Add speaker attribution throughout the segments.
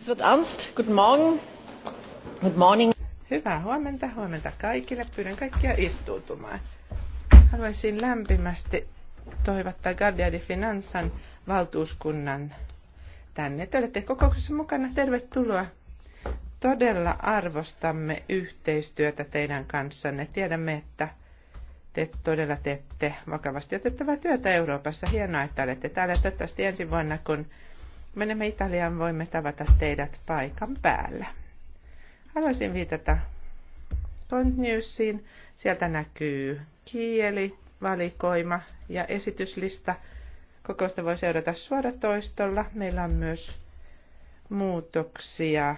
Speaker 1: Es wird ernst. Guten Morgen.
Speaker 2: Good morning. Hyvää huomenta, huomenta kaikille. Pyydän kaikkia istuutumaan. Haluaisin lämpimästi toivottaa Guardia di Finanzan valtuuskunnan tänne. Te olette kokouksessa mukana. Tervetuloa. Todella arvostamme yhteistyötä teidän kanssanne. Tiedämme, että te todella teette vakavasti otettavaa työtä Euroopassa. Hienoa, että olette täällä. Toivottavasti ensi vuonna, kun menemme Italiaan, voimme tavata teidät paikan päällä. Haluaisin viitata Newsiin. Sieltä näkyy kieli, valikoima ja esityslista. Kokousta voi seurata suoratoistolla. Meillä on myös muutoksia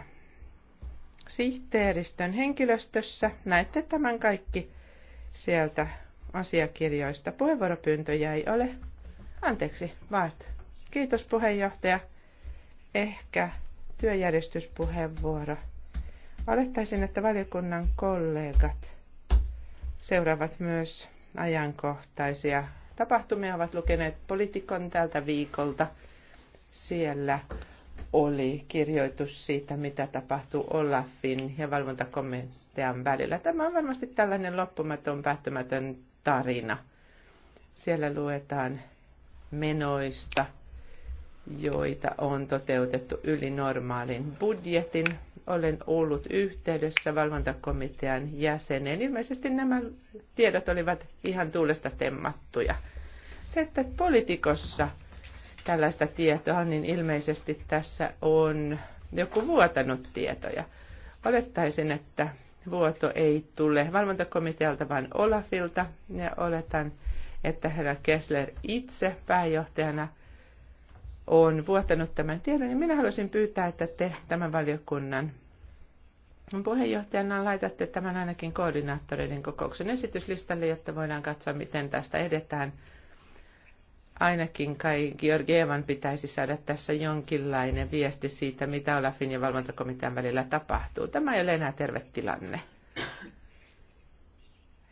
Speaker 2: sihteeristön henkilöstössä. Näette tämän kaikki sieltä asiakirjoista. Puheenvuoropyyntöjä ei ole. Anteeksi, vaat. Kiitos puheenjohtaja ehkä työjärjestyspuheenvuoro. Olettaisin, että valiokunnan kollegat seuraavat myös ajankohtaisia tapahtumia, ovat lukeneet poliitikon tältä viikolta. Siellä oli kirjoitus siitä, mitä tapahtuu Olafin ja valvontakomitean välillä. Tämä on varmasti tällainen loppumaton, päättymätön tarina. Siellä luetaan menoista – joita on toteutettu yli normaalin budjetin. Olen ollut yhteydessä valvontakomitean jäseneen. Ilmeisesti nämä tiedot olivat ihan tuulesta temmattuja. Se, että politikossa tällaista tietoa, niin ilmeisesti tässä on joku vuotanut tietoja. Olettaisin, että vuoto ei tule valvontakomitealta, vaan Olafilta, ja oletan, että herra Kessler itse pääjohtajana – on vuotanut tämän tiedon, niin minä haluaisin pyytää, että te tämän valiokunnan puheenjohtajana laitatte tämän ainakin koordinaattoreiden kokouksen esityslistalle, jotta voidaan katsoa, miten tästä edetään. Ainakin kai Evan pitäisi saada tässä jonkinlainen viesti siitä, mitä Olafin ja valvontakomitean välillä tapahtuu. Tämä ei ole enää terve tilanne.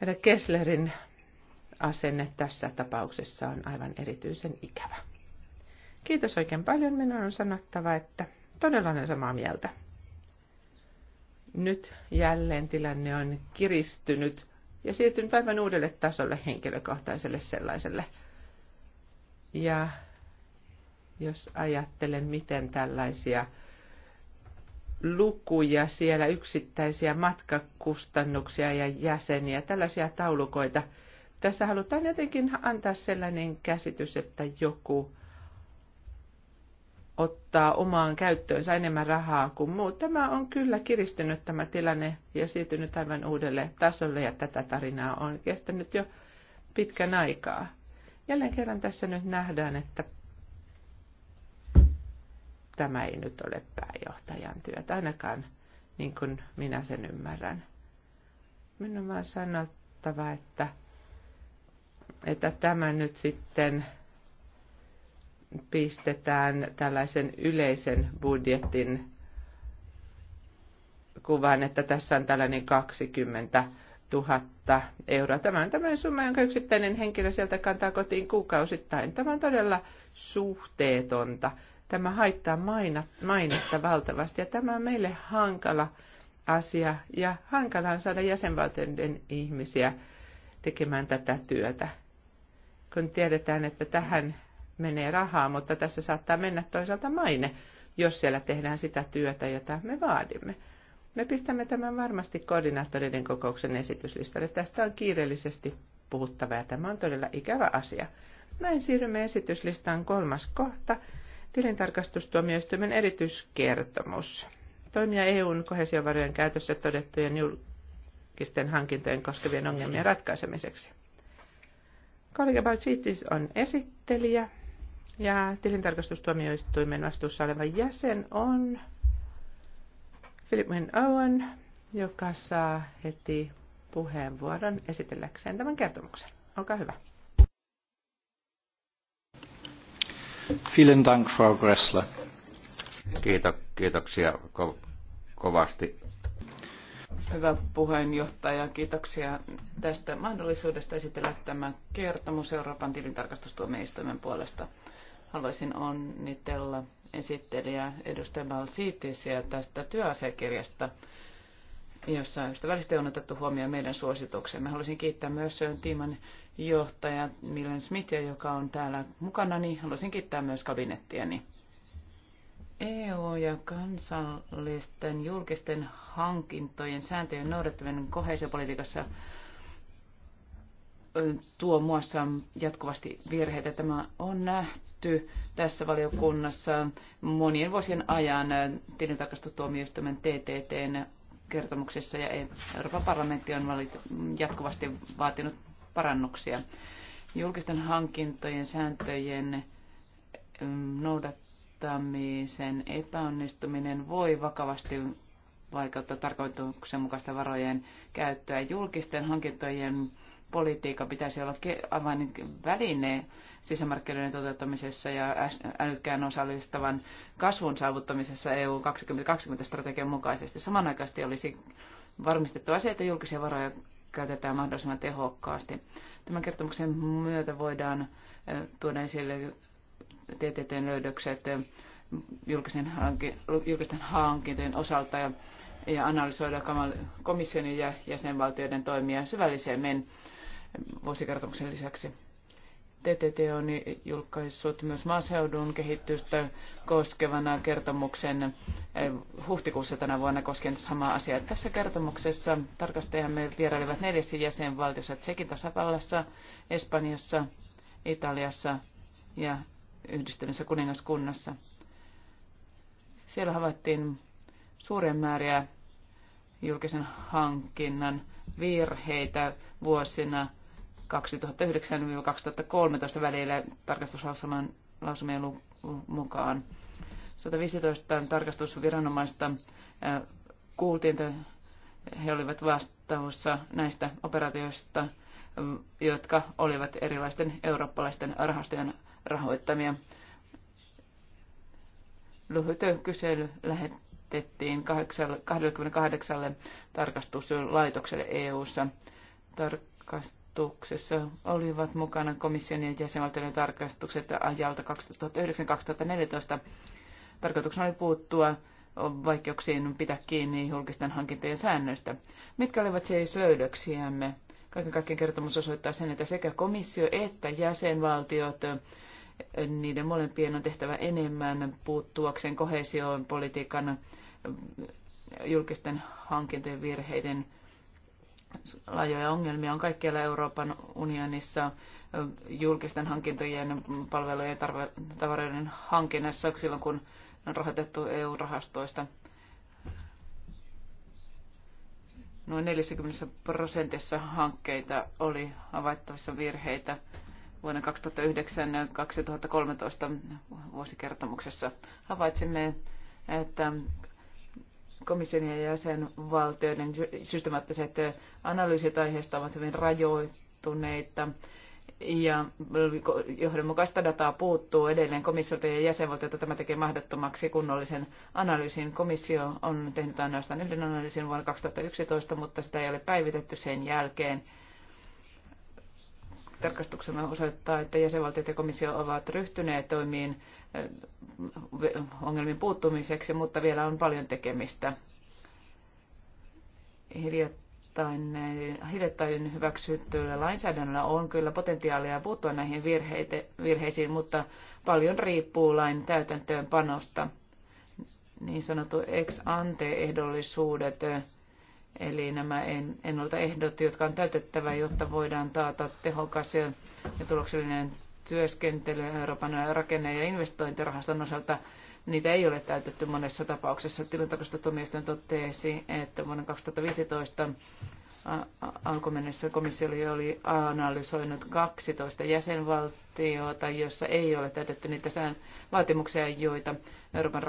Speaker 2: Herra Kesslerin asenne tässä tapauksessa on aivan erityisen ikävä. Kiitos oikein paljon. Minun on sanottava, että todella olen samaa mieltä. Nyt jälleen tilanne on kiristynyt ja siirtynyt aivan uudelle tasolle henkilökohtaiselle sellaiselle. Ja jos ajattelen, miten tällaisia lukuja siellä, yksittäisiä matkakustannuksia ja jäseniä, tällaisia taulukoita. Tässä halutaan jotenkin antaa sellainen käsitys, että joku ottaa omaan käyttöönsä enemmän rahaa kuin muut. Tämä on kyllä kiristynyt tämä tilanne ja siirtynyt aivan uudelle tasolle ja tätä tarinaa on kestänyt jo pitkän aikaa. Jälleen kerran tässä nyt nähdään, että tämä ei nyt ole pääjohtajan työtä, ainakaan niin kuin minä sen ymmärrän. Minun on sanottava, että, että tämä nyt sitten – pistetään tällaisen yleisen budjetin kuvan, että tässä on tällainen 20 000 euroa. Tämä on tämmöinen summa, jonka yksittäinen henkilö sieltä kantaa kotiin kuukausittain. Tämä on todella suhteetonta. Tämä haittaa mainetta valtavasti ja tämä on meille hankala asia ja hankala on saada jäsenvaltioiden ihmisiä tekemään tätä työtä. Kun tiedetään, että tähän menee rahaa, mutta tässä saattaa mennä toisaalta maine, jos siellä tehdään sitä työtä, jota me vaadimme. Me pistämme tämän varmasti koordinaattoreiden kokouksen esityslistalle. Tästä on kiireellisesti puhuttava ja tämä on todella ikävä asia. Näin siirrymme esityslistaan kolmas kohta, tilintarkastustuomioistuimen erityiskertomus. Toimia EUn kohesiovarojen käytössä todettujen julkisten hankintojen koskevien ongelmien ratkaisemiseksi. Kollega Balcitis on esittelijä ja tilintarkastustuomioistuimen vastuussa oleva jäsen on Philip Wynne Owen, joka saa heti puheenvuoron esitelläkseen tämän kertomuksen. Olkaa hyvä.
Speaker 3: Vielen Dank, Frau Gressler. Kiito, kiitoksia ko- kovasti.
Speaker 1: Hyvä puheenjohtaja, kiitoksia tästä mahdollisuudesta esitellä tämä kertomus Euroopan tilintarkastustuomioistuimen puolesta. Haluaisin onnitella esittelijä edustaja Balsiitisiä tästä työasiakirjasta, jossa ystävällisesti on otettu huomioon meidän Mä Haluaisin kiittää myös tiiman johtaja Milen Smithia, joka on täällä mukana, niin haluaisin kiittää myös kabinettiani. EU- ja kansallisten julkisten hankintojen sääntöjen noudattaminen kohesiopolitiikassa politiikassa tuo muassa jatkuvasti virheitä. Tämä on nähty tässä valiokunnassa monien vuosien ajan tilintarkastustuomioistuimen TTTn kertomuksessa ja Euroopan parlamentti on jatkuvasti vaatinut parannuksia. Julkisten hankintojen sääntöjen mm, noudattamisen epäonnistuminen voi vakavasti vaikeuttaa tarkoituksenmukaista varojen käyttöä. Julkisten hankintojen politiikka pitäisi olla avain väline sisämarkkinoiden toteuttamisessa ja älykkään osallistavan kasvun saavuttamisessa EU 2020-strategian mukaisesti. Samanaikaisesti olisi varmistettava se, että julkisia varoja käytetään mahdollisimman tehokkaasti. Tämän kertomuksen myötä voidaan tuoda esille TTTn löydökset julkisen hanki, julkisten hankintojen osalta ja, ja analysoida komission ja jäsenvaltioiden toimia syvällisemmin vuosikertomuksen lisäksi. TTT on julkaissut myös maaseudun kehitystä koskevana kertomuksen eh, huhtikuussa tänä vuonna koskien samaa asiaa. Tässä kertomuksessa tarkastajamme vierailivat neljässä jäsenvaltiossa, Tsekin tasavallassa, Espanjassa, Italiassa ja yhdistyneessä kuningaskunnassa. Siellä havaittiin suuren määriä julkisen hankinnan virheitä vuosina 2009-2013 välillä tarkastuslausumien mukaan. 115 tarkastusviranomaista kuultiin, että he olivat vastaavassa näistä operaatioista, jotka olivat erilaisten eurooppalaisten rahastojen rahoittamia. Lyhyt kysely lähetettiin 28 tarkastuslaitokselle EU-ssa. Tarkast- tarkastuksessa olivat mukana komission ja jäsenvaltioiden tarkastukset ajalta 2009-2014. Tarkoituksena oli puuttua vaikeuksiin pitää kiinni julkisten hankintojen säännöistä. Mitkä olivat siis löydöksiämme? Kaiken kaikkiaan kertomus osoittaa sen, että sekä komissio että jäsenvaltiot niiden molempien on tehtävä enemmän puuttuakseen kohesioon politiikan julkisten hankintojen virheiden laajoja ongelmia on kaikkialla Euroopan unionissa julkisten hankintojen, palvelujen ja tavaroiden hankinnassa silloin, kun on rahoitettu EU-rahastoista. Noin 40 prosentissa hankkeita oli havaittavissa virheitä vuonna 2009-2013 vuosikertomuksessa. Havaitsimme, että komission ja jäsenvaltioiden systemaattiset analyysit aiheesta ovat hyvin rajoittuneita ja johdonmukaista dataa puuttuu edelleen komissiolta ja jäsenvaltiolta. Tämä tekee mahdottomaksi kunnollisen analyysin. Komissio on tehnyt ainoastaan yhden analyysin vuonna 2011, mutta sitä ei ole päivitetty sen jälkeen tarkastuksemme osoittaa, että jäsenvaltiot ja komissio ovat ryhtyneet toimiin eh, ongelmiin puuttumiseksi, mutta vielä on paljon tekemistä. Hiljattain, eh, hiljattain lainsäädännöllä on kyllä potentiaalia puuttua näihin virheite, virheisiin, mutta paljon riippuu lain täytäntöönpanosta. Niin sanottu ex ante ehdollisuudet eh, Eli nämä ennaltaehdot, jotka on täytettävä, jotta voidaan taata tehokas ja tuloksellinen työskentely Euroopan rakenne- ja investointirahaston osalta, niitä ei ole täytetty monessa tapauksessa. Tilintarkastustuomioistuin totesi, että vuonna 2015 alkumennessä komissio oli analysoinut 12 jäsenvaltiota, jossa ei ole täytetty niitä sään vaatimuksia, joita Euroopan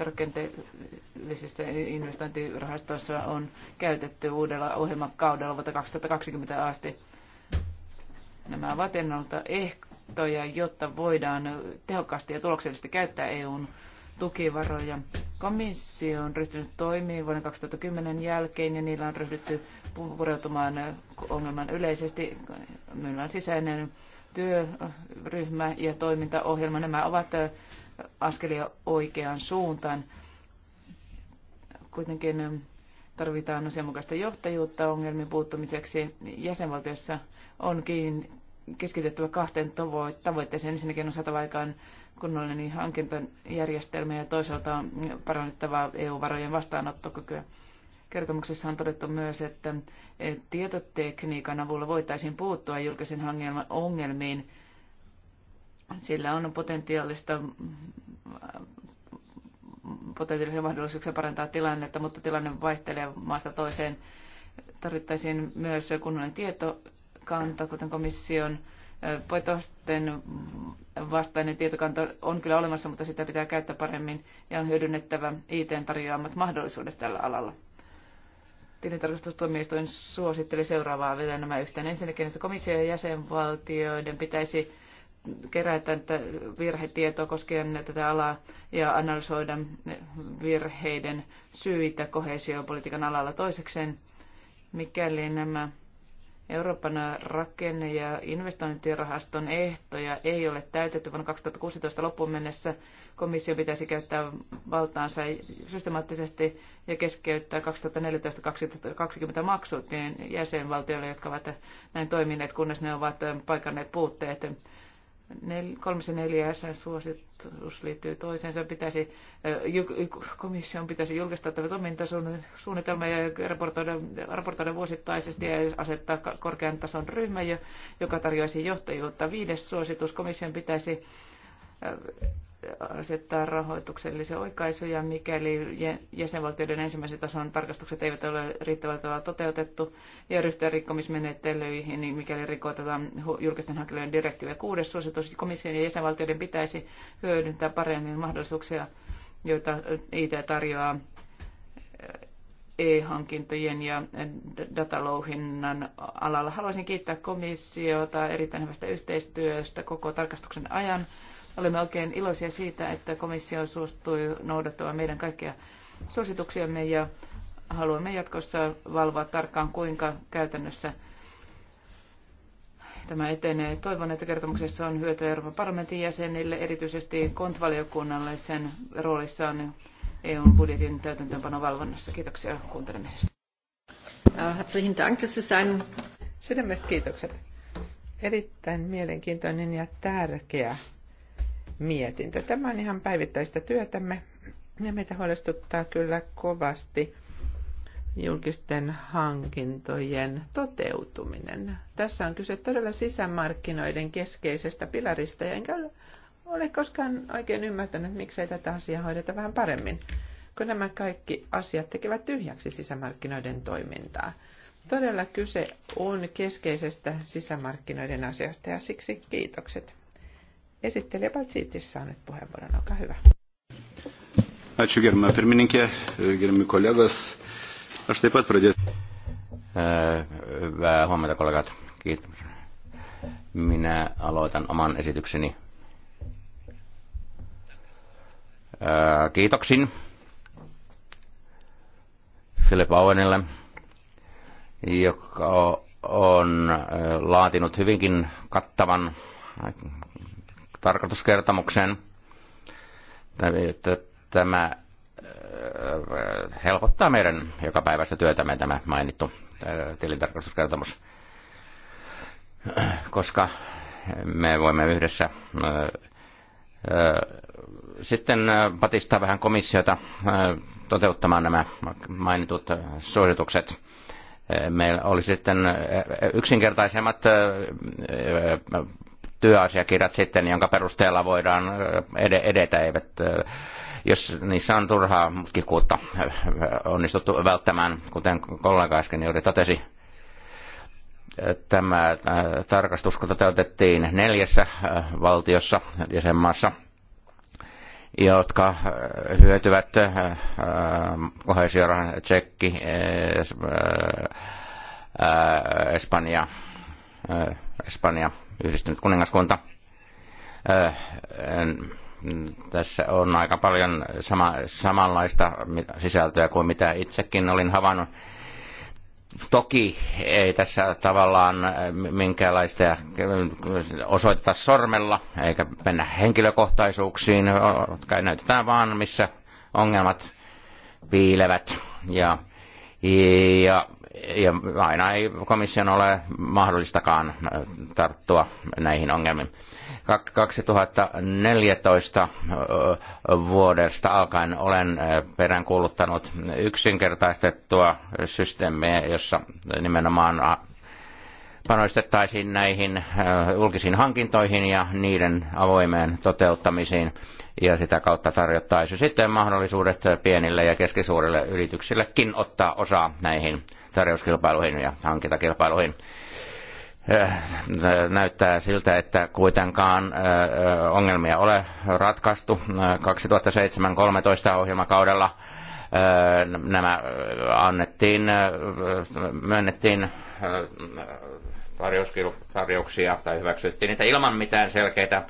Speaker 1: rakenteellisessa investointirahastossa on käytetty uudella ohjelmakaudella vuotta 2020 asti. Nämä ovat ennalta ehtoja, jotta voidaan tehokkaasti ja tuloksellisesti käyttää EUn tukivaroja. Komissio on ryhtynyt toimiin vuoden 2010 jälkeen ja niillä on ryhdytty pureutumaan ongelman yleisesti. Meillä on sisäinen työryhmä ja toimintaohjelma. Nämä ovat askelia oikeaan suuntaan. Kuitenkin tarvitaan asianmukaista johtajuutta ongelmien puuttumiseksi. Jäsenvaltiossa onkin keskityttävä kahteen tavoitteeseen. Ensinnäkin on saatava aikaan kunnollinen hankintajärjestelmä ja toisaalta parannettava EU-varojen vastaanottokykyä. Kertomuksessa on todettu myös, että tietotekniikan avulla voitaisiin puuttua julkisen ongelmiin. Sillä on potentiaalista potentiaalisia mahdollisuuksia parantaa tilannetta, mutta tilanne vaihtelee maasta toiseen. Tarvittaisiin myös kunnollinen tietokanta, kuten komission poitosten vastainen tietokanta on kyllä olemassa, mutta sitä pitää käyttää paremmin ja on hyödynnettävä it tarjoamat mahdollisuudet tällä alalla tilintarkastustuomioistuin suositteli seuraavaa vielä nämä yhteen. Ensinnäkin, että komission ja jäsenvaltioiden pitäisi kerätä virhetietoa koskien tätä alaa ja analysoida virheiden syitä kohesiopolitiikan alalla toisekseen, mikäli nämä Euroopan rakenne- ja investointirahaston ehtoja ei ole täytetty vuonna 2016 loppuun mennessä, komissio pitäisi käyttää valtaansa systemaattisesti ja keskeyttää 2014-2020 maksut niin jäsenvaltioille, jotka ovat näin toimineet, kunnes ne ovat ähm, paikanneet puutteet. 3 4 S-suositus liittyy toiseensa. Pitäisi, äh, komission pitäisi julkistaa tämä toimintasuunnitelma ja raportoida, raportoida vuosittaisesti ja asettaa korkean tason ryhmä, joka tarjoaisi johtajuutta. Viides suositus komission pitäisi äh, asettaa rahoituksellisia oikaisuja, mikäli jäsenvaltioiden ensimmäisen tason tarkastukset eivät ole riittävällä tavalla toteutettu, ja ryhtyä rikkomismenettelyihin, niin mikäli rikotetaan julkisten hakijoiden direktiivejä Kuudes suositus komission ja jäsenvaltioiden pitäisi hyödyntää paremmin mahdollisuuksia, joita IT tarjoaa e-hankintojen ja datalouhinnan alalla. Haluaisin kiittää komissiota erittäin hyvästä yhteistyöstä koko tarkastuksen ajan. Olemme oikein iloisia siitä, että komissio suostui noudattamaan meidän kaikkia suosituksiamme ja haluamme jatkossa valvoa tarkkaan, kuinka käytännössä tämä etenee. Toivon, että kertomuksessa on hyötyä Euroopan parlamentin jäsenille, erityisesti kontvaliokunnalle sen roolissaan EUn budjetin täytäntöönpanon valvonnassa. Kiitoksia kuuntelemisesta. Herzlichen Dank, das ist ein... Sydämestä kiitokset.
Speaker 2: Erittäin mielenkiintoinen ja tärkeä mietintö. Tämä on ihan päivittäistä työtämme ja meitä huolestuttaa kyllä kovasti julkisten hankintojen toteutuminen. Tässä on kyse todella sisämarkkinoiden keskeisestä pilarista, ja enkä ole koskaan oikein ymmärtänyt, miksei tätä asiaa hoideta vähän paremmin, kun nämä kaikki asiat tekevät tyhjäksi sisämarkkinoiden toimintaa. Todella kyse on keskeisestä sisämarkkinoiden asiasta, ja siksi kiitokset. Esittelijä Paltsiitis saa nyt puheenvuoron, olkaa hyvä.
Speaker 3: Ačiū gerbiamą pirmininkė, gerbiami kolegos. Aš taip pat pradėsiu. Hyvää huomenta kollegat. Kiitos. Minä aloitan oman esitykseni äh, kiitoksin Philip Owenille, joka on äh, laatinut hyvinkin kattavan tarkastuskertomukseen. Tämä äh, helpottaa meidän jokapäiväistä työtämme tämä mainittu äh, tilintarkastuskertomus, koska me voimme yhdessä äh, sitten patistaa vähän komissiota toteuttamaan nämä mainitut suositukset. Meillä oli sitten yksinkertaisemmat työasiakirjat sitten, jonka perusteella voidaan edetä, eivät, jos niissä on turhaa mutkikuutta onnistuttu välttämään, kuten kollega äsken juuri totesi. Tämä tarkastus toteutettiin neljässä valtiossa jäsenmaassa jotka hyötyvät kohesiorahan Tsekki, Espanja, Espanja, yhdistynyt kuningaskunta. Tässä on aika paljon sama, samanlaista sisältöä kuin mitä itsekin olin havainnut. Toki ei tässä tavallaan minkäänlaista osoiteta sormella eikä mennä henkilökohtaisuuksiin, näytetään vaan missä ongelmat piilevät. Ja ja ja aina ei komission ole mahdollistakaan äh, tarttua näihin ongelmiin. 2014 äh, vuodesta alkaen olen äh, peräänkuuluttanut yksinkertaistettua systeemiä, jossa nimenomaan panostettaisiin näihin julkisiin hankintoihin ja niiden avoimeen toteuttamisiin ja sitä kautta tarjottaisiin sitten mahdollisuudet pienille ja keskisuurille yrityksillekin ottaa osaa näihin tarjouskilpailuihin ja hankintakilpailuihin äh, näyttää siltä, että kuitenkaan äh, äh, ongelmia ole ratkaistu. 2007-2013 ohjelmakaudella nämä annettiin, myönnettiin tarjouksia tai hyväksyttiin niitä ilman mitään selkeitä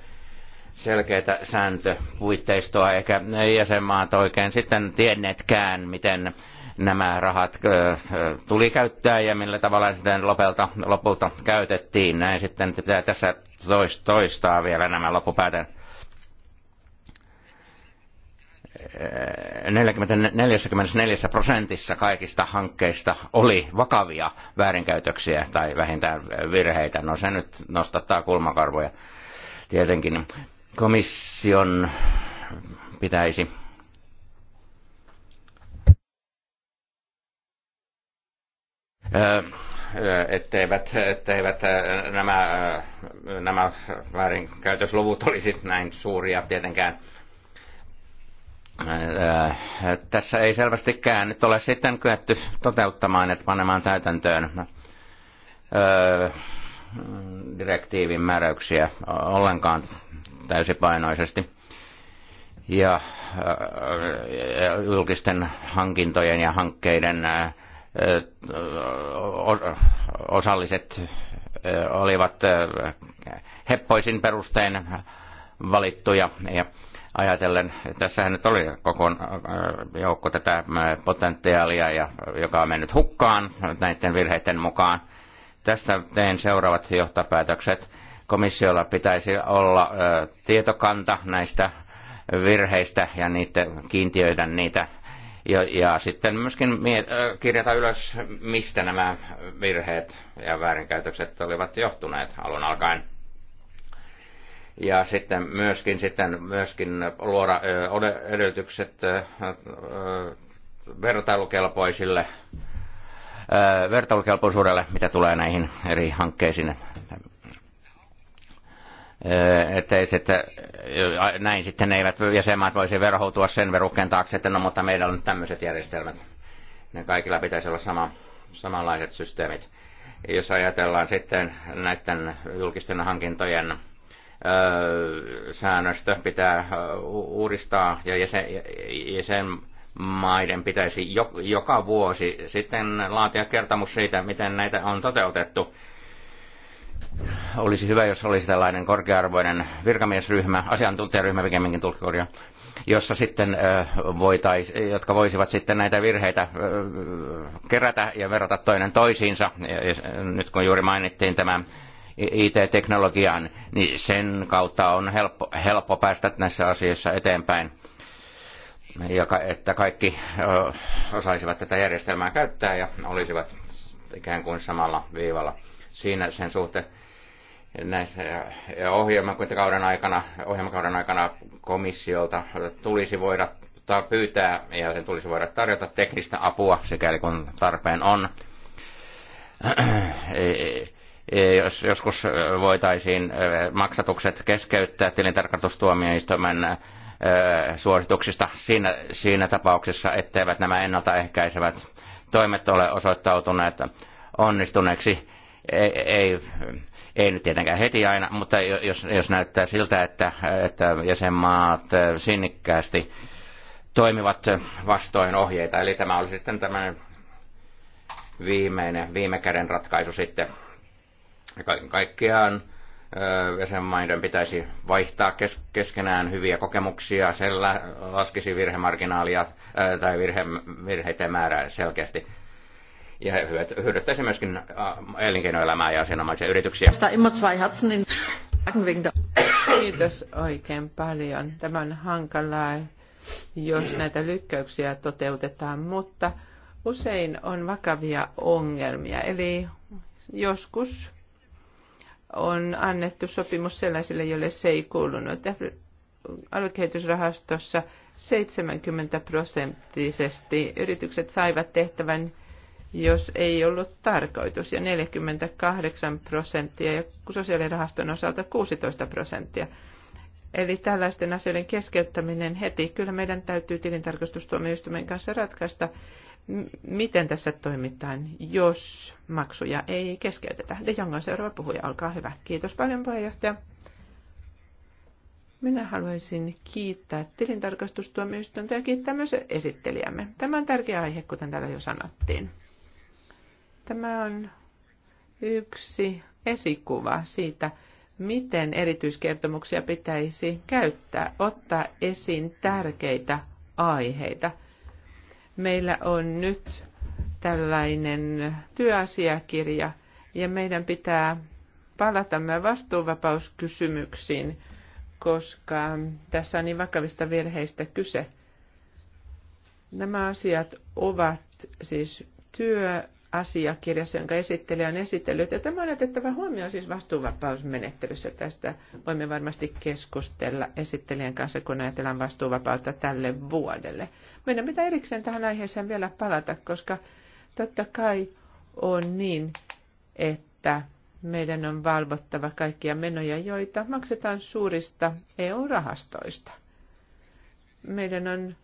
Speaker 3: selkeitä sääntöpuitteistoa, eikä jäsenmaat oikein sitten tienneetkään, miten nämä rahat tuli käyttää ja millä tavalla sitten lopulta, lopulta käytettiin. Näin sitten pitää tässä toistaa vielä nämä loppupäätön 44 prosentissa kaikista hankkeista oli vakavia väärinkäytöksiä tai vähintään virheitä. No se nyt nostattaa kulmakarvoja tietenkin. Komission pitäisi etteivät, etteivät nämä, nämä väärinkäytösluvut olisi näin suuria tietenkään. Tässä ei selvästikään nyt ole sitten kyetty toteuttamaan, että panemaan täytäntöön no, direktiivin määräyksiä ollenkaan täysipainoisesti. Ja julkisten hankintojen ja hankkeiden osalliset olivat heppoisin perustein valittuja. Ja ajatellen, tässähän nyt oli koko joukko tätä potentiaalia, ja, joka on mennyt hukkaan näiden virheiden mukaan. Tässä teen seuraavat johtopäätökset. Komissiolla pitäisi olla tietokanta näistä virheistä ja niitä, kiintiöidä niitä ja, ja sitten myöskin miet- äh, kirjata ylös, mistä nämä virheet ja väärinkäytökset olivat johtuneet alun alkaen. Ja sitten myöskin, sitten myöskin luoda edellytykset vertailukelpoisille vertailukelpoisuudelle, mitä tulee näihin eri hankkeisiin että, sitten, näin sitten eivät jäsenmaat voisi verhoutua sen verukkeen taakse, että no mutta meillä on tämmöiset järjestelmät. Ne kaikilla pitäisi olla sama, samanlaiset systeemit. Jos ajatellaan sitten näiden julkisten hankintojen säännöstö pitää uudistaa ja jäsen, jäsenmaiden pitäisi joka vuosi sitten laatia kertomus siitä, miten näitä on toteutettu olisi hyvä, jos olisi tällainen korkearvoinen virkamiesryhmä, asiantuntijaryhmä pikemminkin tulkikorja, jossa sitten voitais, jotka voisivat sitten näitä virheitä kerätä ja verrata toinen toisiinsa. Nyt kun juuri mainittiin tämä IT-teknologiaan, niin sen kautta on helppo, helppo päästä näissä asioissa eteenpäin. Joka, että kaikki osaisivat tätä järjestelmää käyttää ja olisivat ikään kuin samalla viivalla siinä sen suhteen näissä ohjelmakauden aikana, ohjelmakauden aikana komissiolta tulisi voida pyytää ja sen tulisi voida tarjota teknistä apua, sikäli kun tarpeen on. E, e, e, jos joskus voitaisiin maksatukset keskeyttää tilintarkastustuomioistuimen suosituksista siinä, siinä tapauksessa, etteivät nämä ennaltaehkäisevät toimet ole osoittautuneet onnistuneeksi ei, ei, ei nyt tietenkään heti aina, mutta jos, jos näyttää siltä, että, että jäsenmaat äh, sinnikkäästi toimivat vastoin ohjeita, eli tämä oli sitten tämmöinen viimeinen, viime käden ratkaisu sitten. Kaiken kaikkiaan äh, jäsenmaiden pitäisi vaihtaa kes, keskenään hyviä kokemuksia, se laskisi virhemarginaalia äh, tai virhe, virheiden määrää selkeästi ja hyödyttäisi myöskin äh, elinkeinoelämää ja asianomaisia yrityksiä.
Speaker 2: Kiitos oikein paljon. Tämä on hankalaa, jos näitä lykkäyksiä toteutetaan, mutta usein on vakavia ongelmia. Eli joskus on annettu sopimus sellaisille, joille se ei kuulunut. Aluekehitysrahastossa 70 prosenttisesti yritykset saivat tehtävän, jos ei ollut tarkoitus, ja 48 prosenttia ja sosiaalirahaston osalta 16 prosenttia. Eli tällaisten asioiden keskeyttäminen heti, kyllä meidän täytyy tilintarkastustuomioistuimen kanssa ratkaista, miten tässä toimitaan, jos maksuja ei keskeytetä. De Jong on seuraava puhuja, olkaa hyvä. Kiitos paljon puheenjohtaja. Minä haluaisin kiittää tilintarkastustuomioistuinta ja kiittää myös esittelijämme. Tämä on tärkeä aihe, kuten täällä jo sanottiin. Tämä on yksi esikuva siitä, miten erityiskertomuksia pitäisi käyttää, ottaa esiin tärkeitä aiheita. Meillä on nyt tällainen työasiakirja ja meidän pitää palata me vastuuvapauskysymyksiin, koska tässä on niin vakavista virheistä kyse. Nämä asiat ovat siis työ asiakirjassa, jonka esittelijä on esitellyt. Ja tämä on otettava huomioon siis vastuuvapausmenettelyssä. Tästä voimme varmasti keskustella esittelijän kanssa, kun ajatellaan vastuuvapautta tälle vuodelle. Meidän pitää erikseen tähän aiheeseen vielä palata, koska totta kai on niin, että meidän on valvottava kaikkia menoja, joita maksetaan suurista EU-rahastoista. Meidän on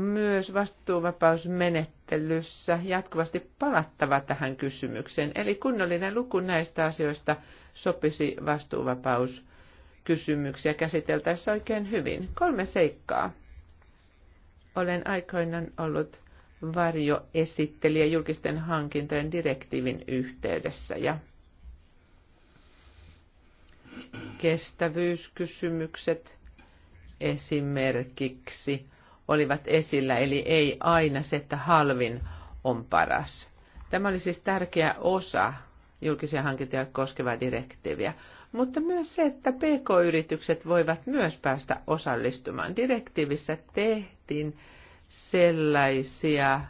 Speaker 2: myös vastuuvapausmenettelyssä jatkuvasti palattava tähän kysymykseen. Eli kunnollinen luku näistä asioista sopisi vastuuvapauskysymyksiä käsiteltäessä oikein hyvin. Kolme seikkaa. Olen aikoinaan ollut varjoesittelijä julkisten hankintojen direktiivin yhteydessä ja kestävyyskysymykset esimerkiksi – olivat esillä, eli ei aina se, että halvin on paras. Tämä oli siis tärkeä osa julkisia hankintoja koskevaa direktiiviä, mutta myös se, että pk-yritykset voivat myös päästä osallistumaan. Direktiivissä tehtiin sellaisia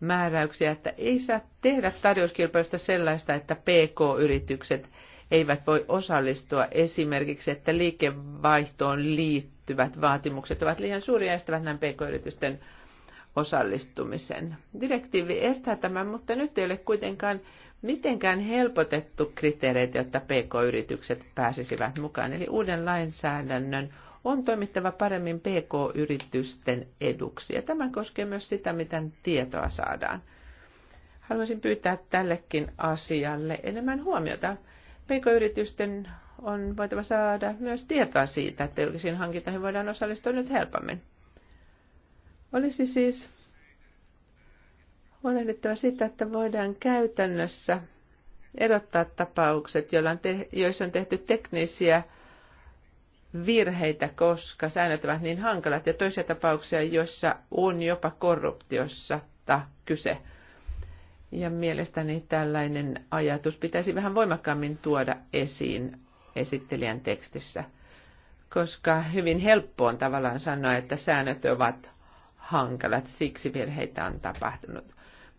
Speaker 2: määräyksiä, että ei saa tehdä tarjouskilpailusta sellaista, että pk-yritykset eivät voi osallistua esimerkiksi, että liikevaihtoon liittyvät vaatimukset ovat liian suuria ja estävät näin pk-yritysten osallistumisen. Direktiivi estää tämän, mutta nyt ei ole kuitenkaan mitenkään helpotettu kriteereitä, jotta pk-yritykset pääsisivät mukaan. Eli uuden lainsäädännön on toimittava paremmin pk-yritysten eduksi. Ja tämä koskee myös sitä, miten tietoa saadaan. Haluaisin pyytää tällekin asialle enemmän huomiota. PK-yritysten on voitava saada myös tietoa siitä, että julkisiin hankintoihin voidaan osallistua nyt helpommin. Olisi siis huolehdittava sitä, että voidaan käytännössä erottaa tapaukset, joissa on tehty teknisiä virheitä, koska säännöt ovat niin hankalat, ja toisia tapauksia, joissa on jopa korruptiossa kyse. Ja mielestäni tällainen ajatus pitäisi vähän voimakkaammin tuoda esiin esittelijän tekstissä, koska hyvin helppo on tavallaan sanoa, että säännöt ovat hankalat, siksi virheitä on tapahtunut.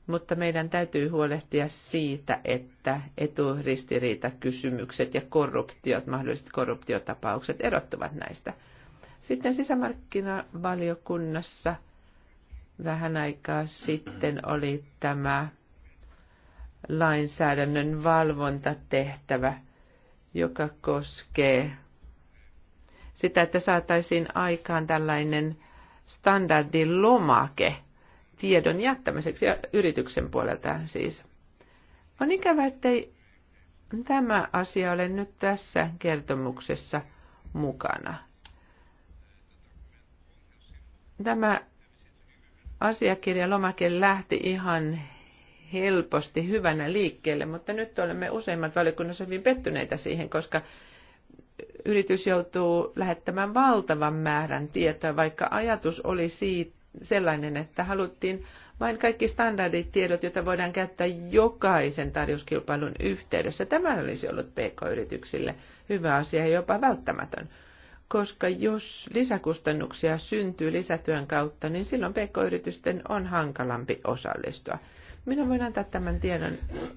Speaker 2: Mutta meidän täytyy huolehtia siitä, että eturistiriitakysymykset ja korruptiot, mahdolliset korruptiotapaukset erottuvat näistä. Sitten sisämarkkinavaliokunnassa vähän aikaa sitten oli tämä lainsäädännön valvontatehtävä, joka koskee sitä, että saataisiin aikaan tällainen standardilomake tiedon jättämiseksi ja yrityksen puolelta siis. On ikävä, ei tämä asia ole nyt tässä kertomuksessa mukana. Tämä asiakirja lomake lähti ihan helposti hyvänä liikkeelle, mutta nyt olemme useimmat valiokunnassa hyvin pettyneitä siihen, koska yritys joutuu lähettämään valtavan määrän tietoa, vaikka ajatus oli siitä, sellainen, että haluttiin vain kaikki standarditiedot, joita voidaan käyttää jokaisen tarjouskilpailun yhteydessä. Tämä olisi ollut PK-yrityksille hyvä asia ja jopa välttämätön, koska jos lisäkustannuksia syntyy lisätyön kautta, niin silloin PK-yritysten on hankalampi osallistua. Minä voin antaa tämän tiedon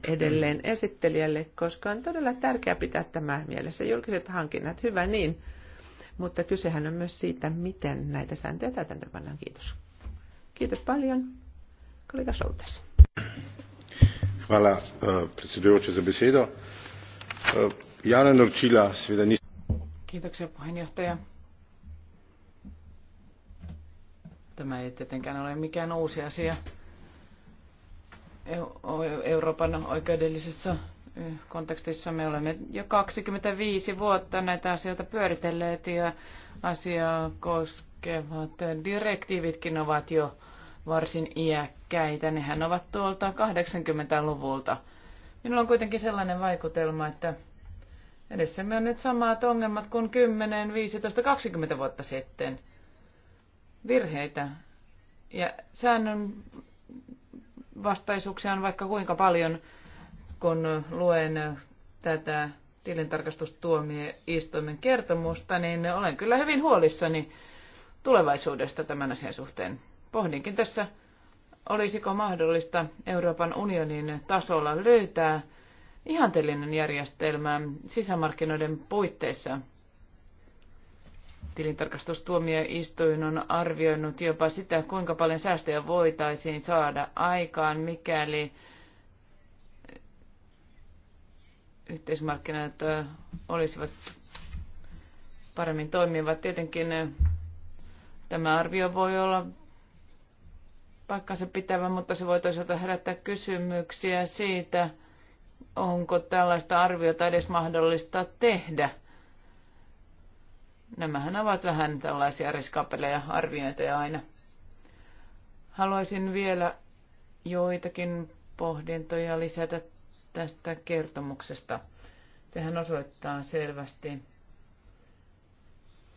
Speaker 2: edelleen esittelijälle, koska on todella tärkeää pitää tämä mielessä. Julkiset hankinnat, hyvä niin. Mutta kysehän on myös siitä, miten näitä sääntöjä täytäntöpannaan. Kiitos. Kiitos paljon. Kollega Soltes.
Speaker 4: Hvala, eh, eh,
Speaker 1: Kiitoksia puheenjohtaja. Tämä ei tietenkään ole mikään uusi asia. Euroopan oikeudellisessa kontekstissa me olemme jo 25 vuotta näitä asioita pyöritelleet ja asiaa koskevat direktiivitkin ovat jo varsin iäkkäitä. Nehän ovat tuolta 80-luvulta. Minulla on kuitenkin sellainen vaikutelma, että edessämme on nyt samat ongelmat kuin 10, 15, 20 vuotta sitten. Virheitä ja säännön vastaisuuksia on vaikka kuinka paljon, kun luen tätä tilintarkastustuomioistuimen kertomusta, niin olen kyllä hyvin huolissani tulevaisuudesta tämän asian suhteen. Pohdinkin tässä, olisiko mahdollista Euroopan unionin tasolla löytää ihanteellinen järjestelmä sisämarkkinoiden puitteissa – tilintarkastustuomioistuin on arvioinut jopa sitä, kuinka paljon säästöjä voitaisiin saada aikaan, mikäli yhteismarkkinat olisivat paremmin toimivat. Tietenkin tämä arvio voi olla paikkansa pitävä, mutta se voi toisaalta herättää kysymyksiä siitä, onko tällaista arviota edes mahdollista tehdä. Nämähän ovat vähän tällaisia riskapeleja arviointeja aina. Haluaisin vielä joitakin pohdintoja lisätä tästä kertomuksesta. Sehän osoittaa selvästi,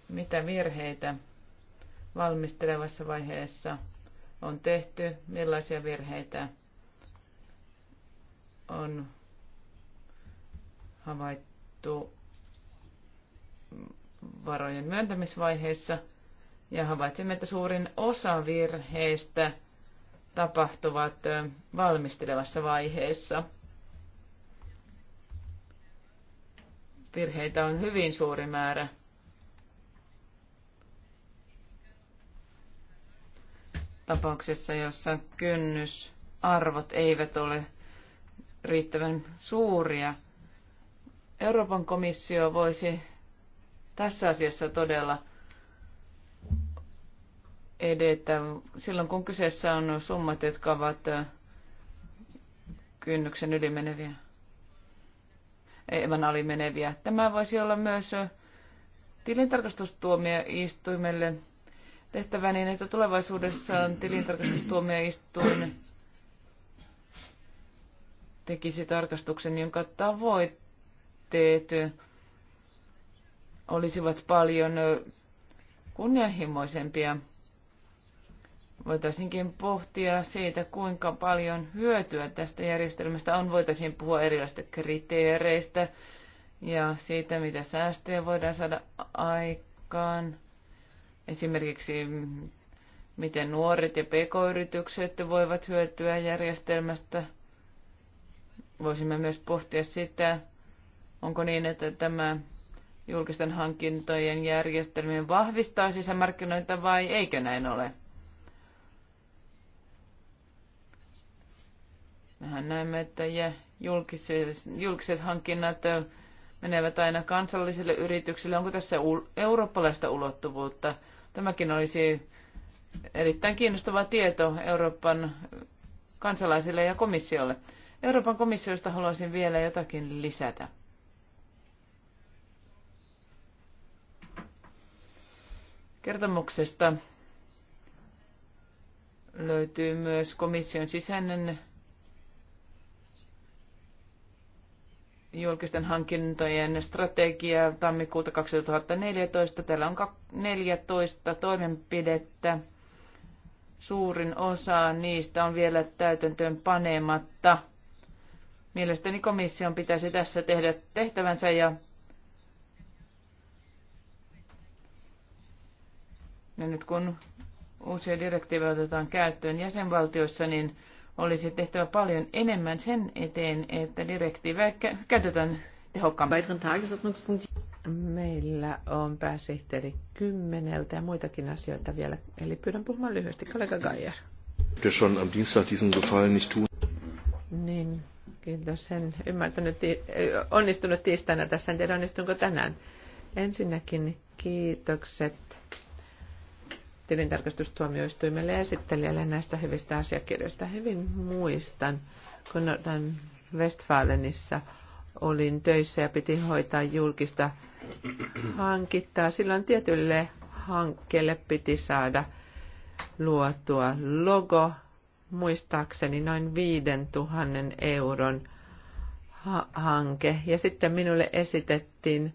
Speaker 1: mitä virheitä valmistelevassa vaiheessa on tehty, millaisia virheitä on havaittu varojen myöntämisvaiheessa ja havaitsimme, että suurin osa virheistä tapahtuvat valmistelevassa vaiheessa. Virheitä on hyvin suuri määrä. Tapauksessa, jossa kynnysarvot eivät ole riittävän suuria. Euroopan komissio voisi tässä asiassa todella edetä. Silloin kun kyseessä on summat, jotka ovat kynnyksen ylimeneviä, eivän alimeneviä. Tämä voisi olla myös tilintarkastustuomioistuimelle tehtävä niin, että tulevaisuudessa tilintarkastustuomioistuin tekisi tarkastuksen, jonka tavoitteet olisivat paljon kunnianhimoisempia. Voitaisinkin pohtia siitä, kuinka paljon hyötyä tästä järjestelmästä on. Voitaisiin puhua erilaisista kriteereistä ja siitä, mitä säästöjä voidaan saada aikaan. Esimerkiksi miten nuoret ja pk-yritykset voivat hyötyä järjestelmästä. Voisimme myös pohtia sitä, onko niin, että tämä julkisten hankintojen järjestelmien vahvistaa sisämarkkinoita vai eikö näin ole? Mehän näemme, että julkiset, julkiset hankinnat menevät aina kansallisille yrityksille. Onko tässä eurooppalaista ulottuvuutta? Tämäkin olisi erittäin kiinnostava tieto Euroopan kansalaisille ja komissiolle. Euroopan komissiosta haluaisin vielä jotakin lisätä. Kertomuksesta löytyy myös komission sisäinen julkisten hankintojen strategia tammikuuta 2014. Täällä on 14 toimenpidettä. Suurin osa niistä on vielä täytäntöön panematta. Mielestäni komission pitäisi tässä tehdä tehtävänsä ja Ja nyt kun uusia direktiivejä otetaan käyttöön jäsenvaltioissa, niin olisi tehtävä paljon enemmän sen eteen, että direktiivejä käytetään tehokkaammin.
Speaker 2: Meillä on pääsihteeri kymmeneltä ja muitakin asioita vielä, eli pyydän puhumaan lyhyesti. Kollega Geier.
Speaker 4: am Dienstag diesen nicht
Speaker 2: Niin, kiitos. En ymmärtänyt, äh, onnistunut tiistaina tässä. En tiedä, onnistunko tänään. Ensinnäkin kiitokset tilintarkastustuomioistuimelle ja esittelijälle näistä hyvistä asiakirjoista. Hyvin muistan, kun tämän Westfalenissa olin töissä ja piti hoitaa julkista hankittaa. Silloin tietylle hankkeelle piti saada luotua logo, muistaakseni noin 5000 euron hanke. Ja sitten minulle esitettiin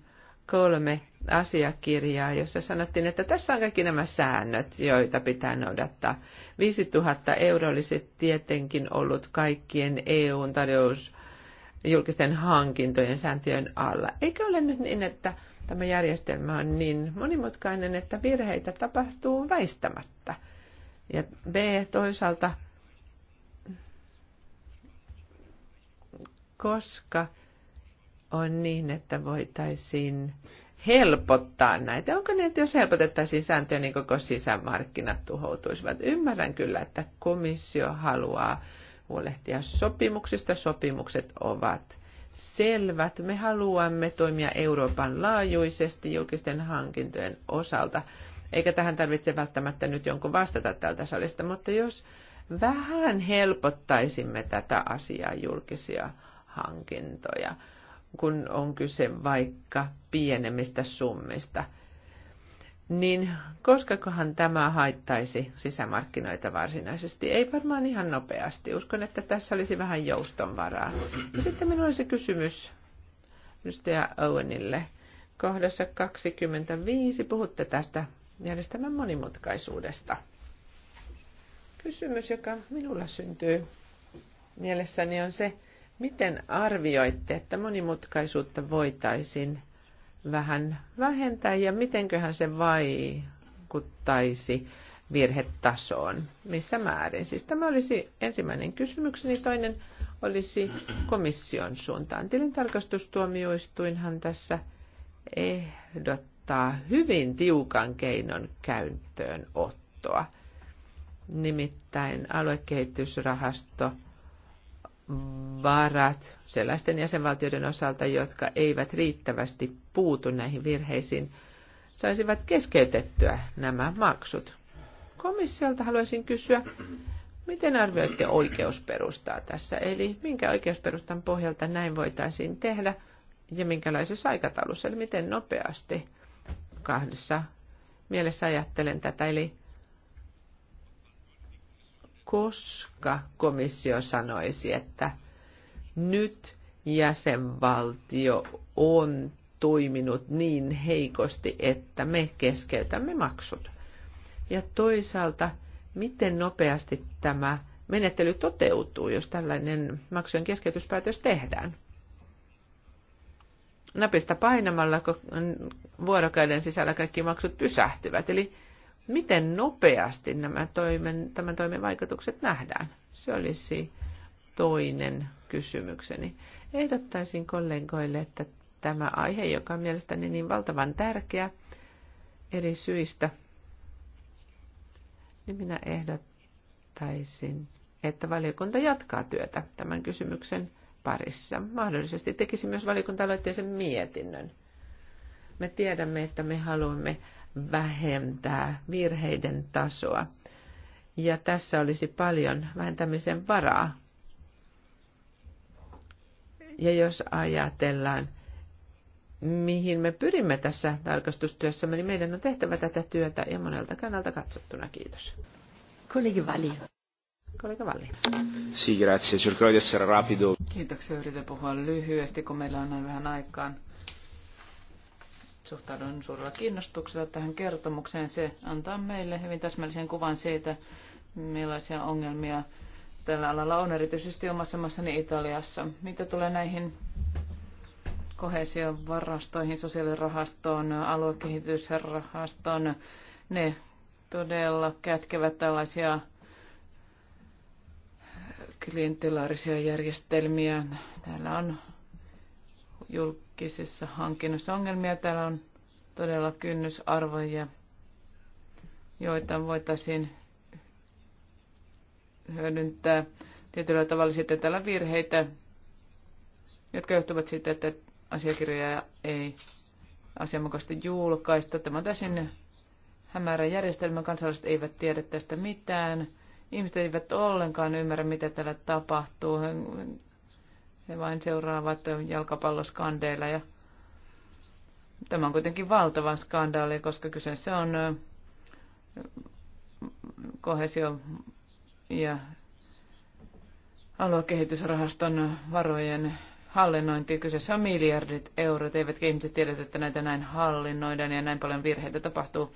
Speaker 2: kolme asiakirjaa, jossa sanottiin, että tässä on kaikki nämä säännöt, joita pitää noudattaa. 5000 euroa olisi tietenkin ollut kaikkien EUn tarjous julkisten hankintojen sääntöjen alla. Eikö ole nyt niin, että tämä järjestelmä on niin monimutkainen, että virheitä tapahtuu väistämättä? Ja B, toisaalta, koska on niin, että voitaisiin helpottaa näitä? Onko niin, että jos helpotettaisiin sääntöjä, niin koko sisämarkkinat tuhoutuisivat? Ymmärrän kyllä, että komissio haluaa huolehtia sopimuksista. Sopimukset ovat selvät. Me haluamme toimia Euroopan laajuisesti julkisten hankintojen osalta. Eikä tähän tarvitse välttämättä nyt jonkun vastata tältä salista, mutta jos vähän helpottaisimme tätä asiaa julkisia hankintoja kun on kyse vaikka pienemmistä summista. Niin koskakohan tämä haittaisi sisämarkkinoita varsinaisesti? Ei varmaan ihan nopeasti. Uskon, että tässä olisi vähän joustonvaraa. Ja sitten minulla olisi kysymys edustaja Owenille. Kohdassa 25 puhutte tästä järjestelmän monimutkaisuudesta. Kysymys, joka minulla syntyy mielessäni, on se, Miten arvioitte, että monimutkaisuutta voitaisiin vähän vähentää ja mitenköhän se vaikuttaisi virhetasoon? Missä määrin? Siis tämä olisi ensimmäinen kysymykseni. Toinen olisi komission suuntaan. Tilintarkastustuomioistuinhan tässä ehdottaa hyvin tiukan keinon käyttöönottoa. Nimittäin aluekehitysrahasto – varat sellaisten jäsenvaltioiden osalta, jotka eivät riittävästi puutu näihin virheisiin, saisivat keskeytettyä nämä maksut. Komissiolta haluaisin kysyä, miten arvioitte oikeusperustaa tässä, eli minkä oikeusperustan pohjalta näin voitaisiin tehdä ja minkälaisessa aikataulussa, eli miten nopeasti kahdessa mielessä ajattelen tätä, eli koska komissio sanoisi, että nyt jäsenvaltio on toiminut niin heikosti, että me keskeytämme maksut. Ja toisaalta, miten nopeasti tämä menettely toteutuu, jos tällainen maksujen keskeytyspäätös tehdään? Napista painamalla vuorokauden sisällä kaikki maksut pysähtyvät. Eli miten nopeasti nämä toimen, tämän toimen vaikutukset nähdään? Se olisi toinen kysymykseni. Ehdottaisin kollegoille, että tämä aihe, joka on mielestäni niin valtavan tärkeä eri syistä, niin minä ehdottaisin, että valiokunta jatkaa työtä tämän kysymyksen parissa. Mahdollisesti tekisi myös valiokunta-aloitteisen mietinnön. Me tiedämme, että me haluamme vähentää virheiden tasoa. Ja tässä olisi paljon vähentämisen varaa. Ja jos ajatellaan, mihin me pyrimme tässä tarkastustyössä, niin meidän on tehtävä tätä työtä ja monelta kannalta katsottuna. Kiitos. Kollegi Vali. Kollega Valli. Sì, grazie. Cercherò di essere rapido.
Speaker 1: Kiitoksia. Yritän puhua lyhyesti, kun meillä on näin vähän aikaa. Suhtaudun suurella kiinnostuksella tähän kertomukseen. Se antaa meille hyvin täsmällisen kuvan siitä, millaisia ongelmia tällä alalla on, erityisesti omassa maassani Italiassa. Mitä tulee näihin kohesiovarastoihin, varastoihin, sosiaalirahastoon, aluekehitysrahastoon, ne todella kätkevät tällaisia klientilaarisia järjestelmiä. Täällä on julkisuus julkisissa hankinnoissa ongelmia. Täällä on todella kynnysarvoja, joita voitaisiin hyödyntää tietyllä tavalla sitten täällä virheitä, jotka johtuvat siitä, että asiakirjoja ei asianmukaisesti julkaista. Tämä on täysin hämärä järjestelmä. Kansalaiset eivät tiedä tästä mitään. Ihmiset eivät ollenkaan ymmärrä, mitä täällä tapahtuu. He vain seuraavat jalkapalloskandeilla ja tämä on kuitenkin valtava skandaali, koska kyseessä on kohesio ja aluekehitysrahaston varojen hallinnointi. Kyseessä on miljardit eurot, eivätkä ihmiset tiedä, että näitä näin hallinnoidaan ja näin paljon virheitä tapahtuu.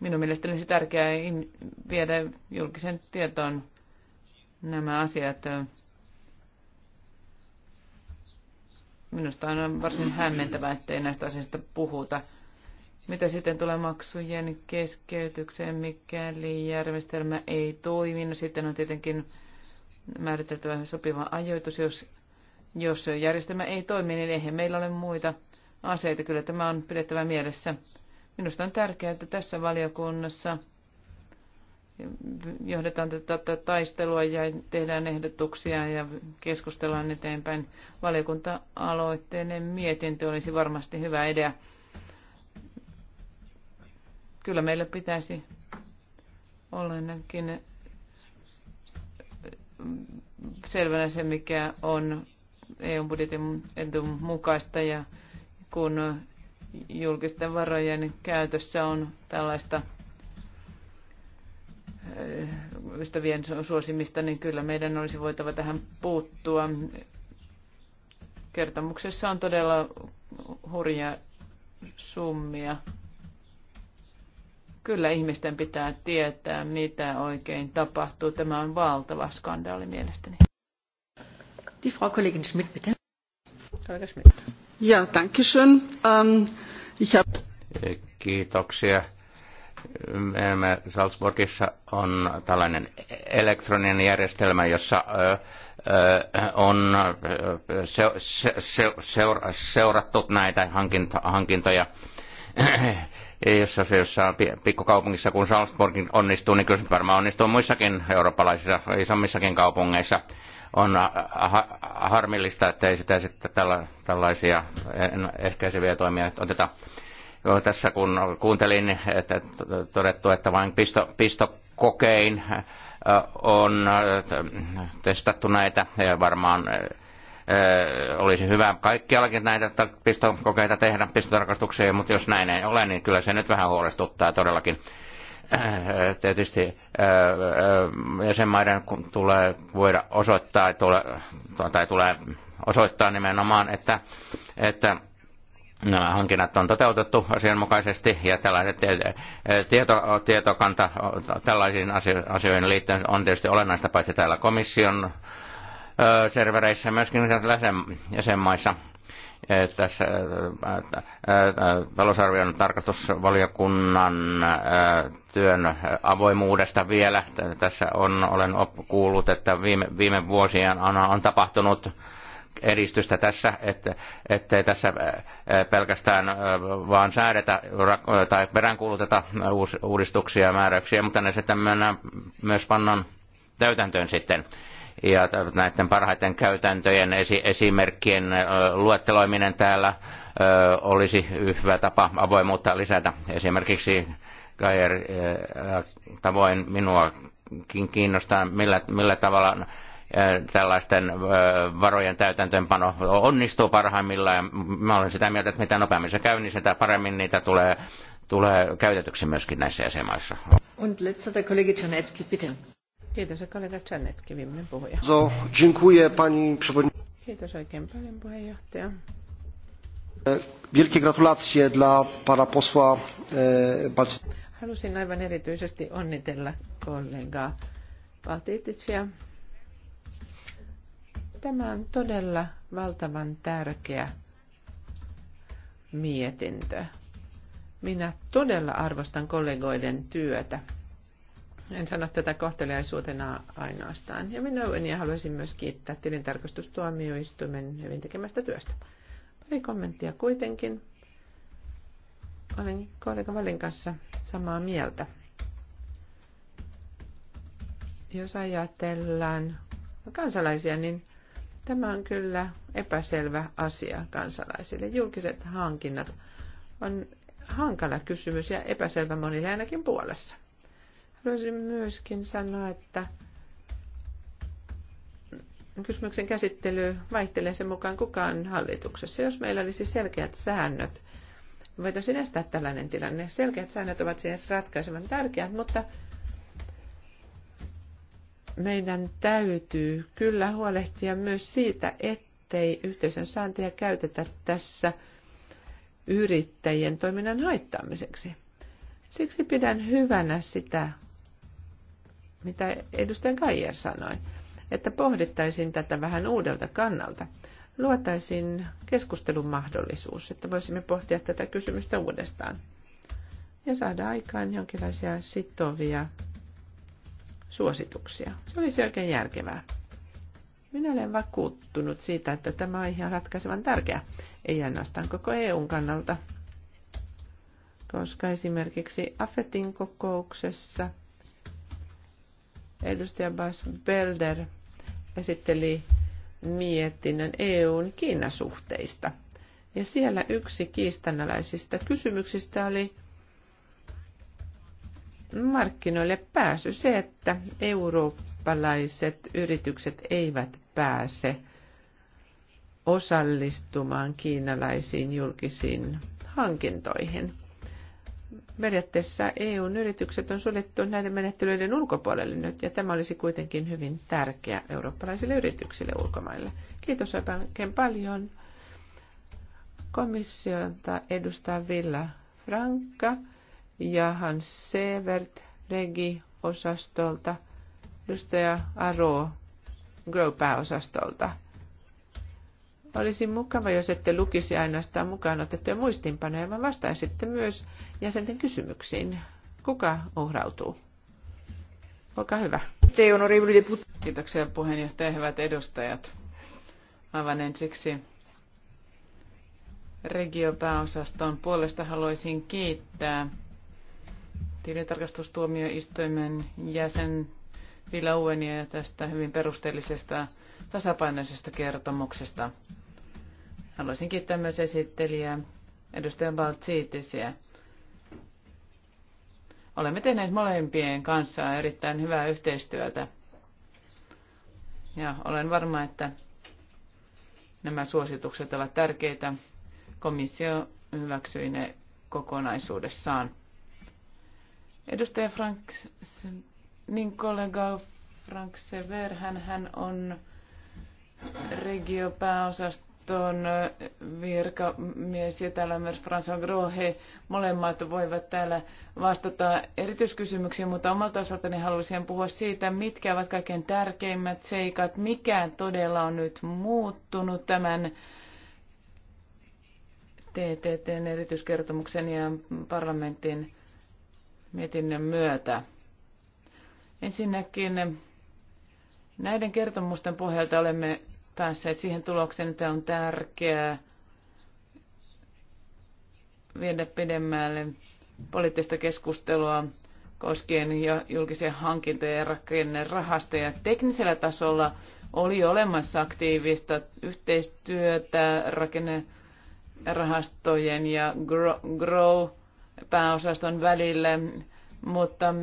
Speaker 1: Minun mielestäni olisi tärkeää viedä julkisen tietoon nämä asiat. Minusta on varsin hämmentävää, ettei näistä asioista puhuta. Mitä sitten tulee maksujen keskeytykseen, mikäli järjestelmä ei toimi? No sitten on tietenkin määriteltävä sopiva ajoitus, jos, jos järjestelmä ei toimi, niin eihän meillä ole muita aseita. Kyllä tämä on pidettävä mielessä. Minusta on tärkeää, että tässä valiokunnassa – johdetaan tätä taistelua ja tehdään ehdotuksia ja keskustellaan eteenpäin. Valiokunta-aloitteinen mietintö olisi varmasti hyvä idea. Kyllä meillä pitäisi olla ainakin selvänä se, mikä on EU-budjetin edun mukaista ja kun julkisten varojen käytössä on tällaista ystävien suosimista, niin kyllä meidän olisi voitava tähän puuttua. Kertomuksessa on todella hurja summia. Kyllä ihmisten pitää tietää, mitä oikein tapahtuu. Tämä on valtava skandaali mielestäni.
Speaker 2: Die Frau Kollegin Schmidt, bitte. Kollega Schmidt. Ja, danke schön.
Speaker 1: Ähm, ich hab...
Speaker 3: Kiitoksia Salzburgissa on tällainen elektroninen järjestelmä, jossa on seurattu näitä hankintoja jos, se on pikkukaupungissa kun Salzburgin onnistuu, niin kyllä se varmaan onnistuu muissakin eurooppalaisissa isommissakin kaupungeissa. On äh, harmillista, että ei sitä sitten tällaisia ehkäiseviä toimia oteta tässä kun kuuntelin, että todettu, että vain pisto, pistokokein on testattu näitä ja varmaan olisi hyvä kaikkiallakin näitä pistokokeita tehdä, pistotarkastuksia, mutta jos näin ei ole, niin kyllä se nyt vähän huolestuttaa todellakin. Tietysti jäsenmaiden tulee voida osoittaa, tai tulee osoittaa nimenomaan, että, että nämä hankinnat on toteutettu asianmukaisesti ja tällaiset eh, eh, tieto, tietokanta tällaisiin asioihin liittyen on tietysti olennaista paitsi täällä komission servereissä myöskin jäsenmaissa. Eh, tässä talousarvion tarkastusvaliokunnan työn avoimuudesta vielä. Tässä on, olen kuullut, että viime, viime vuosien on, on tapahtunut edistystä tässä, että, ettei tässä pelkästään vaan säädetä tai peräänkuuluteta uudistuksia ja määräyksiä, mutta ne sitten myös pannaan täytäntöön sitten ja näiden parhaiten käytäntöjen esimerkkien luetteloiminen täällä olisi hyvä tapa avoimuutta lisätä. Esimerkiksi Kajer tavoin minua kiinnostaa, millä, millä tavalla Äh, tällaisten äh, varojen täytäntöönpano onnistuu parhaimmillaan. Mä olen sitä mieltä, että mitä nopeammin se käy, niin sitä paremmin niitä tulee, tulee käytetyksi myöskin näissä jäsenmaissa.
Speaker 4: Und
Speaker 2: letzter Kollege Czernetski, bitte. Kiitos, kollega Czarnecki, viimeinen puhuja. So,
Speaker 3: dziękuję,
Speaker 4: pani przewodnicząca.
Speaker 2: Kiitos oikein paljon, puheenjohtaja.
Speaker 4: E, wielkie gratulacje dla pana posła e,
Speaker 2: Halusin aivan erityisesti onnitella kollegaa Baltititsia Tämä on todella valtavan tärkeä mietintö. Minä todella arvostan kollegoiden työtä. En sano tätä kohteliaisuutena ainoastaan. Ja minä ja haluaisin myös kiittää tilintarkastustuomioistuimen hyvin tekemästä työstä. Pari kommenttia kuitenkin. Olen kollega Valin kanssa samaa mieltä. Jos ajatellaan kansalaisia, niin Tämä on kyllä epäselvä asia kansalaisille. Julkiset hankinnat on hankala kysymys ja epäselvä monille ainakin puolessa. Haluaisin myöskin sanoa, että kysymyksen käsittely vaihtelee sen mukaan kukaan hallituksessa. Jos meillä olisi selkeät säännöt, voitaisiin estää tällainen tilanne. Selkeät säännöt ovat siis ratkaisevan tärkeät, mutta meidän täytyy kyllä huolehtia myös siitä, ettei yhteisön sääntöjä käytetä tässä yrittäjien toiminnan haittaamiseksi. Siksi pidän hyvänä sitä, mitä edustaja Kaijer sanoi, että pohdittaisiin tätä vähän uudelta kannalta. Luotaisiin keskustelun mahdollisuus, että voisimme pohtia tätä kysymystä uudestaan ja saada aikaan jonkinlaisia sitovia suosituksia. Se olisi oikein järkevää. Minä olen vakuuttunut siitä, että tämä aihe on ratkaisevan tärkeä, ei ainoastaan koko EUn kannalta, koska esimerkiksi AFETin kokouksessa edustaja Bas Belder esitteli mietinnön EUn Kiinasuhteista. Ja siellä yksi kiistanalaisista kysymyksistä oli markkinoille pääsy, se, että eurooppalaiset yritykset eivät pääse osallistumaan kiinalaisiin julkisiin hankintoihin. Periaatteessa EUn yritykset on suljettu näiden menettelyiden ulkopuolelle nyt, ja tämä olisi kuitenkin hyvin tärkeä eurooppalaisille yrityksille ulkomaille. Kiitos oikein paljon komissiota edustaa Villa Franca ja Hans Severt Regi-osastolta, edustaja Aro Grow-pääosastolta. Olisi mukava, jos ette lukisi ainoastaan mukaan otettuja muistinpanoja, vaan vastaisitte myös jäsenten kysymyksiin. Kuka uhrautuu? Olkaa hyvä.
Speaker 1: Kiitoksia puheenjohtaja, hyvät edustajat. Aivan ensiksi regiopääosaston puolesta haluaisin kiittää tilintarkastustuomioistuimen jäsen Uenia ja tästä hyvin perusteellisesta tasapainoisesta kertomuksesta. Haluaisin kiittää myös esittelijää edustaja Baltsiitisiä. Olemme tehneet molempien kanssa erittäin hyvää yhteistyötä. Ja olen varma, että nämä suositukset ovat tärkeitä. Komissio hyväksyi ne kokonaisuudessaan. Edustaja Frank, niin kollega Frank Sever, hän, hän on regiopääosaston virkamies ja täällä myös François Grohe. Molemmat voivat täällä vastata erityiskysymyksiin, mutta omalta osaltani haluaisin puhua siitä, mitkä ovat kaikkein tärkeimmät seikat, mikä todella on nyt muuttunut tämän TTTn erityiskertomuksen ja parlamentin mietinnön myötä. Ensinnäkin näiden kertomusten pohjalta olemme päässeet siihen tulokseen, että on tärkeää viedä pidemmälle poliittista keskustelua koskien jo julkisia hankintoja ja rakennerahastoja. Teknisellä tasolla oli olemassa aktiivista yhteistyötä rakennerahastojen ja GROW pääosaston välille, mutta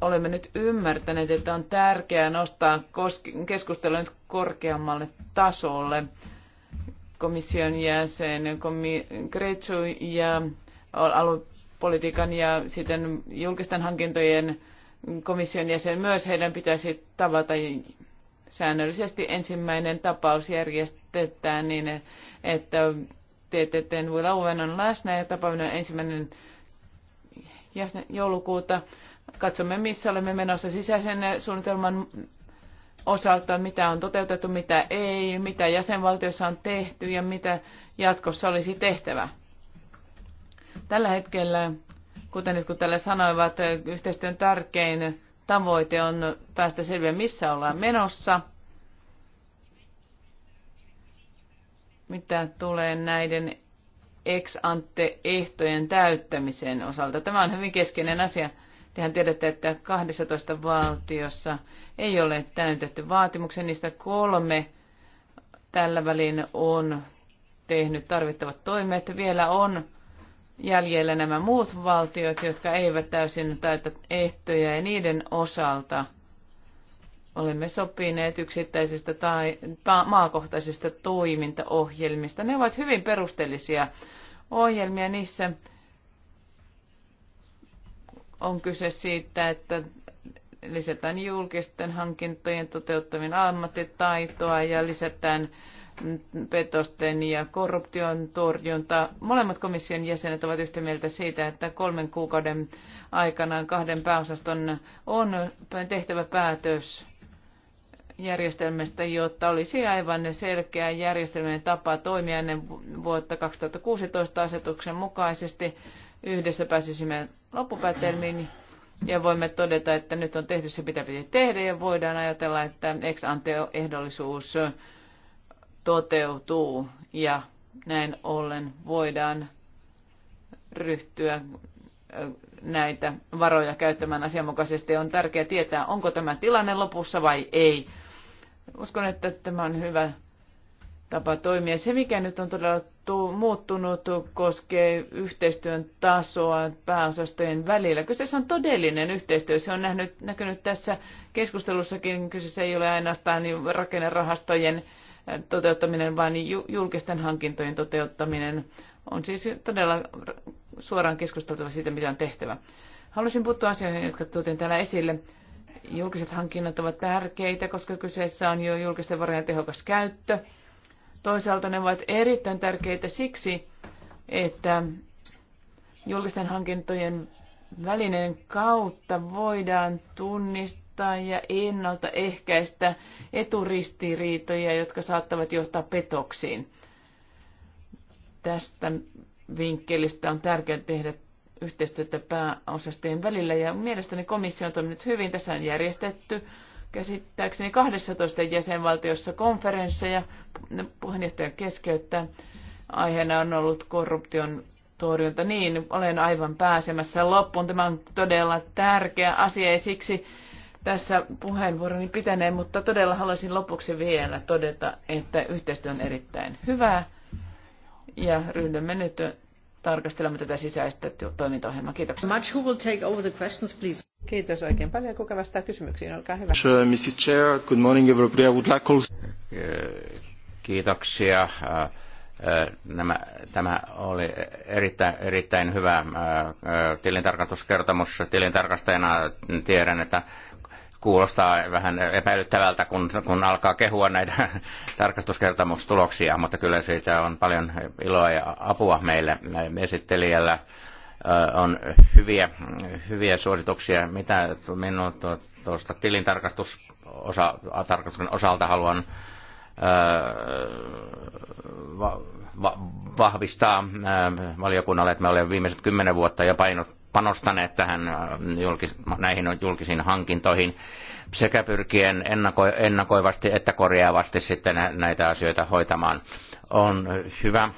Speaker 1: olemme nyt ymmärtäneet, että on tärkeää nostaa keskustelua nyt korkeammalle tasolle. Komission jäsen komi- Kretsu ja aluepolitiikan ja sitten julkisten hankintojen komission jäsen myös heidän pitäisi tavata säännöllisesti ensimmäinen tapaus järjestetään niin, että TTTn voi on läsnä ja tapaaminen ensimmäinen joulukuuta. Katsomme, missä olemme menossa sisäisen suunnitelman osalta, mitä on toteutettu, mitä ei, mitä jäsenvaltiossa on tehty ja mitä jatkossa olisi tehtävä. Tällä hetkellä, kuten nyt kun tällä sanoivat, yhteistyön tärkein tavoite on päästä selviä, missä ollaan menossa – mitä tulee näiden ex ante ehtojen täyttämisen osalta. Tämä on hyvin keskeinen asia. Tehän tiedätte, että 12 valtiossa ei ole täytetty vaatimuksen. Niistä kolme tällä välin on tehnyt tarvittavat toimet. Vielä on jäljellä nämä muut valtiot, jotka eivät täysin täytä ehtoja ja niiden osalta – Olemme sopineet yksittäisistä tai maakohtaisista toimintaohjelmista. Ne ovat hyvin perusteellisia ohjelmia. Niissä on kyse siitä, että lisätään julkisten hankintojen toteuttaminen ammattitaitoa ja lisätään petosten ja korruption torjunta. Molemmat komission jäsenet ovat yhtä mieltä siitä, että kolmen kuukauden aikana kahden pääosaston on tehtävä päätös järjestelmästä, jotta olisi aivan selkeä järjestelmän tapa toimia ennen vuotta 2016 asetuksen mukaisesti. Yhdessä pääsisimme loppupäätelmiin ja voimme todeta, että nyt on tehty se, mitä piti tehdä ja voidaan ajatella, että ex ante ehdollisuus toteutuu ja näin ollen voidaan ryhtyä äh, näitä varoja käyttämään asianmukaisesti. On tärkeää tietää, onko tämä tilanne lopussa vai ei. Uskon, että tämä on hyvä tapa toimia. Se, mikä nyt on todella muuttunut, koskee yhteistyön tasoa pääosastojen välillä. Kyseessä on todellinen yhteistyö. Se on nähnyt, näkynyt tässä keskustelussakin. Kyseessä ei ole ainoastaan rakennerahastojen äh, toteuttaminen, vaan julkisten hankintojen toteuttaminen. On siis todella suoraan keskusteltava siitä, mitä on tehtävä. Haluaisin puuttua asioihin, jotka tuotin täällä esille. Julkiset hankinnat ovat tärkeitä, koska kyseessä on jo julkisten varojen tehokas käyttö. Toisaalta ne ovat erittäin tärkeitä siksi, että julkisten hankintojen välinen kautta voidaan tunnistaa ja ennaltaehkäistä eturistiriitoja, jotka saattavat johtaa petoksiin. Tästä vinkkelistä on tärkeää tehdä yhteistyötä pääosastojen välillä ja mielestäni komissio on toiminut hyvin. Tässä on järjestetty käsittääkseni 12 jäsenvaltiossa konferensseja. puheenjohtajan keskeyttää. Aiheena on ollut korruption torjunta. Niin, olen aivan pääsemässä loppuun. Tämä on todella tärkeä asia ja siksi tässä puheenvuoroni pitäneen, mutta todella haluaisin lopuksi vielä todeta, että yhteistyö on erittäin hyvää ja ryhdymme nyt tarkastelemme tätä sisäistä toimintaohjelmaa. Kiitoksia. Much. Who will take over the questions, please? Kiitos oikein paljon. Kuka vastaa kysymyksiin? Olkaa hyvä.
Speaker 3: Mrs. Chair, good morning everybody. I would like also... Eh, kiitoksia. Eh, eh, nämä, tämä oli erittäin, erittäin hyvä tilintarkastuskertomus. Tilintarkastajana tiedän, että kuulostaa vähän epäilyttävältä, kun, kun alkaa kehua näitä tarkastuskertomustuloksia, mutta kyllä siitä on paljon iloa ja apua meille esittelijällä. On hyviä, hyviä suosituksia, mitä minun tuosta tilintarkastustarkastuksen osalta haluan vahvistaa valiokunnalle, että me olemme viimeiset kymmenen vuotta jo painot, panostaneet tähän äh, julkis, näihin julkisiin hankintoihin sekä pyrkien ennako, ennakoivasti että korjaavasti sitten näitä asioita hoitamaan. On hyvä,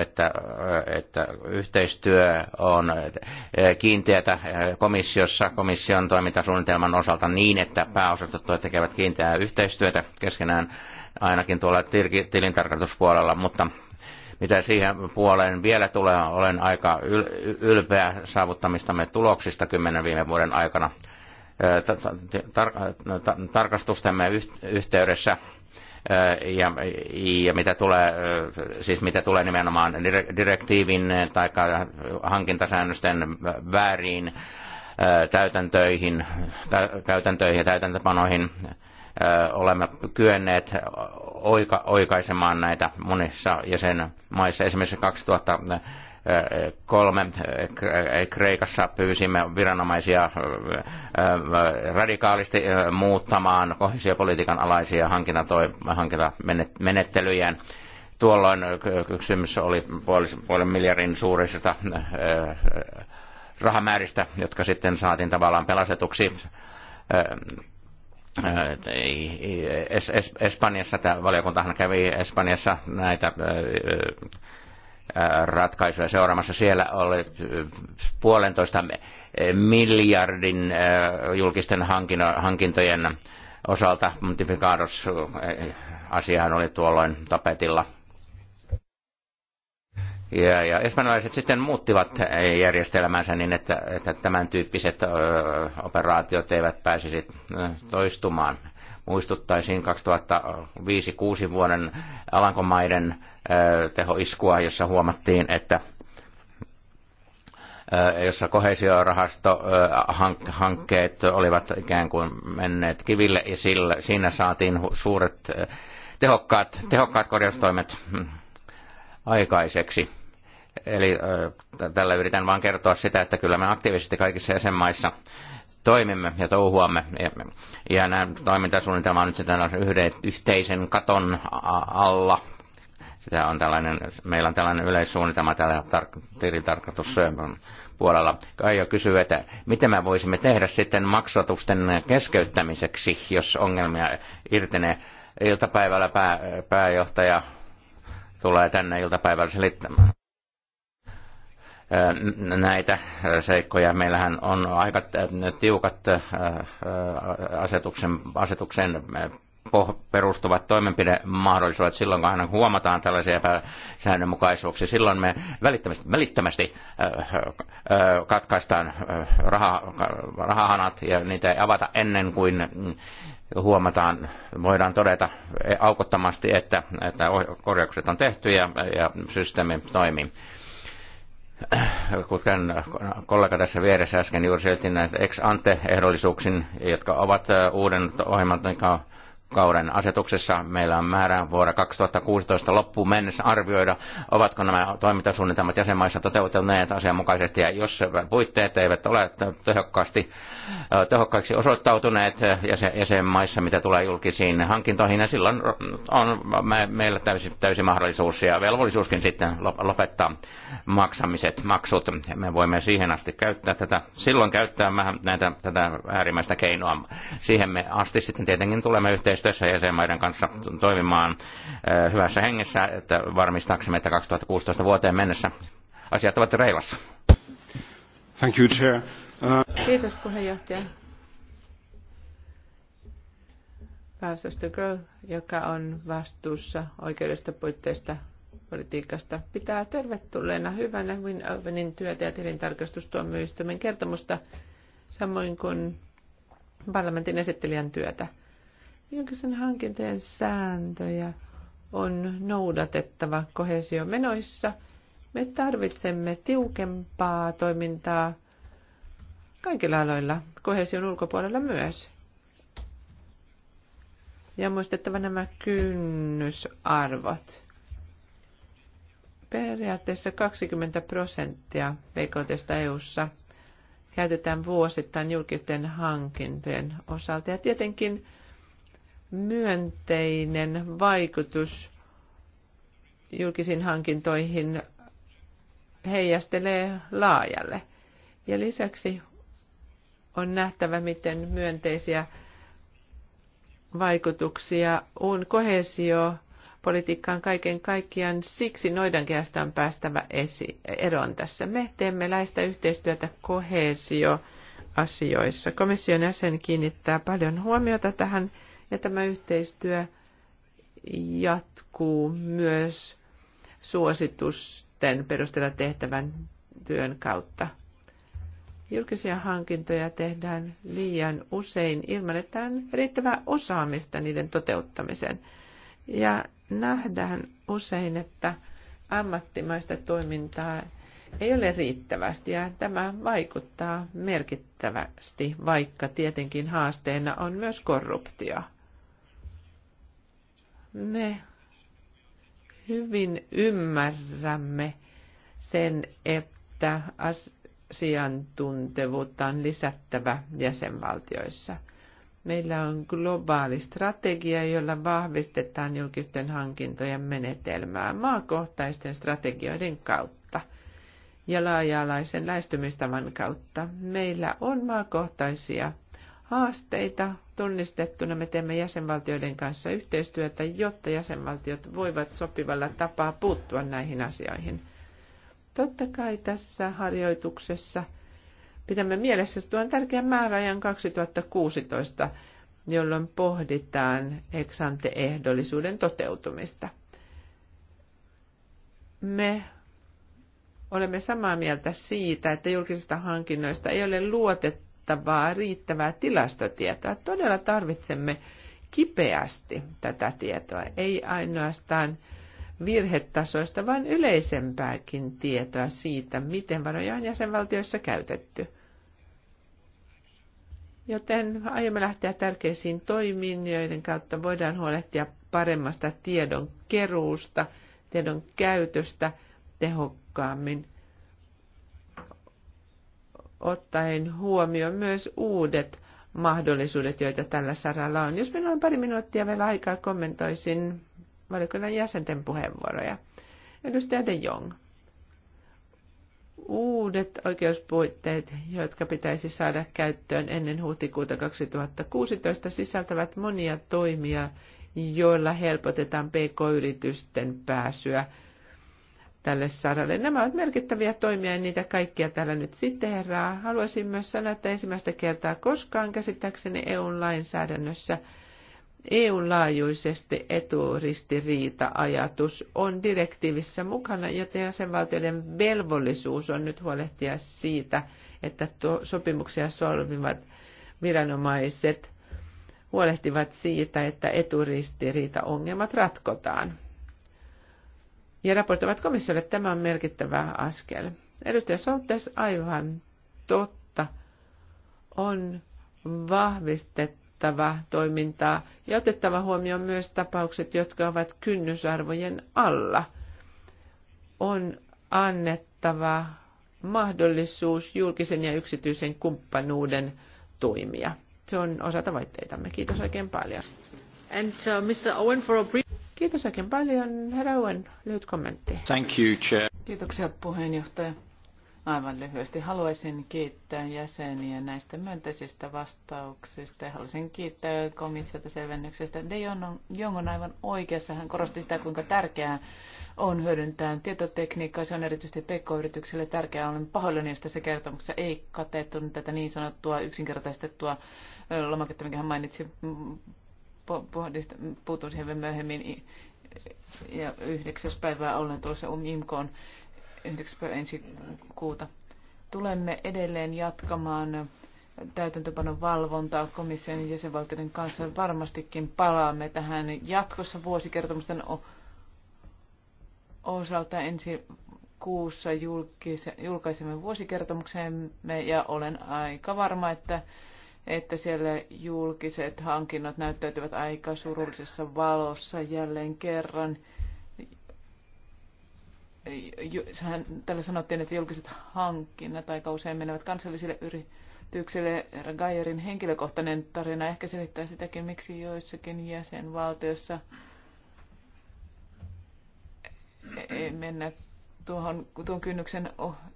Speaker 3: että, äh, että yhteistyö on äh, kiinteätä komissiossa komission toimintasuunnitelman osalta niin, että pääosastot tekevät kiinteää yhteistyötä keskenään ainakin tuolla tilintarkastuspuolella, mutta mitä siihen puoleen vielä tulee, olen aika ylpeä saavuttamistamme tuloksista kymmenen viime vuoden aikana tarkastustemme yhteydessä ja, ja mitä tulee, siis mitä tulee nimenomaan direktiivin tai hankintasäännösten vääriin täytäntöihin, täytäntöihin ja täytäntöpanoihin, olemme kyenneet oika, oikaisemaan näitä monissa jäsenmaissa. Esimerkiksi 2003 Kreikassa pyysimme viranomaisia radikaalisti muuttamaan kohesiopolitiikan alaisia hankintamenettelyjään. Tuolloin kysymys oli puolen miljardin suurisesta rahamääristä, jotka sitten saatiin tavallaan pelastetuksi Äh, es, es, Espanjassa, tämä valiokuntahan kävi Espanjassa näitä äh, äh, ratkaisuja seuraamassa. Siellä oli puolentoista miljardin julkisten hankintojen osalta. Montificados asiahan oli tuolloin tapetilla ja, ja espanjalaiset sitten muuttivat järjestelmänsä niin, että, että tämän tyyppiset ö, operaatiot eivät pääsisi toistumaan. Muistuttaisin 2005-2006 vuoden Alankomaiden ö, tehoiskua, jossa huomattiin, että jossa kohesiorahastohankkeet olivat ikään kuin menneet kiville ja sillä, siinä saatiin suuret tehokkaat, tehokkaat korjaustoimet mm, aikaiseksi. Eli tällä yritän vain kertoa sitä, että kyllä me aktiivisesti kaikissa jäsenmaissa toimimme ja touhuamme. Ja nämä toimintasuunnitelma on nyt tällaisen yhden, yhteisen katon alla. Sitä on tällainen, meillä on tällainen yleissuunnitelma täällä tar- puolella. Kaija kysyy, että miten me voisimme tehdä sitten maksatusten keskeyttämiseksi, jos ongelmia irtenee. Iltapäivällä pää, pääjohtaja tulee tänne iltapäivällä selittämään näitä seikkoja. Meillähän on aika tiukat asetuksen, asetuksen perustuvat toimenpidemahdollisuudet silloin, kun aina huomataan tällaisia epäsäännönmukaisuuksia. Silloin me välittömästi, välittömästi katkaistaan raha, rahahanat ja niitä ei avata ennen kuin mm, huomataan, voidaan todeta aukottomasti, että, että korjaukset on tehty ja, ja systeemi toimii kuten kollega tässä vieressä äsken juuri selitti näitä ex ante ehdollisuuksin, jotka ovat eh, uuden ohjelman kauden asetuksessa meillä on määrä vuonna 2016 loppuun mennessä arvioida, ovatko nämä toimintasuunnitelmat jäsenmaissa toteutuneet asianmukaisesti ja jos puitteet eivät ole tehokkaasti, tehokkaiksi osoittautuneet jäsenmaissa, mitä tulee julkisiin hankintoihin, ja niin silloin on meillä täysi, täysi mahdollisuus ja velvollisuuskin sitten lopettaa maksamiset, maksut. Me voimme siihen asti käyttää tätä, silloin käyttää näitä, tätä äärimmäistä keinoa. Siihen me asti sitten tietenkin tulemme yhteistyössä yhteistyössä jäsenmaiden kanssa toimimaan äh, hyvässä hengessä, että varmistaaksemme, että 2016 vuoteen mennessä asiat ovat reilassa. Thank you, Chair. Uh...
Speaker 2: Kiitos puheenjohtaja. Pääosasta Growth, joka on vastuussa oikeudesta puitteista politiikasta, pitää tervetulleena hyvänä Win Ovenin työtä ja tilintarkastustuomioistuimen kertomusta, samoin kuin parlamentin esittelijän työtä. Julkisen hankintojen sääntöjä on noudatettava kohesiomenoissa. Me tarvitsemme tiukempaa toimintaa kaikilla aloilla, kohesion ulkopuolella myös. Ja muistettava nämä kynnysarvot. Periaatteessa 20 prosenttia BKT EU-ssa käytetään vuosittain julkisten hankintojen osalta. Ja tietenkin myönteinen vaikutus julkisiin hankintoihin heijastelee laajalle. Ja lisäksi on nähtävä, miten myönteisiä vaikutuksia on kohesio politiikkaan kaiken kaikkiaan. Siksi noidankehästä on päästävä esi- eroon tässä. Me teemme läistä yhteistyötä kohesio asioissa. Komission jäsen kiinnittää paljon huomiota tähän ja tämä yhteistyö jatkuu myös suositusten perusteella tehtävän työn kautta. Julkisia hankintoja tehdään liian usein ilman, että on riittävää osaamista niiden toteuttamiseen. Ja nähdään usein, että ammattimaista toimintaa ei ole riittävästi ja tämä vaikuttaa merkittävästi, vaikka tietenkin haasteena on myös korruptio me hyvin ymmärrämme sen, että asiantuntevuutta on lisättävä jäsenvaltioissa. Meillä on globaali strategia, jolla vahvistetaan julkisten hankintojen menetelmää maakohtaisten strategioiden kautta ja laaja-alaisen lähestymistavan kautta. Meillä on maakohtaisia haasteita tunnistettuna. Me teemme jäsenvaltioiden kanssa yhteistyötä, jotta jäsenvaltiot voivat sopivalla tapaa puuttua näihin asioihin. Totta kai tässä harjoituksessa pidämme mielessä tuon tärkeän määräajan 2016, jolloin pohditaan eksanteehdollisuuden toteutumista. Me olemme samaa mieltä siitä, että julkisista hankinnoista ei ole luotettu kattavaa, riittävää tilastotietoa. Todella tarvitsemme kipeästi tätä tietoa, ei ainoastaan virhetasoista, vaan yleisempääkin tietoa siitä, miten varoja on jäsenvaltioissa käytetty. Joten aiomme lähteä tärkeisiin toimiin, joiden kautta voidaan huolehtia paremmasta tiedon keruusta, tiedon käytöstä tehokkaammin ottaen huomioon myös uudet mahdollisuudet, joita tällä saralla on. Jos minulla on pari minuuttia vielä aikaa, kommentoisin valiokunnan jäsenten puheenvuoroja. Edustaja De Jong. Uudet oikeuspuitteet, jotka pitäisi saada käyttöön ennen huhtikuuta 2016, sisältävät monia toimia, joilla helpotetaan pk-yritysten pääsyä tälle saralle. Nämä ovat merkittäviä toimia ja niitä kaikkia täällä nyt sitten herraa. Haluaisin myös sanoa, että ensimmäistä kertaa koskaan käsittääkseni EUn lainsäädännössä EUn laajuisesti eturistiriita-ajatus on direktiivissä mukana, joten jäsenvaltioiden velvollisuus on nyt huolehtia siitä, että sopimuksia solvivat viranomaiset huolehtivat siitä, että eturistiriita-ongelmat ratkotaan ja raportoivat komissiolle. Tämä on merkittävä askel. Edustaja Soltes aivan totta on vahvistettava toimintaa ja otettava huomioon myös tapaukset, jotka ovat kynnysarvojen alla. On annettava mahdollisuus julkisen ja yksityisen kumppanuuden toimia. Se on osa tavoitteitamme. Kiitos oikein paljon. And, uh, Mr. Owen for a brief... Kiitos
Speaker 1: oikein paljon. Herra Uen, lyhyt kommentti.
Speaker 3: Thank you, Chair.
Speaker 1: Kiitoksia puheenjohtaja. Aivan lyhyesti haluaisin kiittää jäseniä näistä myönteisistä vastauksista. Haluaisin kiittää komissiota selvennyksestä. De Jong on aivan oikeassa. Hän korosti sitä, kuinka tärkeää on hyödyntää tietotekniikkaa. Se on erityisesti pk-yrityksille tärkeää. Olen pahoillani, jos tässä kertomuksessa ei katettu tätä niin sanottua yksinkertaistettua lomaketta, minkä hän mainitsi puutun siihen myöhemmin. Ja yhdeksäs päivää olen tuossa UMIMKOon yhdeksäs päivä ensi kuuta. Tulemme edelleen jatkamaan täytäntöpanon valvontaa komission jäsenvaltioiden kanssa. Varmastikin palaamme tähän jatkossa vuosikertomusten osalta ensi kuussa julkaisemme vuosikertomuksemme ja olen aika varma, että että siellä julkiset hankinnat näyttäytyvät aika surullisessa valossa jälleen kerran. Hän, tällä sanottiin, että julkiset hankinnat aika usein menevät kansallisille yrityksille. Gajerin henkilökohtainen tarina ehkä selittää sitäkin, miksi joissakin jäsenvaltioissa ei mennä tuohon, tuon kynnyksen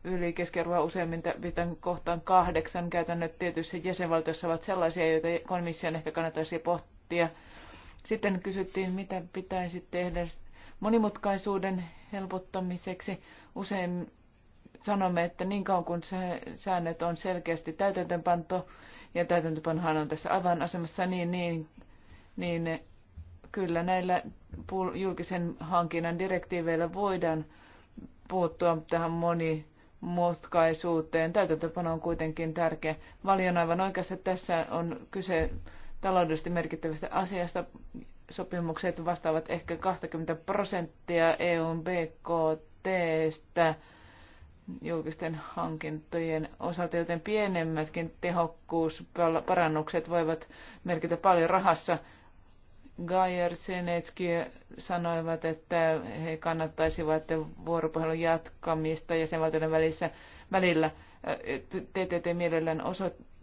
Speaker 1: yli keskiarvoa useimmin viitan kohtaan kahdeksan. Käytännöt tietyissä jäsenvaltioissa ovat sellaisia, joita komission ehkä kannattaisi pohtia. Sitten kysyttiin, mitä pitäisi tehdä monimutkaisuuden helpottamiseksi. Usein sanomme, että niin kauan kuin säännöt on selkeästi täytäntöpanto, ja täytäntöpanohan on tässä avainasemassa, niin, niin, niin kyllä näillä julkisen hankinnan direktiiveillä voidaan puuttua tähän monimutkaisuuteen. Täytäntöpano on kuitenkin tärkeä. Vali on aivan oikeassa, että tässä on kyse taloudellisesti merkittävästä asiasta. Sopimukset vastaavat ehkä 20 prosenttia EUn BKTstä julkisten hankintojen osalta, joten pienemmätkin tehokkuusparannukset voivat merkitä paljon rahassa. Gajer Senetski sanoivat, että he kannattaisivat vuoropuhelun jatkamista ja jäsenvaltioiden välissä, välillä. TTT mielellään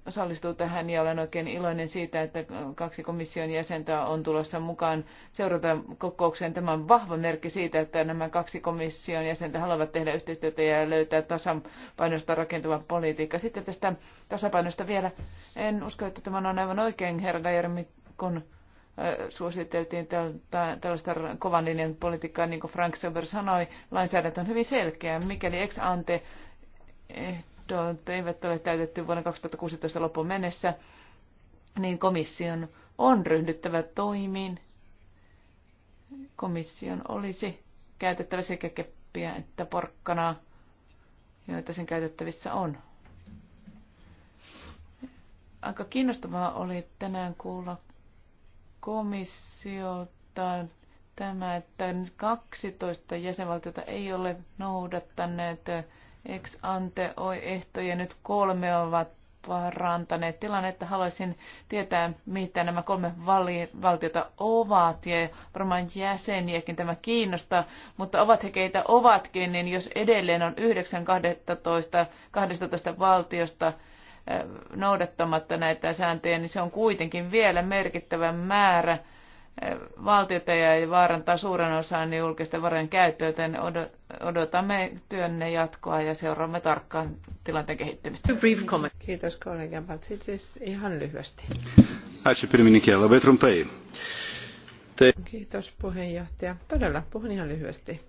Speaker 1: osallistuu tähän ja olen oikein iloinen siitä, että kaksi komission jäsentä on tulossa mukaan seurata kokoukseen. Tämä on vahva merkki siitä, että nämä kaksi komission jäsentä haluavat tehdä yhteistyötä ja löytää tasapainosta rakentuvan politiikka. Sitten tästä tasapainosta vielä. En usko, että tämä on aivan oikein, herra Gajer, kun suositeltiin tällaista kovan linjan politiikkaa, niin kuin Frank Sober sanoi, lainsäädäntö on hyvin selkeä. Mikäli ex ante ehdot eivät ole täytetty vuonna 2016 loppuun mennessä, niin komission on ryhdyttävä toimiin. Komission olisi käytettävä sekä keppiä että porkkanaa, joita sen käytettävissä on. Aika kiinnostavaa oli tänään kuulla komissiolta tämä, että 12 jäsenvaltiota ei ole noudattaneet ex ante ehtoja, nyt kolme ovat parantaneet tilannetta. Haluaisin tietää, mitä nämä kolme vali- valtiota ovat ja varmaan jäseniäkin tämä kiinnostaa, mutta ovat he keitä ovatkin, niin jos edelleen on 9 12, 12 valtiosta, noudattamatta näitä sääntöjä, niin se on kuitenkin vielä merkittävä määrä eh, valtiota ja vaarantaa suuren osan julkisten varojen käyttöä, joten odotamme työnne jatkoa ja seuraamme tarkkaan tilanteen kehittymistä. Brief comment. Kiitos kollega Baltsitis. Ihan lyhyesti.
Speaker 2: Kiitos puheenjohtaja. Todella, puhun ihan lyhyesti.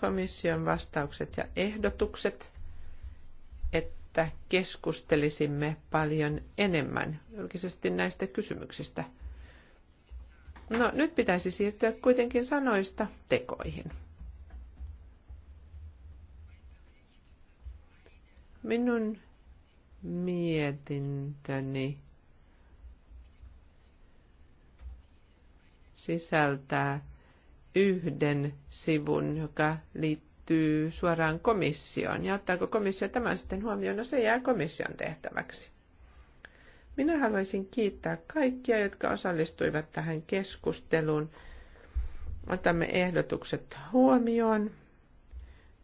Speaker 2: Komission vastaukset ja ehdotukset – että keskustelisimme paljon enemmän julkisesti näistä kysymyksistä. No nyt pitäisi siirtyä kuitenkin sanoista tekoihin. Minun mietintöni sisältää yhden sivun, joka liittyy liittyy suoraan komissioon ja ottaako komissio tämän sitten huomioon, no se jää komission tehtäväksi. Minä haluaisin kiittää kaikkia, jotka osallistuivat tähän keskusteluun. Otamme ehdotukset huomioon.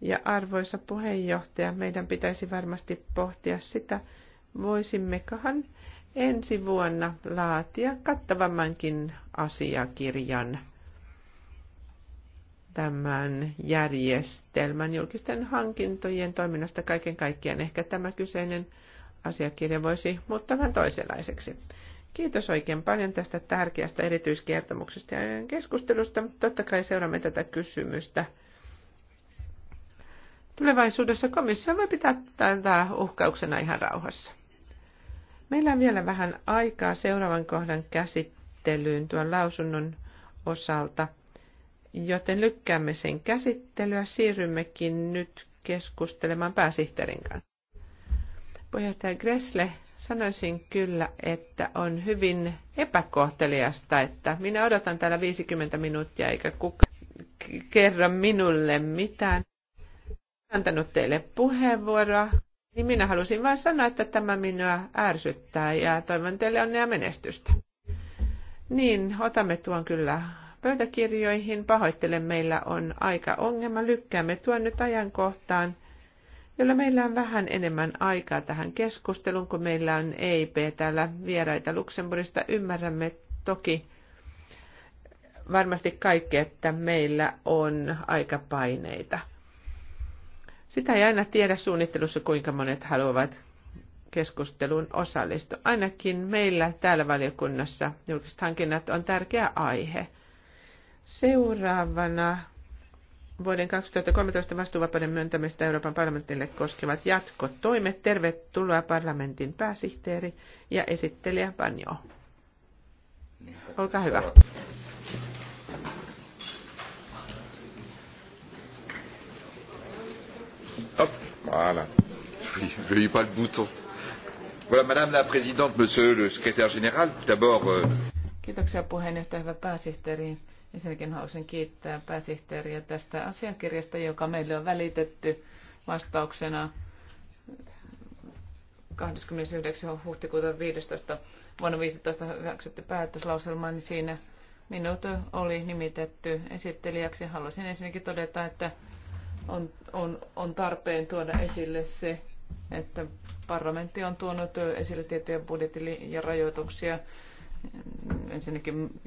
Speaker 2: Ja arvoisa puheenjohtaja, meidän pitäisi varmasti pohtia sitä, voisimmekohan ensi vuonna laatia kattavammankin asiakirjan tämän järjestelmän julkisten hankintojen toiminnasta kaiken kaikkiaan. Ehkä tämä kyseinen asiakirja voisi muuttaa vähän toisenlaiseksi. Kiitos oikein paljon tästä tärkeästä erityiskertomuksesta ja keskustelusta. Totta kai seuraamme tätä kysymystä. Tulevaisuudessa komissio voi pitää tätä uhkauksena ihan rauhassa. Meillä on vielä vähän aikaa seuraavan kohdan käsittelyyn tuon lausunnon osalta – joten lykkäämme sen käsittelyä. Siirrymmekin nyt keskustelemaan pääsihteerin kanssa. Puheenjohtaja Gressle, sanoisin kyllä, että on hyvin epäkohteliasta, että minä odotan täällä 50 minuuttia eikä kukaan kerro minulle mitään. Antanut teille puheenvuoroa, niin minä halusin vain sanoa, että tämä minua ärsyttää ja toivon teille onnea menestystä. Niin, otamme tuon kyllä pöytäkirjoihin. Pahoittelen, meillä on aika ongelma. Lykkäämme tuon nyt ajankohtaan, jolla meillä on vähän enemmän aikaa tähän keskusteluun, kun meillä on EIP täällä vieraita Luxemburgista. Ymmärrämme toki varmasti kaikki, että meillä on aika paineita. Sitä ei aina tiedä suunnittelussa, kuinka monet haluavat keskusteluun osallistua. Ainakin meillä täällä valiokunnassa julkiset hankinnat on tärkeä aihe. Seuraavana vuoden 2013 vastuuvapauden myöntämistä Euroopan parlamentille koskevat jatkotoimet. Tervetuloa parlamentin pääsihteeri ja esittelijä Panjo.
Speaker 4: Olkaa hyvä. Hop, voilà. Je n'ai pas le bouton. Voilà, Madame la Présidente, Monsieur le Secrétaire Général, d'abord... Euh...
Speaker 1: Kiitoksia puheenjohtaja, hyvä pääsihteeri Ensinnäkin haluaisin kiittää pääsihteeriä tästä asiakirjasta, joka meille on välitetty vastauksena 29. huhtikuuta 15. vuonna 15 hyväksytty päätöslauselma, niin siinä minut oli nimitetty esittelijäksi. Haluaisin ensinnäkin todeta, että on, on, on tarpeen tuoda esille se, että parlamentti on tuonut esille tiettyjä budjetin ja rajoituksia ensinnäkin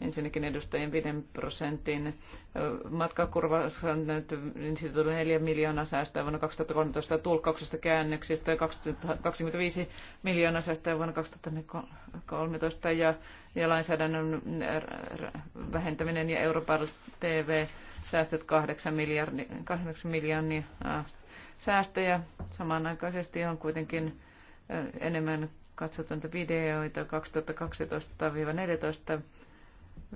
Speaker 1: ensinnäkin edustajien 5 prosentin matkakurvassa on niin siitä tuli 4 miljoonaa säästöä vuonna 2013 tulkkauksesta käännöksistä ja 25 miljoonaa säästöä vuonna 2013 ja, ja lainsäädännön vähentäminen ja Euroopan TV säästöt 8, miljardi, 8 miljardia säästöjä. Samanaikaisesti on kuitenkin enemmän katsotunta videoita 2012-2014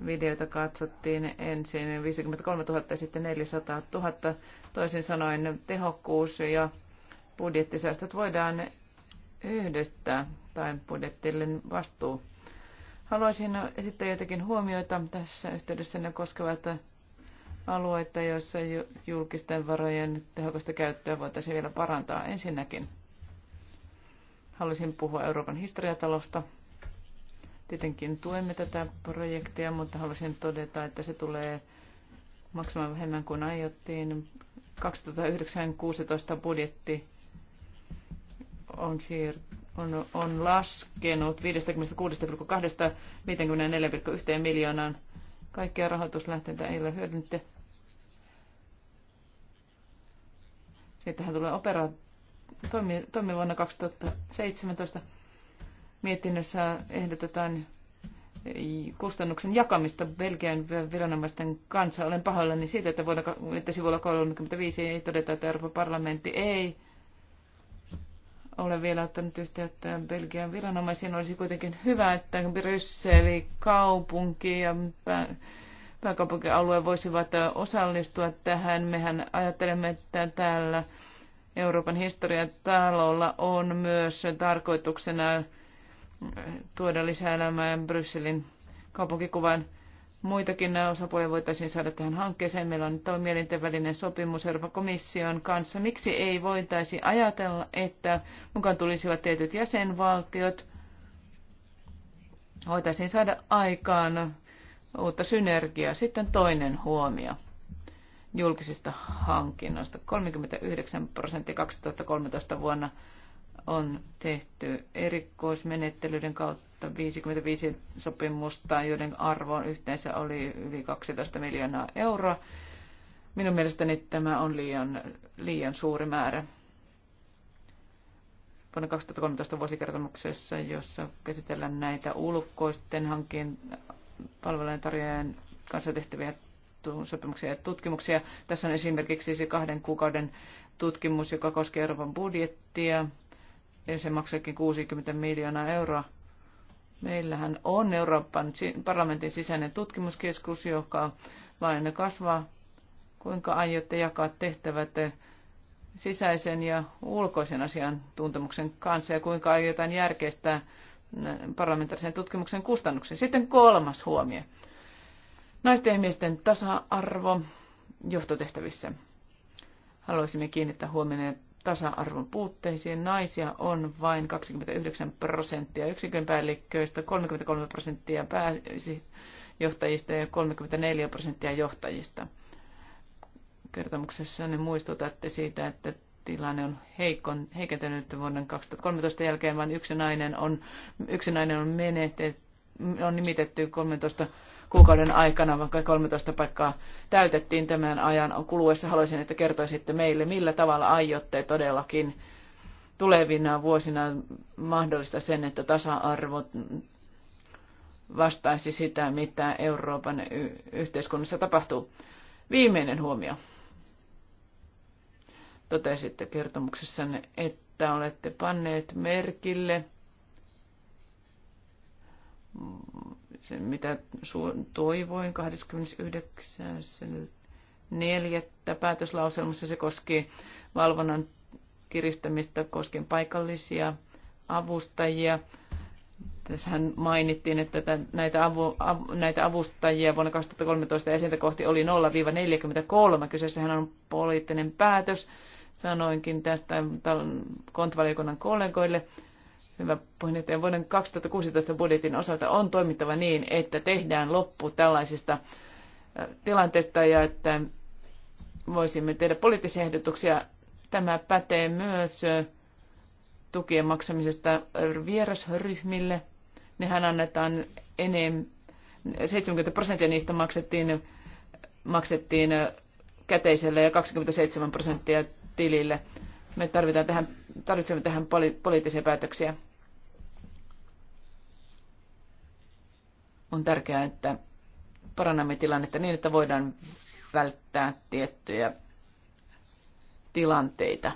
Speaker 1: videota katsottiin ensin 53 000 ja sitten 400 000. Toisin sanoen tehokkuus ja budjettisäästöt voidaan yhdistää tai budjettillinen vastuu. Haluaisin esittää jotakin huomioita tässä yhteydessä. Ne koskevat alueita, joissa julkisten varojen tehokasta käyttöä voitaisiin vielä parantaa. Ensinnäkin haluaisin puhua Euroopan historiatalosta – Tietenkin tuemme tätä projektia, mutta haluaisin todeta, että se tulee maksamaan vähemmän kuin aiottiin. 2009-2016 budjetti on, siir- on, on laskenut 56,254,1 miljoonaan. Kaikkia rahoituslähteitä ei ole hyödynnetty. Siitähän tulee opera toimi, toimi vuonna 2017. Mietinnössä ehdotetaan kustannuksen jakamista Belgian viranomaisten kanssa. Olen pahoillani siitä, että, vuonna, että sivulla 35 ei todeta, että Euroopan parlamentti ei ole vielä ottanut yhteyttä Belgian viranomaisiin. Olisi kuitenkin hyvä, että Brysseli, kaupunki ja pää, pääkaupunkialue voisivat osallistua tähän. Mehän ajattelemme, että täällä Euroopan historian talolla on myös tarkoituksena tuoda lisää elämää Brysselin kaupunkikuvan. Muitakin osapuolia voitaisiin saada tähän hankkeeseen. Meillä on tuo välinen sopimus Euroopan komission kanssa. Miksi ei voitaisi ajatella, että mukaan tulisivat tietyt jäsenvaltiot? Voitaisiin saada aikaan uutta synergiaa. Sitten toinen huomio julkisista hankinnoista. 39 prosenttia 2013 vuonna on tehty erikoismenettelyiden kautta 55 sopimusta, joiden arvo on yhteensä oli yli 12 miljoonaa euroa. Minun mielestäni tämä on liian, liian suuri määrä. Vuonna 2013 vuosikertomuksessa, jossa käsitellään näitä ulkoisten hankkeen palvelujen tarjoajan kanssa tehtäviä sopimuksia ja tutkimuksia. Tässä on esimerkiksi se kahden kuukauden tutkimus, joka koskee Euroopan budjettia ja se maksoikin 60 miljoonaa euroa. Meillähän on Euroopan parlamentin sisäinen tutkimuskeskus, joka vain kasvaa. Kuinka aiotte jakaa tehtävät sisäisen ja ulkoisen asian tuntemuksen kanssa ja kuinka aiotaan järkeistää parlamentaarisen tutkimuksen kustannuksen. Sitten kolmas huomio. Naisten ja miesten tasa-arvo johtotehtävissä. Haluaisimme kiinnittää huomioon tasa-arvon puutteisiin. Naisia on vain 29 prosenttia yksikön päällikköistä, 33 prosenttia pääjohtajista ja 34 prosenttia johtajista. Kertomuksessa ne muistutatte siitä, että tilanne on heikon, heikentynyt vuoden 2013 jälkeen, vaan yksi nainen on, yksi nainen on menetetty on nimitetty 13 kuukauden aikana, vaikka 13 paikkaa täytettiin tämän ajan kuluessa. Haluaisin, että kertoisitte meille, millä tavalla aiotte todellakin tulevina vuosina mahdollista sen, että tasa-arvo vastaisi sitä, mitä Euroopan yhteiskunnassa tapahtuu. Viimeinen huomio. Totesitte kertomuksessanne, että olette panneet merkille se, mitä toivoin 29.4. päätöslauselmassa. Se koski valvonnan kiristämistä koskien paikallisia avustajia. Tässähän mainittiin, että näitä, avu, av, näitä avustajia vuonna 2013 esiintä kohti oli 0-43. Kyseessähän on poliittinen päätös. Sanoinkin tästä kontvaliokunnan kollegoille hyvä puheenjohtaja, vuoden 2016 budjetin osalta on toimittava niin, että tehdään loppu tällaisista äh, tilanteista ja että voisimme tehdä poliittisia ehdotuksia. Tämä pätee myös äh, tukien maksamisesta vierasryhmille. Nehän annetaan enemmän, 70 prosenttia niistä maksettiin, maksettiin äh, käteiselle ja 27 prosenttia tilille. Me tarvitaan tähän, tarvitsemme tähän poli- poliittisia päätöksiä. On tärkeää, että parannamme tilannetta niin, että voidaan välttää tiettyjä tilanteita.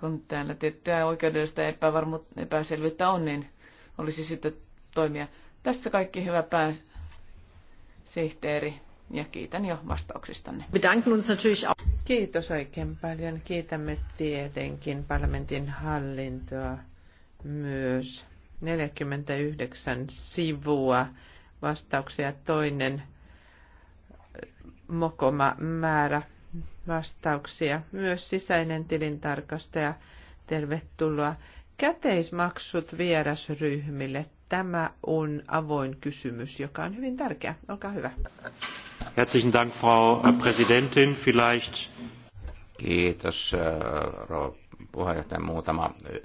Speaker 1: Kun täällä tiettyä oikeudellista epävarmuutta, epäselvyyttä on, niin olisi sitten toimia. Tässä kaikki hyvä pääsihteeri ja kiitän jo vastauksistanne. Kiitos
Speaker 2: oikein paljon. Kiitämme tietenkin parlamentin hallintoa myös. 49 sivua vastauksia toinen mokoma määrä vastauksia. Myös sisäinen tilintarkastaja, tervetuloa. Käteismaksut vierasryhmille. Tämä on avoin kysymys, joka on hyvin tärkeä. Olkaa hyvä.
Speaker 3: Frau äh, Präsidentin. Vielleicht... Kiitos, äh, rouva puheenjohtaja. Muutama äh,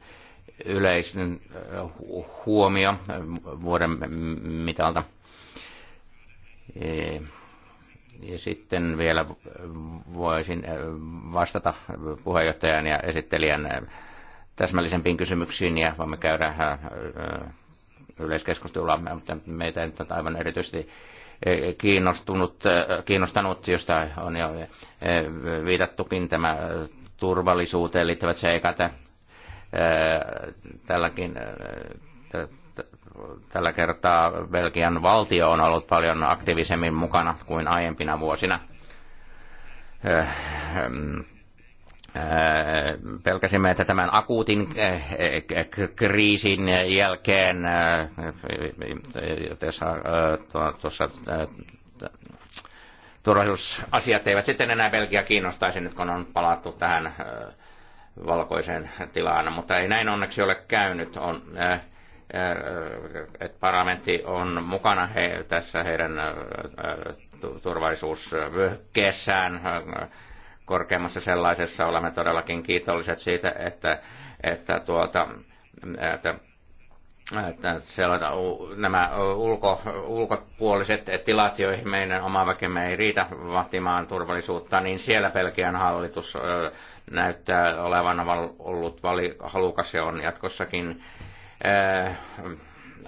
Speaker 3: yleisen huomio vuoden mitalta. Ja sitten vielä voisin vastata puheenjohtajan ja esittelijän täsmällisempiin kysymyksiin ja voimme käydä yleiskeskustelua, mutta meitä nyt aivan erityisesti kiinnostunut, kiinnostanut, josta on jo eh, viitattukin tämä turvallisuuteen liittyvät seikat. Eh, tälläkin, eh, tällä kertaa Belgian valtio on ollut paljon aktiivisemmin mukana kuin aiempina vuosina Äh, pelkäsimme, että tämän akuutin äh, kriisin jälkeen, äh, tuossa turvallisuusasiat eivät sitten enää Belgia kiinnostaisi nyt, kun on palattu tähän valkoiseen tilaan, mutta ei näin onneksi ole käynyt. On, että parlamentti on mukana he, tässä heidän turvallisuusvyöhykkeessään korkeammassa sellaisessa. Olemme todellakin kiitolliset siitä, että, että, tuota, että että siellä nämä ulko, ulkopuoliset tilat, joihin meidän oma väkemme ei riitä vahtimaan turvallisuutta, niin siellä Belgian hallitus näyttää olevan ollut vali, halukas ja on jatkossakin ää,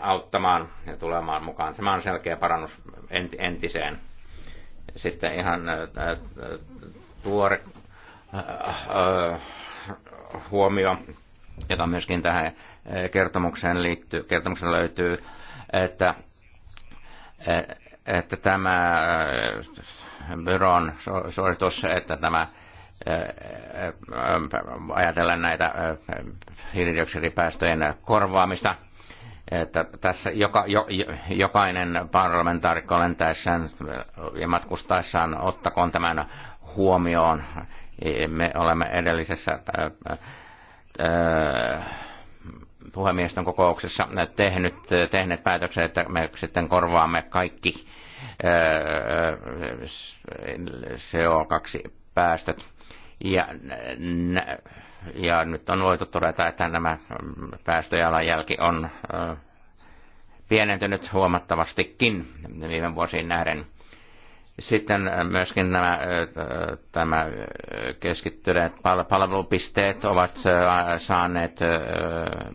Speaker 3: auttamaan ja tulemaan mukaan. Tämä on selkeä parannus entiseen. Sitten ihan tuore äh, äh, huomio, joka myöskin tähän äh, kertomukseen liittyy, kertomukseen löytyy, että, että tämä byron suoritus, että tämä ajatellen näitä hiilidioksidipäästöjen korvaamista, että tässä joka, jo, jokainen parlamentaarikko lentäessään ja matkustaessaan ottakoon tämän huomioon. Me olemme edellisessä puhemiesten kokouksessa tehnyt, tehneet päätöksen, että me sitten korvaamme kaikki CO2-päästöt. Ja, ja nyt on voitu todeta, että nämä päästöjalanjälki on pienentynyt huomattavastikin viime vuosiin nähden – sitten äh, myöskin nämä äh, tämä äh, keskittyneet palvelupisteet ovat saaneet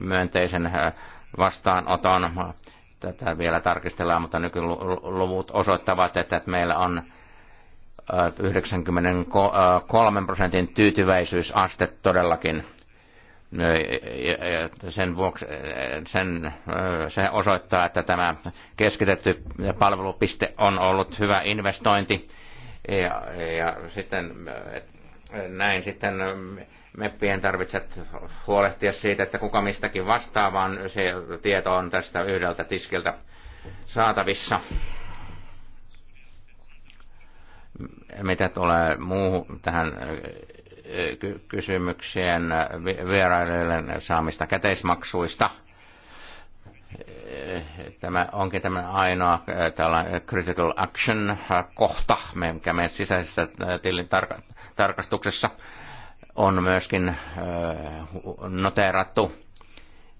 Speaker 3: myönteisen vastaanoton. Tätä vielä tarkistellaan, mutta nykyluvut osoittavat, että meillä on 93 prosentin tyytyväisyysaste todellakin sen vuoksi sen, se osoittaa, että tämä keskitetty palvelupiste on ollut hyvä investointi. Ja, ja sitten näin sitten meppien tarvitset huolehtia siitä, että kuka mistäkin vastaa, vaan se tieto on tästä yhdeltä tiskiltä saatavissa. Mitä tulee muuhun tähän kysymykseen vierailijoiden saamista käteismaksuista. Tämä onkin tämä ainoa äh, tällainen critical action äh, kohta, mikä meidän sisäisessä äh, tilin tarkastuksessa on myöskin noteerattu.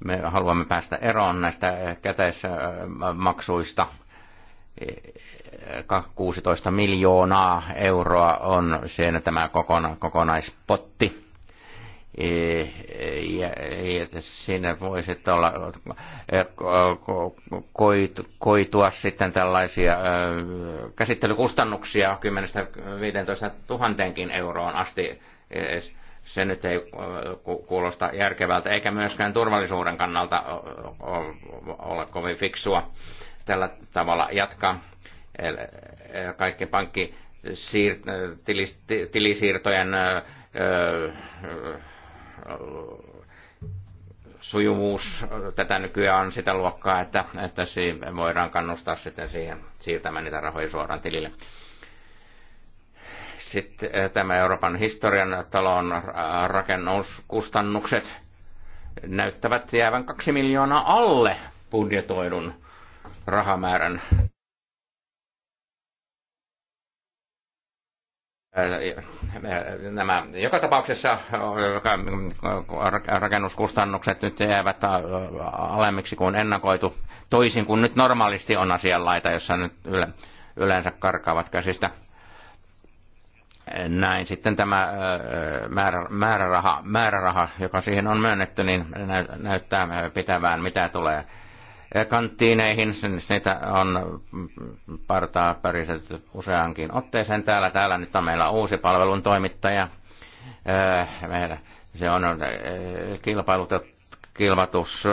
Speaker 3: Me haluamme päästä eroon näistä käteismaksuista 16 miljoonaa euroa on siinä tämä kokona, kokonaispotti. E, ja, ja siinä voi sitten olla, e, koitua sitten tällaisia e, käsittelykustannuksia 10-15 000 euroon asti. Se nyt ei kuulosta järkevältä, eikä myöskään turvallisuuden kannalta ole kovin fiksua tällä tavalla jatkaa Eh, kaikki pankki tilisiirtojen sujuvuus tätä nykyään on sitä luokkaa, että, että voidaan kannustaa sitten siihen siirtämään niitä rahoja suoraan tilille. Sitten eh, tämä Euroopan historian talon rakennuskustannukset näyttävät jäävän kaksi miljoonaa alle budjetoidun rahamäärän nämä, joka tapauksessa rakennuskustannukset nyt jäävät alemmiksi kuin ennakoitu, toisin kuin nyt normaalisti on asianlaita, jossa nyt yleensä karkaavat käsistä. Näin sitten tämä määräraha, määräraha joka siihen on myönnetty, niin näyttää pitävään, mitä tulee kanttiineihin. Niitä on partaa päriselty useankin otteeseen täällä. Täällä nyt on meillä uusi palvelun toimittaja. se on kilpailutatus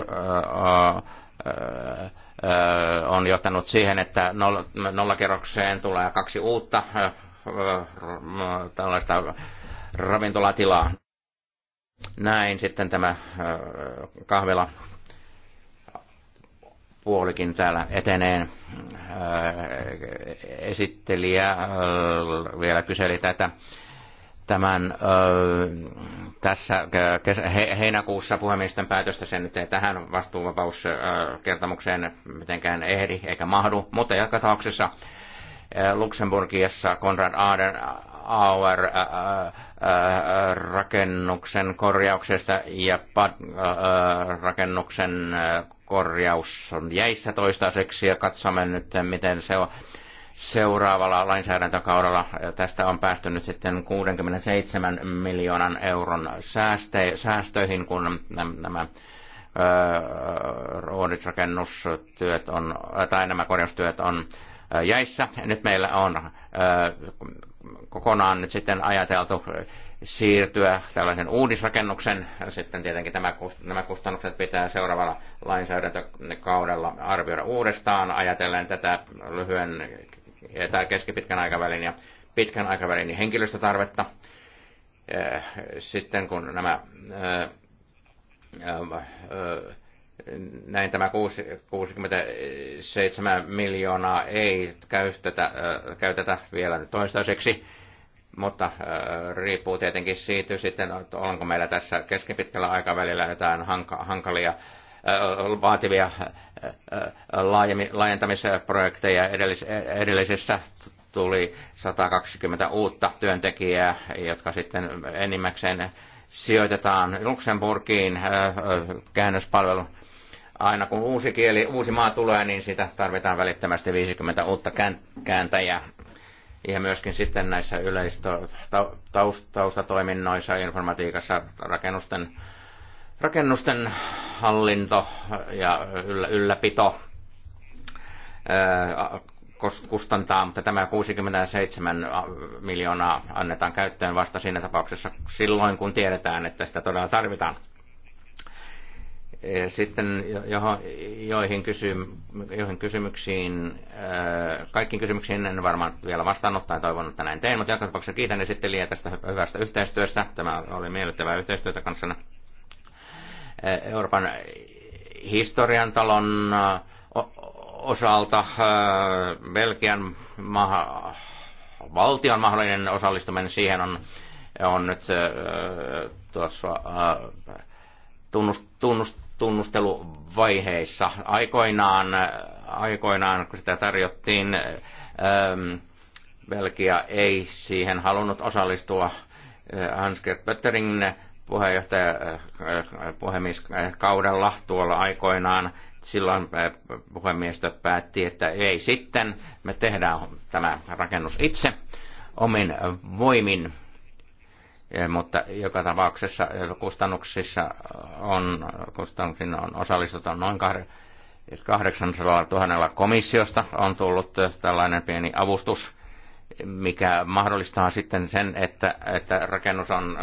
Speaker 3: on johtanut siihen, että nollakerrokseen tulee kaksi uutta tällaista ravintolatilaa. Näin sitten tämä kahvila puolikin täällä etenee. Äh, esittelijä äh, vielä kyseli tätä tämän äh, tässä heinäkuussa puhemiesten päätöstä. sen, nyt ei tähän vastuuvapauskertomukseen mitenkään ehdi eikä mahdu, mutta joka tapauksessa Luxemburgiassa Konrad AOR-rakennuksen korjauksesta ja PAD-rakennuksen korjaus on jäissä toistaiseksi ja katsomme nyt, miten se on seuraavalla lainsäädäntökaudella. Tästä on päästy nyt sitten 67 miljoonan euron sääste, säästöihin, kun nämä ruodisrakennustyöt on, tai nämä korjaustyöt on jäissä. Nyt meillä on kokonaan nyt sitten ajateltu siirtyä tällaisen uudisrakennuksen. Sitten tietenkin tämä, nämä kustannukset pitää seuraavalla lainsäädäntökaudella arvioida uudestaan ajatellen tätä lyhyen tai keskipitkän aikavälin ja pitkän aikavälin henkilöstötarvetta. Sitten kun nämä näin tämä 67 miljoonaa ei käytetä, käytetä vielä toistaiseksi, mutta riippuu tietenkin siitä sitten, että onko meillä tässä keskipitkällä aikavälillä jotain hankalia vaativia laajentamisprojekteja. Edellisessä tuli 120 uutta työntekijää, jotka sitten enimmäkseen sijoitetaan Luxemburgiin käännöspalvelun aina kun uusi kieli, uusi maa tulee, niin sitä tarvitaan välittömästi 50 uutta kääntäjää. Ja myöskin sitten näissä yleistaustatoiminnoissa, informatiikassa, rakennusten, rakennusten hallinto ja ylläpito kustantaa, mutta tämä 67 miljoonaa annetaan käyttöön vasta siinä tapauksessa silloin, kun tiedetään, että sitä todella tarvitaan. Eh, sitten johon, joihin, kysym, joihin kysymyksiin, eh, kaikkiin kysymyksiin en varmaan vielä vastannut tai toivon, että näin tein, mutta joka tapauksessa kiitän esittelijä tästä hyvästä yhteistyöstä. Tämä oli miellyttävää yhteistyötä kanssana. Eh, Euroopan historian talon osalta Belgian maha, valtion mahdollinen osallistuminen siihen on, on nyt tuossa tunnust, tunnust, tunnusteluvaiheissa. Aikoinaan, aikoinaan kun sitä tarjottiin, ähm, Belgia ei siihen halunnut osallistua. Hans-Gert Pöttering puheenjohtaja äh, puhemieskaudella tuolla aikoinaan silloin äh, puhemiestö päätti, että ei sitten, me tehdään tämä rakennus itse omin voimin. Eh, mutta joka tapauksessa eh, kustannuksissa on, kustannuksina on osallistuttu noin 800 000 komissiosta on tullut eh, tällainen pieni avustus, mikä mahdollistaa sitten sen, että, että rakennus on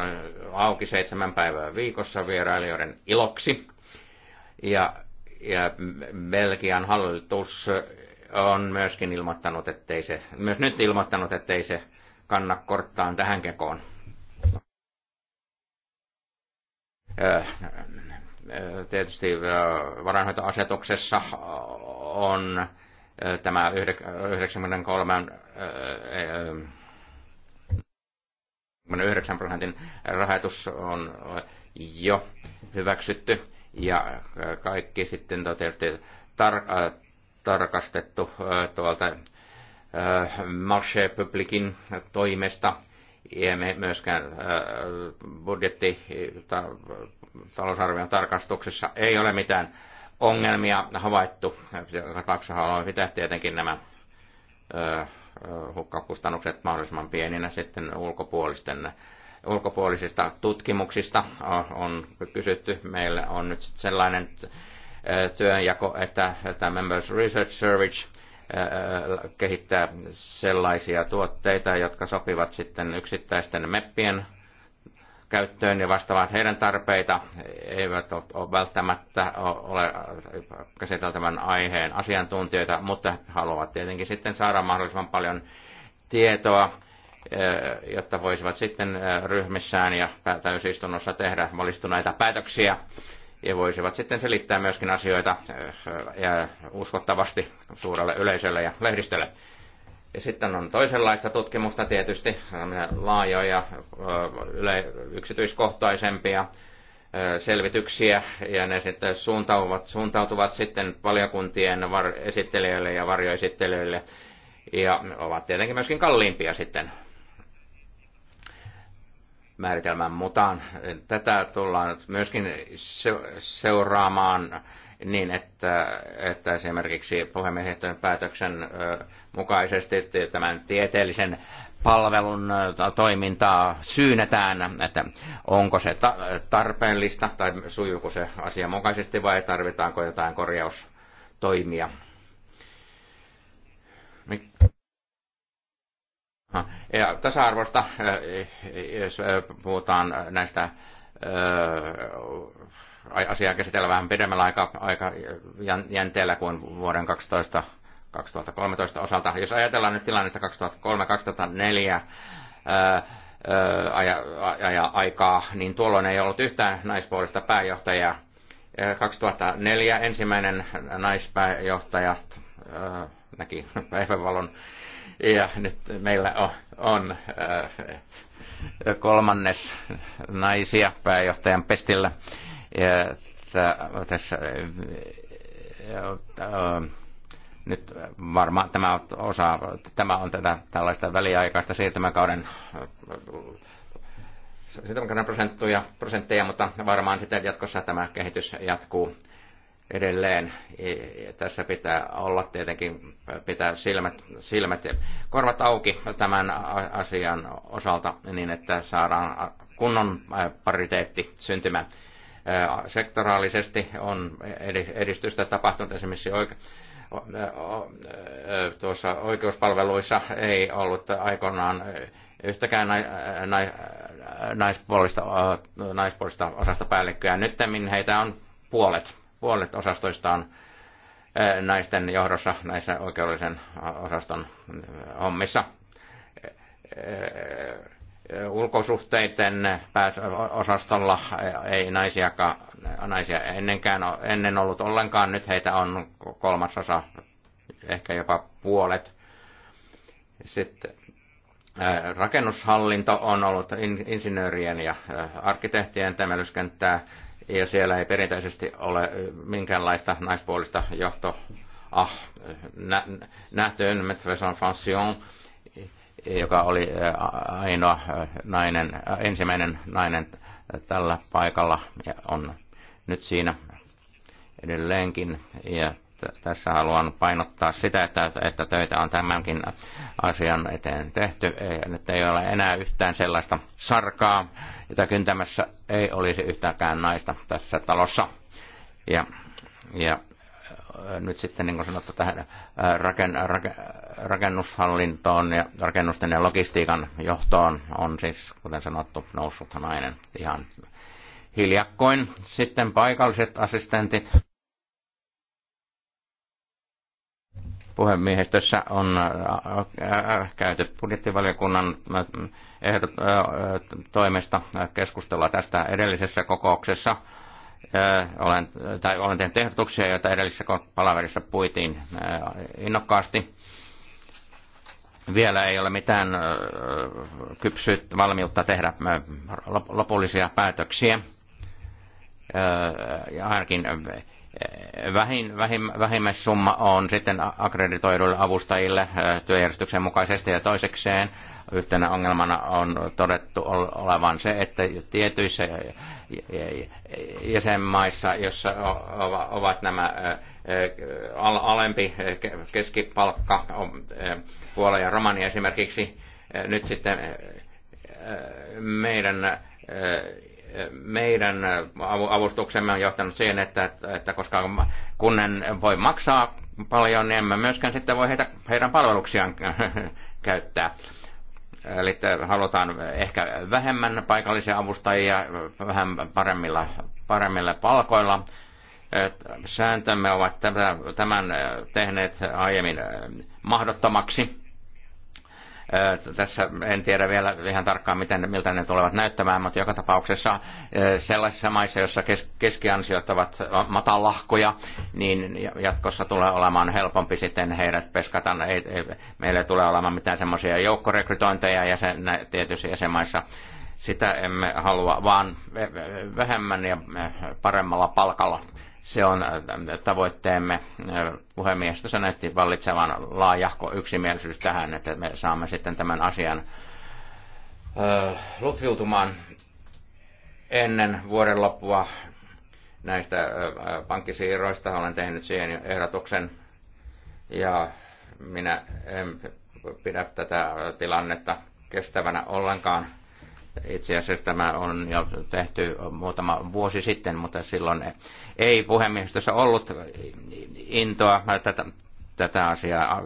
Speaker 3: auki seitsemän päivää viikossa vierailijoiden iloksi. Ja, ja Belgian hallitus on myöskin ilmoittanut, ettei se, myös nyt ilmoittanut, ettei se kanna korttaan tähän kekoon. Äh, äh, tietysti äh, varainhoitoasetuksessa on tämä 93 9 prosentin rahoitus on jo hyväksytty ja kaikki sitten tietysti tar- tarkastettu tuolta Marché Publicin toimesta emme myöskään äh, budjetti talousarvion tarkastuksessa ei ole mitään ongelmia havaittu. Taksa haluaa pitää tietenkin nämä äh, äh, hukkakustannukset mahdollisimman pieninä sitten ulkopuolisten ulkopuolisista tutkimuksista on kysytty. Meillä on nyt sellainen työnjako, että tämä Members Research Service kehittää sellaisia tuotteita, jotka sopivat sitten yksittäisten meppien käyttöön ja vastaavat heidän tarpeita, eivät ole välttämättä ole käsiteltävän aiheen asiantuntijoita, mutta haluavat tietenkin sitten saada mahdollisimman paljon tietoa, e, jotta voisivat sitten e, ryhmissään ja täysistunnossa tehdä valistuneita päätöksiä ja voisivat sitten selittää myöskin asioita eh, ja uskottavasti suurelle yleisölle ja lehdistölle. Ja sitten on toisenlaista tutkimusta tietysti, laajoja, eh, yksityiskohtaisempia eh, selvityksiä, ja ne sitten suuntautuvat, suuntautuvat sitten valiokuntien var- esittelijöille ja varjoesittelijöille, ja ovat tietenkin myöskin kalliimpia sitten määritelmän mukaan. Tätä tullaan myöskin seuraamaan niin, että, että esimerkiksi puhemiehistön päätöksen mukaisesti tämän tieteellisen palvelun toimintaa syynetään, että onko se tarpeellista tai sujuuko se asianmukaisesti vai tarvitaanko jotain korjaustoimia. Ja tasa-arvosta, äh, äh, jos äh, puhutaan näistä asiaa käsitellä vähän pidemmällä aika, aika jänteellä kuin vuoden 12, 2013 osalta. Jos ajatellaan nyt tilannetta 2003-2004 aja, aikaa, niin tuolloin ei ollut yhtään naispuolista pääjohtajaa. 2004 ensimmäinen naispääjohtaja näki päivänvalon ja nyt meillä on, on äh, kolmannes naisia pääjohtajan pestillä. Ja tässä äh, äh, nyt varmaan tämä, osa, tämä on tätä tällaista väliaikaista siirtymäkauden siirtymäkauden prosentteja, prosentteja, mutta varmaan sitten jatkossa tämä kehitys jatkuu edelleen. Tässä pitää olla tietenkin pitää silmät, silmät ja korvat auki tämän asian osalta niin, että saadaan kunnon pariteetti syntymään. Sektoraalisesti on edistystä tapahtunut esimerkiksi oike- tuossa oikeuspalveluissa ei ollut aikoinaan yhtäkään naispuolista, naispuolista osasta päällikköä. Nyt heitä on puolet puolet on eh, naisten johdossa näissä oikeudellisen osaston eh, hommissa. Eh, ulkosuhteiden osastolla ei naisia, naisia ennenkään, ennen ollut ollenkaan. Nyt heitä on kolmasosa, ehkä jopa puolet. Sitten rakennushallinto on ollut insinöörien ja arkkitehtien temelyskenttää ja siellä ei perinteisesti ole minkäänlaista naispuolista johto ah, nä, nähtyyn Metveson joka oli ainoa nainen, ensimmäinen nainen tällä paikalla ja on nyt siinä edelleenkin. Ja tässä haluan painottaa sitä, että, että töitä on tämänkin asian eteen tehty. Nyt ei ole enää yhtään sellaista sarkaa, jota kyntämässä ei olisi yhtäkään naista tässä talossa. Ja, ja nyt sitten, niin kuin sanottu, tähän raken, raken, rakennushallintoon ja rakennusten ja logistiikan johtoon on siis, kuten sanottu, noussut nainen ihan hiljakkoin. Sitten paikalliset assistentit puhemiehistössä on äh, äh, käyty budjettivaliokunnan äh, toimesta keskustella tästä edellisessä kokouksessa. Olen, tai olen tehnyt ehdotuksia, joita edellisessä palaverissa puitiin innokkaasti. Vielä ei ole mitään kypsyyttä, valmiutta tehdä lopullisia päätöksiä. Ja ainakin vähin, vähimmäissumma on sitten akkreditoiduille avustajille työjärjestyksen mukaisesti ja toisekseen yhtenä ongelmana on todettu olevan se, että tietyissä jäsenmaissa, jossa ovat nämä alempi keskipalkka, Puola ja Romania esimerkiksi, nyt sitten meidän meidän avustuksemme on johtanut siihen, että, että koska kunnen voi maksaa paljon, niin emme myöskään sitten voi heitä, heidän palveluksiaan käyttää. Eli halutaan ehkä vähemmän paikallisia avustajia vähän paremmilla, paremmilla palkoilla. Sääntömme ovat tämän tehneet aiemmin mahdottomaksi tässä en tiedä vielä ihan tarkkaan, miten, miltä ne tulevat näyttämään, mutta joka tapauksessa sellaisissa maissa, joissa kes, keskiansiot ovat matalahkoja, niin jatkossa tulee olemaan helpompi sitten heidät peskata. Ei, ei, meillä ei tule olemaan mitään semmoisia joukkorekrytointeja jäsen, tietysti jäsenmaissa, sitä emme halua, vaan vähemmän ja paremmalla palkalla se on äh, tavoitteemme. Äh, puhemiestä sanoi, vallitsevan laajahko yksimielisyys tähän, että me saamme sitten tämän asian äh, lutviutumaan ennen vuoden loppua näistä pankkisiirroista. Olen tehnyt siihen ehdotuksen ja minä en pidä tätä tilannetta kestävänä ollenkaan. Itse asiassa tämä on jo tehty muutama vuosi sitten, mutta silloin ei puhemiehistössä ollut intoa tätä, tätä asiaa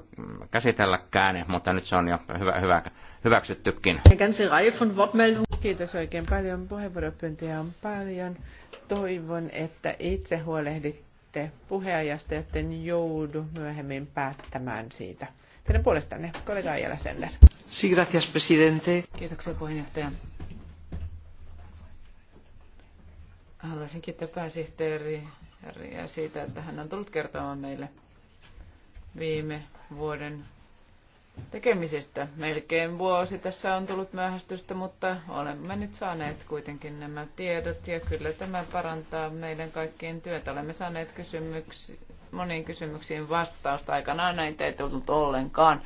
Speaker 3: käsitelläkään, mutta nyt se on jo hyvä, hyvä, hyväksyttykin.
Speaker 2: Kiitos oikein paljon. Puheenvuoropyyntöjä on paljon. Toivon, että itse huolehditte puheajasta, että joudu myöhemmin päättämään siitä. Teidän puolestanne, kollega
Speaker 1: Ajala Sender. Sí, gracias, presidente. Kiitoksia puheenjohtaja. Haluaisin kiittää pääsihteeriä siitä, että hän on tullut kertomaan meille viime vuoden tekemisistä. Melkein vuosi tässä on tullut myöhästystä, mutta olemme nyt saaneet kuitenkin nämä tiedot ja kyllä tämä parantaa meidän kaikkien työtä. Olemme saaneet kysymyksi, moniin kysymyksiin vastausta. Aikanaan näitä ei tullut ollenkaan.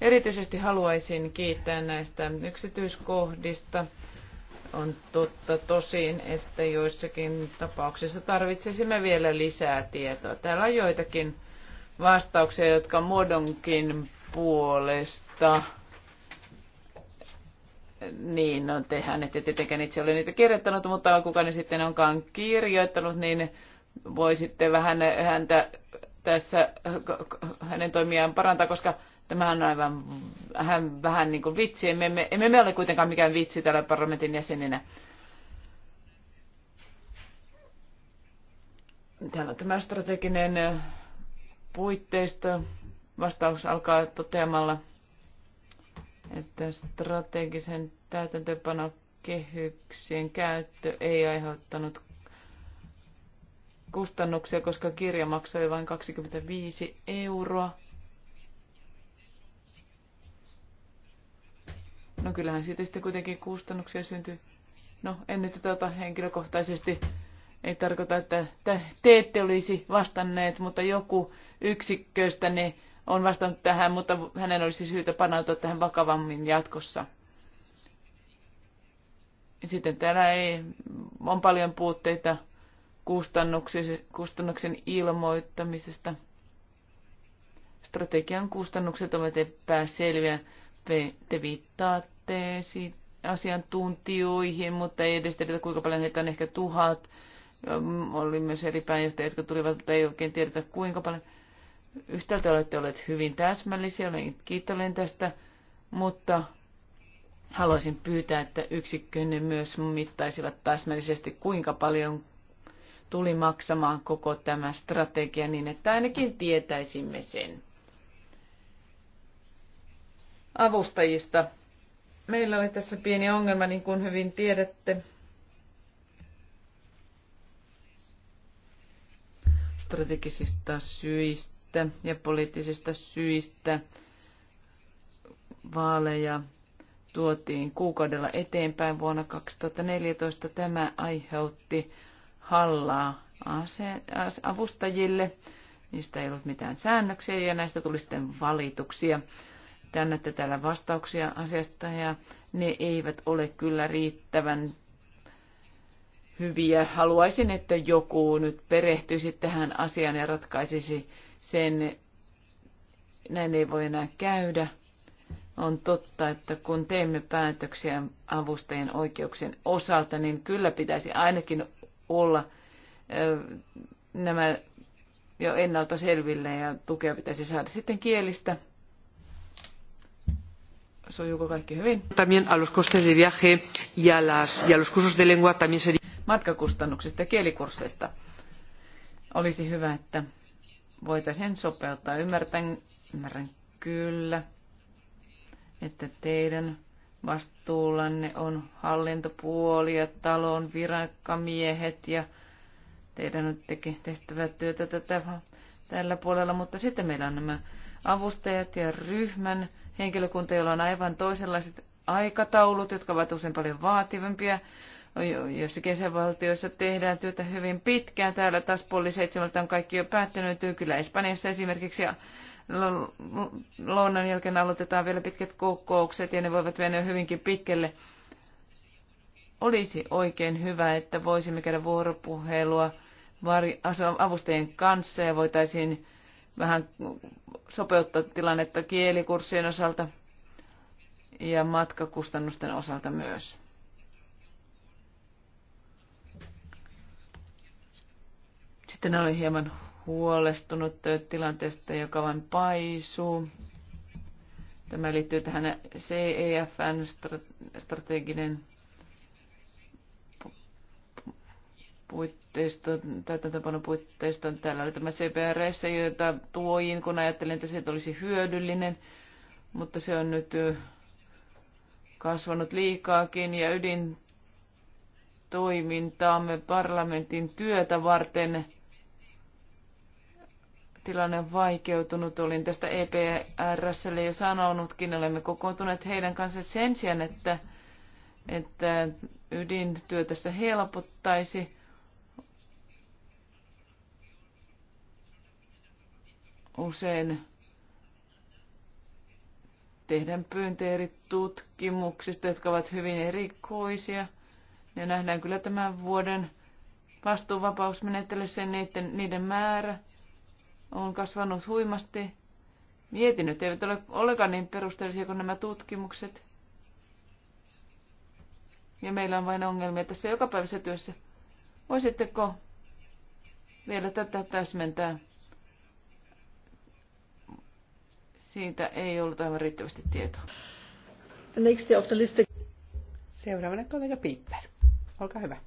Speaker 1: Erityisesti haluaisin kiittää näistä yksityiskohdista on totta tosin, että joissakin tapauksissa tarvitsisimme vielä lisää tietoa. Täällä on joitakin vastauksia, jotka muodonkin puolesta niin, no tehän että tietenkään itse olen niitä kirjoittanut, mutta kuka ne sitten onkaan kirjoittanut, niin voi sitten vähän häntä tässä, hänen toimiaan parantaa, koska Tämä on aivan vähän, vähän niin kuin vitsi. Emme, emme, emme me ole kuitenkaan mikään vitsi täällä parlamentin jäseninä. Täällä on tämä strateginen puitteisto. Vastaus alkaa toteamalla, että strategisen täytäntöpanokehyksien käyttö ei aiheuttanut kustannuksia, koska kirja maksoi vain 25 euroa. No kyllähän siitä sitten kuitenkin kustannuksia syntyy. No en nyt tuota henkilökohtaisesti, ei tarkoita, että te ette olisi vastanneet, mutta joku yksikköstä ne on vastannut tähän, mutta hänen olisi syytä panautua tähän vakavammin jatkossa. Sitten täällä ei, on paljon puutteita kustannuksen ilmoittamisesta. Strategian kustannukset ovat epäselviä. Te, te viittaa yhteisiin asiantuntijoihin, mutta ei edes tiedetä kuinka paljon heitä on ehkä tuhat. Oli myös eri pääjohtajia, jotka tulivat, mutta ei oikein tiedetä kuinka paljon. Yhtäältä olette olleet hyvin täsmällisiä, olen kiitollinen tästä, mutta haluaisin pyytää, että yksikkönne myös mittaisivat täsmällisesti, kuinka paljon tuli maksamaan koko tämä strategia niin, että ainakin tietäisimme sen. Avustajista Meillä oli tässä pieni ongelma, niin kuin hyvin tiedätte. Strategisista syistä ja poliittisista syistä vaaleja tuotiin kuukaudella eteenpäin vuonna 2014. Tämä aiheutti hallaa avustajille. Niistä ei ollut mitään säännöksiä ja näistä tuli sitten valituksia. Te annatte täällä vastauksia asiasta ja ne eivät ole kyllä riittävän hyviä. Haluaisin, että joku nyt perehtyisi tähän asiaan ja ratkaisisi sen. Näin ei voi enää käydä. On totta, että kun teemme päätöksiä avustajien oikeuksien osalta, niin kyllä pitäisi ainakin olla nämä jo ennalta selville ja tukea pitäisi saada sitten kielistä. Sujuuko kaikki hyvin? También a los costes de viaje y a, las, y a los cursos de lengua también sería... Matkakustannuksista ja kielikursseista. Olisi hyvä, että voitaisiin sopeuttaa. Ymmärtän, ymmärrän kyllä, että teidän vastuullanne on hallintopuoli ja talon virakkamiehet ja teidän on tehtävä työtä tätä, tällä puolella, mutta sitten meillä on nämä avustajat ja ryhmän henkilökunta, jolla on aivan toisenlaiset aikataulut, jotka ovat usein paljon vaativampia. Joissakin jäsenvaltioissa tehdään työtä hyvin pitkään. Täällä taas puoli seitsemältä on kaikki jo päättynyt. Kyllä Espanjassa esimerkiksi lounan jälkeen aloitetaan vielä pitkät kokoukset ja ne voivat mennä hyvinkin pitkälle. Olisi oikein hyvä, että voisimme käydä vuoropuhelua avustajien kanssa ja voitaisiin vähän sopeuttaa tilannetta kielikurssien osalta ja matkakustannusten osalta myös. Sitten olin hieman huolestunut tilanteesta, joka vain paisuu. Tämä liittyy tähän CEFn strateginen puitteeseen puitteiston, täytäntöpanon puitteiston. Täällä oli tämä CPRS, jota tuoin, kun ajattelin, että se olisi hyödyllinen, mutta se on nyt kasvanut liikaakin ja ydin toimintaamme parlamentin työtä varten tilanne on vaikeutunut. Olin tästä EPRSlle jo sanonutkin, olemme kokoontuneet heidän kanssa sen sijaan, että, että ydintyö tässä helpottaisi. usein tehdään pyynteerit tutkimuksista, jotka ovat hyvin erikoisia. Ja nähdään kyllä tämän vuoden vastuuvapausmenettelyssä niiden, niiden määrä on kasvanut huimasti. Mietinnöt eivät ole ollenkaan niin perusteellisia kuin nämä tutkimukset. Ja meillä on vain ongelmia tässä jokapäiväisessä työssä. Voisitteko vielä tätä täsmentää? Siitä ei ollut aivan riittävästi tietoa.
Speaker 2: Next of the list. Seuraavana kollega Piper. Olkaa hyvä.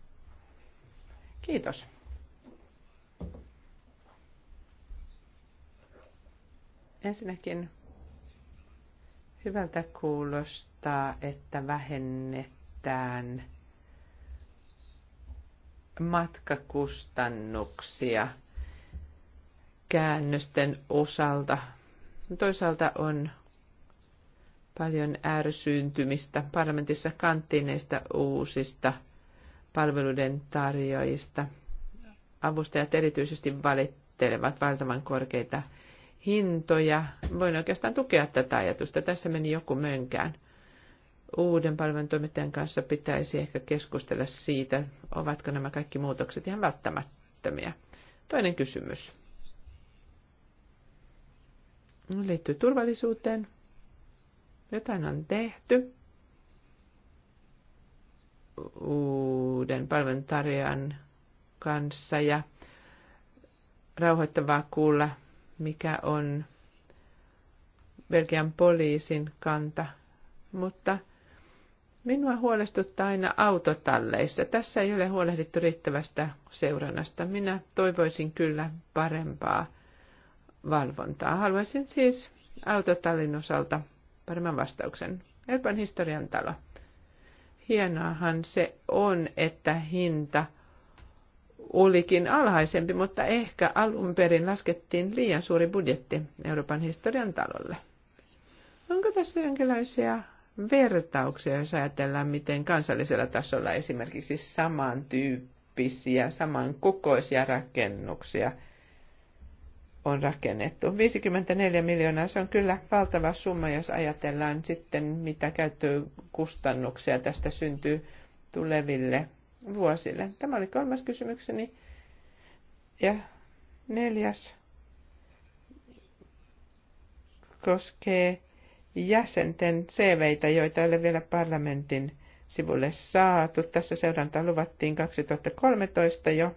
Speaker 2: Kiitos. Ensinnäkin hyvältä kuulostaa, että vähennetään matkakustannuksia käännösten osalta Toisaalta on paljon ärsyyntymistä parlamentissa kanttiineista uusista palveluiden tarjoajista. Avustajat erityisesti valittelevat valtavan korkeita hintoja. Voin oikeastaan tukea tätä ajatusta. Tässä meni joku mönkään. Uuden toimittajan kanssa pitäisi ehkä keskustella siitä, ovatko nämä kaikki muutokset ihan välttämättömiä. Toinen kysymys liittyy turvallisuuteen. Jotain on tehty.
Speaker 4: Uuden
Speaker 2: palveluntarjoajan kanssa ja rauhoittavaa kuulla, mikä on Belgian poliisin kanta. Mutta minua huolestuttaa aina autotalleissa. Tässä ei ole huolehdittu riittävästä seurannasta. Minä toivoisin kyllä parempaa valvontaa. Haluaisin siis autotallin osalta paremman vastauksen. Elpan historian talo. Hienoahan se on, että hinta olikin alhaisempi, mutta ehkä alun perin laskettiin liian suuri budjetti Euroopan historian talolle. Onko tässä jonkinlaisia vertauksia, jos ajatellaan, miten kansallisella tasolla esimerkiksi samantyyppisiä, samankokoisia rakennuksia – on rakennettu. 54 miljoonaa, se on kyllä valtava summa, jos ajatellaan sitten, mitä käyttökustannuksia tästä syntyy tuleville vuosille. Tämä oli kolmas kysymykseni. Ja neljäs koskee jäsenten cv joita ei ole vielä parlamentin sivulle saatu. Tässä seuranta luvattiin 2013 jo.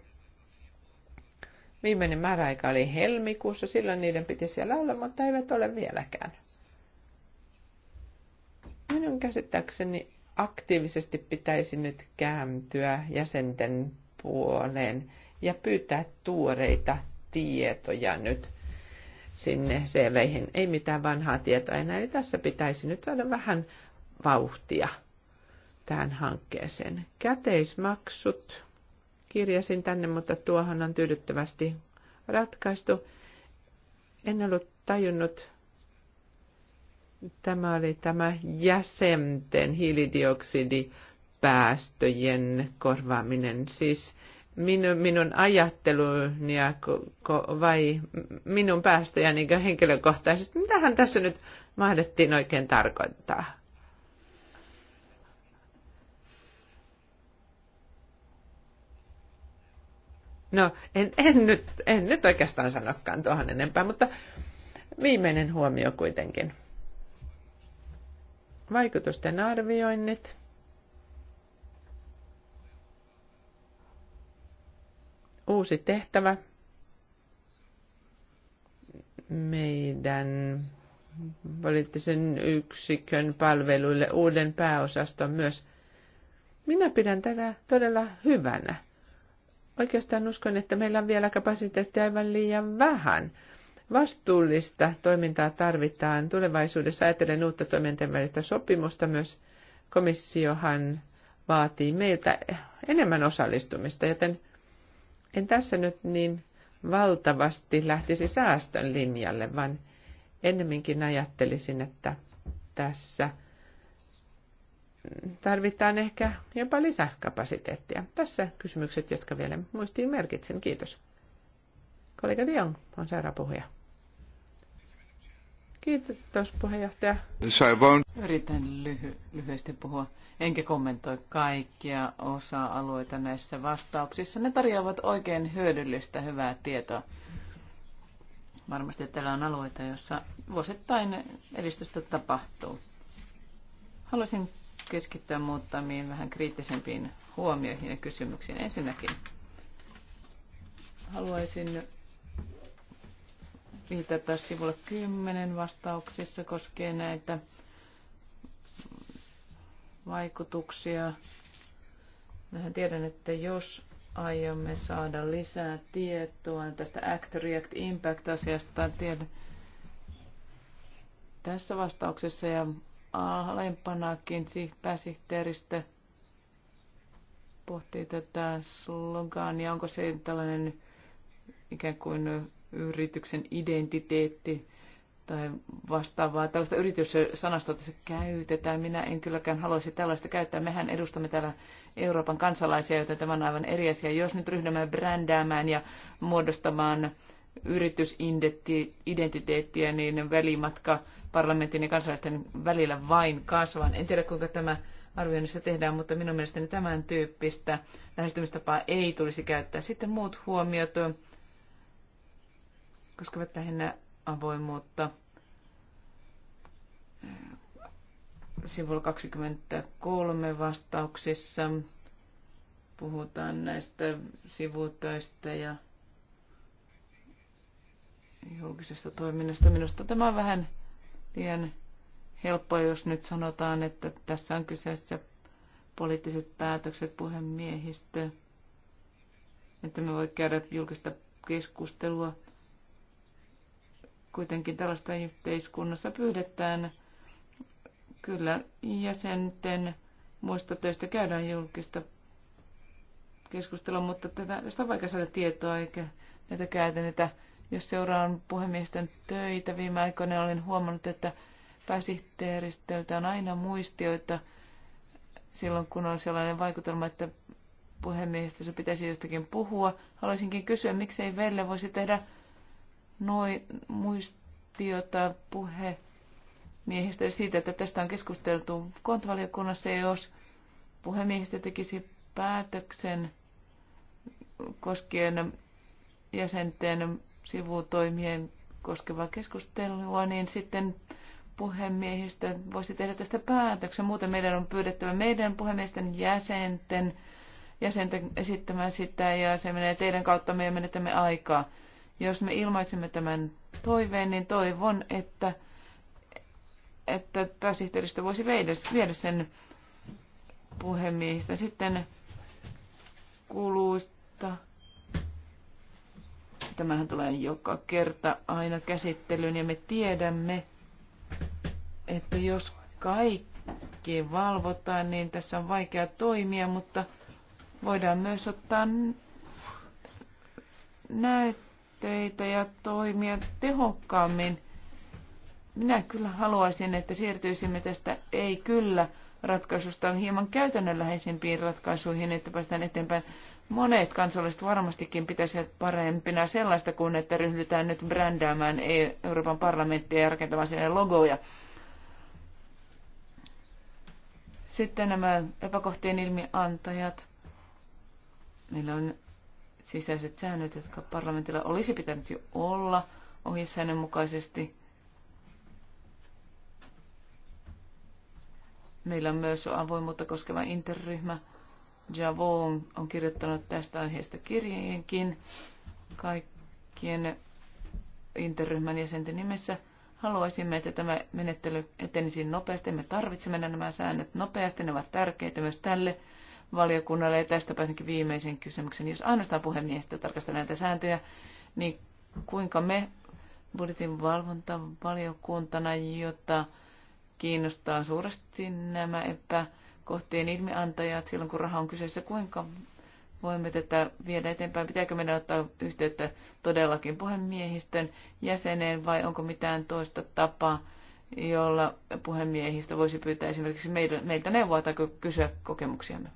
Speaker 2: Viimeinen määräaika oli helmikuussa, silloin niiden piti siellä olla, mutta eivät ole vieläkään. Minun käsittääkseni aktiivisesti pitäisi nyt kääntyä jäsenten puoleen ja pyytää tuoreita tietoja nyt sinne CVihin. Ei mitään vanhaa tietoa enää, eli tässä pitäisi nyt saada vähän vauhtia tähän hankkeeseen. Käteismaksut kirjasin tänne, mutta tuohon on tyydyttävästi ratkaistu. En ollut tajunnut, tämä oli tämä jäsenten hiilidioksidipäästöjen korvaaminen, siis minun, minun ajatteluni ja ko, ko, vai minun päästöjäni niin henkilökohtaisesti. Mitähän tässä nyt mahdettiin oikein tarkoittaa? No, en, en, nyt, en nyt oikeastaan sanokaan tuohon enempää, mutta viimeinen huomio kuitenkin. Vaikutusten arvioinnit. Uusi tehtävä meidän poliittisen yksikön palveluille uuden pääosaston myös. Minä pidän tätä todella hyvänä Oikeastaan uskon, että meillä on vielä kapasiteettia aivan liian vähän. Vastuullista toimintaa tarvitaan tulevaisuudessa. Ajattelen uutta toimintien välistä sopimusta myös komissiohan vaatii meiltä enemmän osallistumista, joten en tässä nyt niin valtavasti lähtisi säästön linjalle, vaan ennemminkin ajattelisin, että tässä – tarvitaan ehkä jopa lisäkapasiteettia. Tässä kysymykset, jotka vielä muistiin merkitsen. Kiitos. Kollega Dion on seuraava puhuja. Kiitos puheenjohtaja.
Speaker 1: Yritän lyhy- lyhyesti puhua. Enkä kommentoi kaikkia osa-alueita näissä vastauksissa. Ne tarjoavat oikein hyödyllistä, hyvää tietoa. Varmasti täällä on alueita, joissa vuosittain edistystä tapahtuu. Haluaisin keskittyä muutamiin vähän kriittisempiin huomioihin ja kysymyksiin. Ensinnäkin haluaisin viitata sivulla 10 vastauksissa koskee näitä vaikutuksia. Mähän tiedän, että jos aiomme saada lisää tietoa tästä Act, React, Impact-asiasta, tiedän, tässä vastauksessa ja alempanakin pääsihteeristö pohtii tätä slogania, onko se tällainen ikään kuin yrityksen identiteetti tai vastaavaa. Tällaista yrityssanasta tässä käytetään. Minä en kylläkään haluaisi tällaista käyttää. Mehän edustamme täällä Euroopan kansalaisia, joten tämä on aivan eri asia. Jos nyt ryhdymme brändäämään ja muodostamaan yritysidentiteettiä, niin välimatka parlamentin ja kansalaisten välillä vain kasvaa. En tiedä, kuinka tämä arvioinnissa tehdään, mutta minun mielestäni tämän tyyppistä lähestymistapaa ei tulisi käyttää. Sitten muut huomiot koskevat lähinnä avoimuutta. Sivulla 23 vastauksissa puhutaan näistä sivutöistä ja julkisesta toiminnasta. Minusta tämä on vähän liian helppoa, jos nyt sanotaan, että tässä on kyseessä poliittiset päätökset, puhemiehistö, että me voi käydä julkista keskustelua. Kuitenkin tällaista yhteiskunnassa pyydetään kyllä jäsenten muista töistä käydään julkista keskustelua, mutta tätä, tästä on vaikea saada tietoa eikä näitä käytännetä. Niitä jos seuraan puhemiesten töitä viime aikoina, olen huomannut, että pääsihteeristöltä on aina muistioita silloin, kun on sellainen vaikutelma, että se pitäisi jostakin puhua. Haluaisinkin kysyä, miksei Velle voisi tehdä noin muistiota puhemiehistä siitä, että tästä on keskusteltu kontvaliokunnassa, jos puhemiehistä tekisi päätöksen koskien jäsenten sivutoimien koskeva keskustelua, niin sitten puhemiehistö voisi tehdä tästä päätöksen. Muuten meidän on pyydettävä meidän puhemiesten jäsenten, jäsenten esittämään sitä ja se menee teidän kautta, me menetämme aikaa. Jos me ilmaisemme tämän toiveen, niin toivon, että, että pääsihteeristö voisi viedä, viedä sen puhemiehistä sitten kuluista Tämähän tulee joka kerta aina käsittelyyn ja me tiedämme, että jos kaikki valvotaan, niin tässä on vaikea toimia, mutta voidaan myös ottaa näytteitä ja toimia tehokkaammin. Minä kyllä haluaisin, että siirtyisimme tästä ei kyllä ratkaisusta hieman käytännönläheisempiin ratkaisuihin, että päästään eteenpäin. Monet kansalaiset varmastikin pitäisivät parempina sellaista kuin, että ryhdytään nyt brändäämään Euroopan parlamenttia ja rakentamaan sinne logoja. Sitten nämä epäkohtien ilmiantajat. Meillä on sisäiset säännöt, jotka parlamentilla olisi pitänyt jo olla ohjesäännön mukaisesti. Meillä on myös avoimuutta koskeva interryhmä. Javon on kirjoittanut tästä aiheesta kirjeenkin kaikkien interryhmän jäsenten nimessä. Haluaisimme, että tämä menettely etenisi nopeasti. Me tarvitsemme nämä säännöt nopeasti. Ne ovat tärkeitä myös tälle valiokunnalle. Ja tästä pääsenkin viimeisen kysymyksen. Jos ainoastaan puhemiehistä tarkastaa näitä sääntöjä, niin kuinka me budjetin valvontavaliokuntana, jota kiinnostaa suuresti nämä epä kohtien ilmiantajat silloin, kun raha on kyseessä. Kuinka voimme tätä viedä eteenpäin? Pitääkö meidän ottaa yhteyttä todellakin puhemiehistön jäseneen vai onko mitään toista tapaa, jolla puhemiehistä voisi pyytää esimerkiksi meiltä neuvoa tai kysyä kokemuksiamme?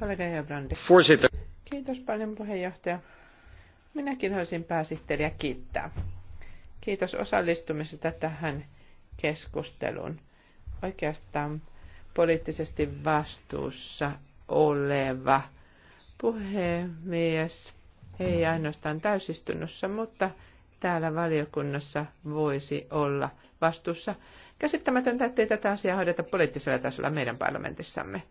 Speaker 1: Kollega Hebrandi.
Speaker 2: Kiitos paljon puheenjohtaja.
Speaker 1: Minäkin haluaisin pääsihteeriä kiittää.
Speaker 2: Kiitos osallistumisesta tähän keskusteluun. Oikeastaan poliittisesti vastuussa oleva puhemies, ei ainoastaan täysistunnossa, mutta täällä valiokunnassa voisi olla vastuussa. Käsittämätöntä, ettei tätä asiaa hoideta poliittisella tasolla meidän parlamentissamme.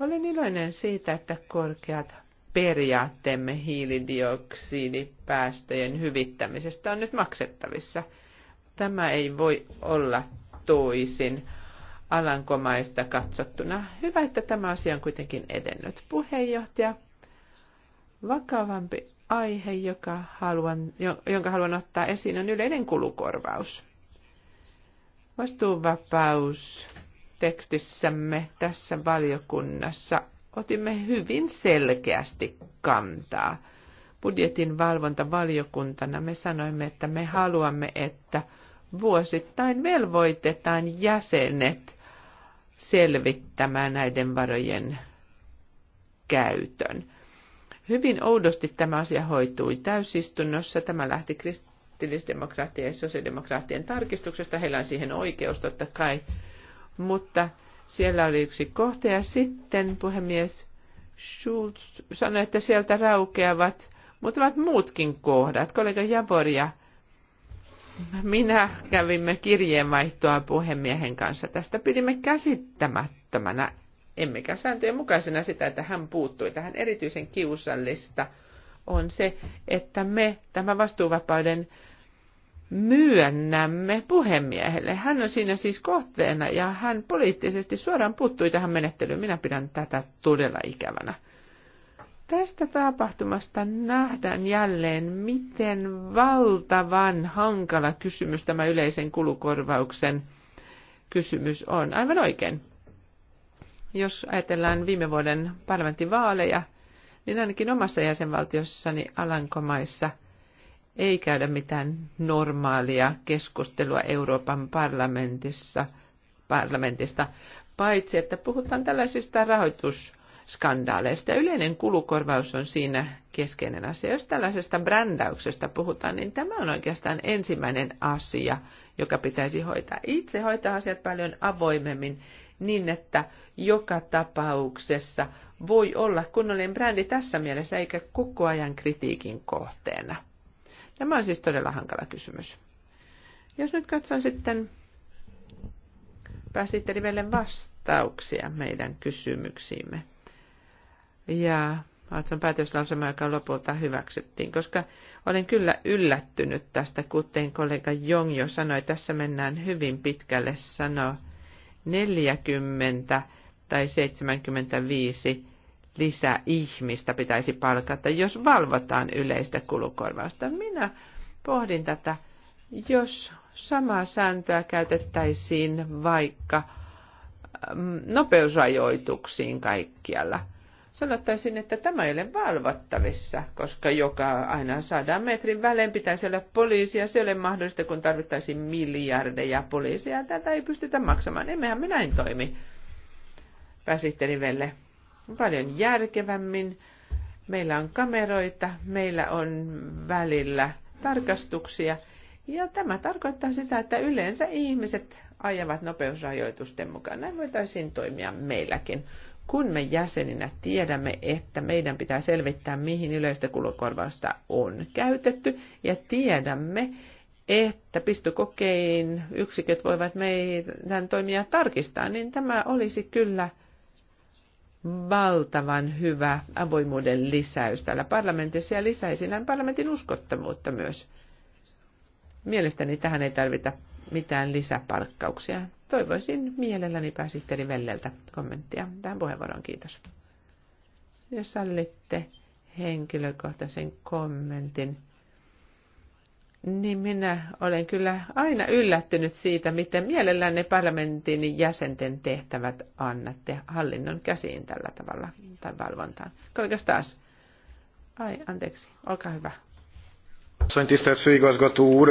Speaker 2: Olen iloinen siitä, että korkeat periaatteemme hiilidioksidipäästöjen hyvittämisestä on nyt maksettavissa. Tämä ei voi olla toisin alankomaista katsottuna. Hyvä, että tämä asia on kuitenkin edennyt. Puheenjohtaja, vakavampi aihe, joka haluan, jonka haluan ottaa esiin, on yleinen kulukorvaus. Vastuunvapaus tekstissämme tässä valiokunnassa otimme hyvin selkeästi kantaa. Budjetin valvontavaliokuntana me sanoimme, että me haluamme, että vuosittain velvoitetaan jäsenet selvittämään näiden varojen käytön. Hyvin oudosti tämä asia hoitui täysistunnossa. Tämä lähti kristillisdemokraattien ja sosiaalidemokraattien tarkistuksesta. Heillä on siihen oikeus totta kai. Mutta siellä oli yksi kohta ja sitten puhemies Schulz sanoi, että sieltä raukeavat, mutta ovat muutkin kohdat. Kollega Javor ja minä kävimme kirjeenvaihtoa puhemiehen kanssa. Tästä pidimme käsittämättömänä, emmekä sääntöjen mukaisena sitä, että hän puuttui tähän erityisen kiusallista on se, että me tämän vastuuvapauden myönnämme puhemiehelle. Hän on siinä siis kohteena ja hän poliittisesti suoraan puuttui tähän menettelyyn. Minä pidän tätä todella ikävänä. Tästä tapahtumasta nähdään jälleen, miten valtavan hankala kysymys tämä yleisen kulukorvauksen kysymys on. Aivan oikein. Jos ajatellaan viime vuoden parlamenttivaaleja, niin ainakin omassa jäsenvaltiossani Alankomaissa ei käydä mitään normaalia keskustelua Euroopan parlamentissa, parlamentista, paitsi että puhutaan tällaisista rahoitus- skandaaleista. Ja yleinen kulukorvaus on siinä keskeinen asia. Jos tällaisesta brändäyksestä puhutaan, niin tämä on oikeastaan ensimmäinen asia, joka pitäisi hoitaa. Itse hoitaa asiat paljon avoimemmin niin, että joka tapauksessa voi olla kunnollinen brändi tässä mielessä eikä koko ajan kritiikin kohteena. Tämä on siis todella hankala kysymys. Jos nyt katson sitten pääsihteeri vastauksia meidän kysymyksiimme ja Atson päätöslausema, joka lopulta hyväksyttiin, koska olen kyllä yllättynyt tästä, kuten kollega Jong jo sanoi, tässä mennään hyvin pitkälle, sanoi 40 tai 75 lisää ihmistä pitäisi palkata, jos valvotaan yleistä kulukorvausta. Minä pohdin tätä, jos samaa sääntöä käytettäisiin vaikka mm, nopeusrajoituksiin kaikkialla – sanottaisin, että tämä ei ole valvottavissa, koska joka aina sadan metrin välein pitäisi olla poliisia. Se ei ole mahdollista, kun tarvittaisiin miljardeja poliisia. Tätä ei pystytä maksamaan. Emmehän me näin toimi. Pääsihteeri Velle. Paljon järkevämmin. Meillä on kameroita, meillä on välillä tarkastuksia. Ja tämä tarkoittaa sitä, että yleensä ihmiset ajavat nopeusrajoitusten mukaan. Näin voitaisiin toimia meilläkin. Kun me jäseninä tiedämme, että meidän pitää selvittää, mihin yleistä kulukorvausta on käytetty, ja tiedämme, että pistokokein yksiköt voivat meidän toimia tarkistaa, niin tämä olisi kyllä valtavan hyvä avoimuuden lisäys täällä parlamentissa ja lisäisi näin parlamentin uskottavuutta myös. Mielestäni tähän ei tarvita mitään lisäpalkkauksia. Toivoisin mielelläni pääsihteeri Velleltä kommenttia tähän puheenvuoroon. Kiitos. Jos sallitte henkilökohtaisen kommentin, niin minä olen kyllä aina yllättynyt siitä, miten ne parlamentin jäsenten tehtävät annatte hallinnon käsiin tällä tavalla tai valvontaan. Kolikas taas. Ai, anteeksi, olkaa hyvä.
Speaker 3: Asszony tisztelt főigazgató úr,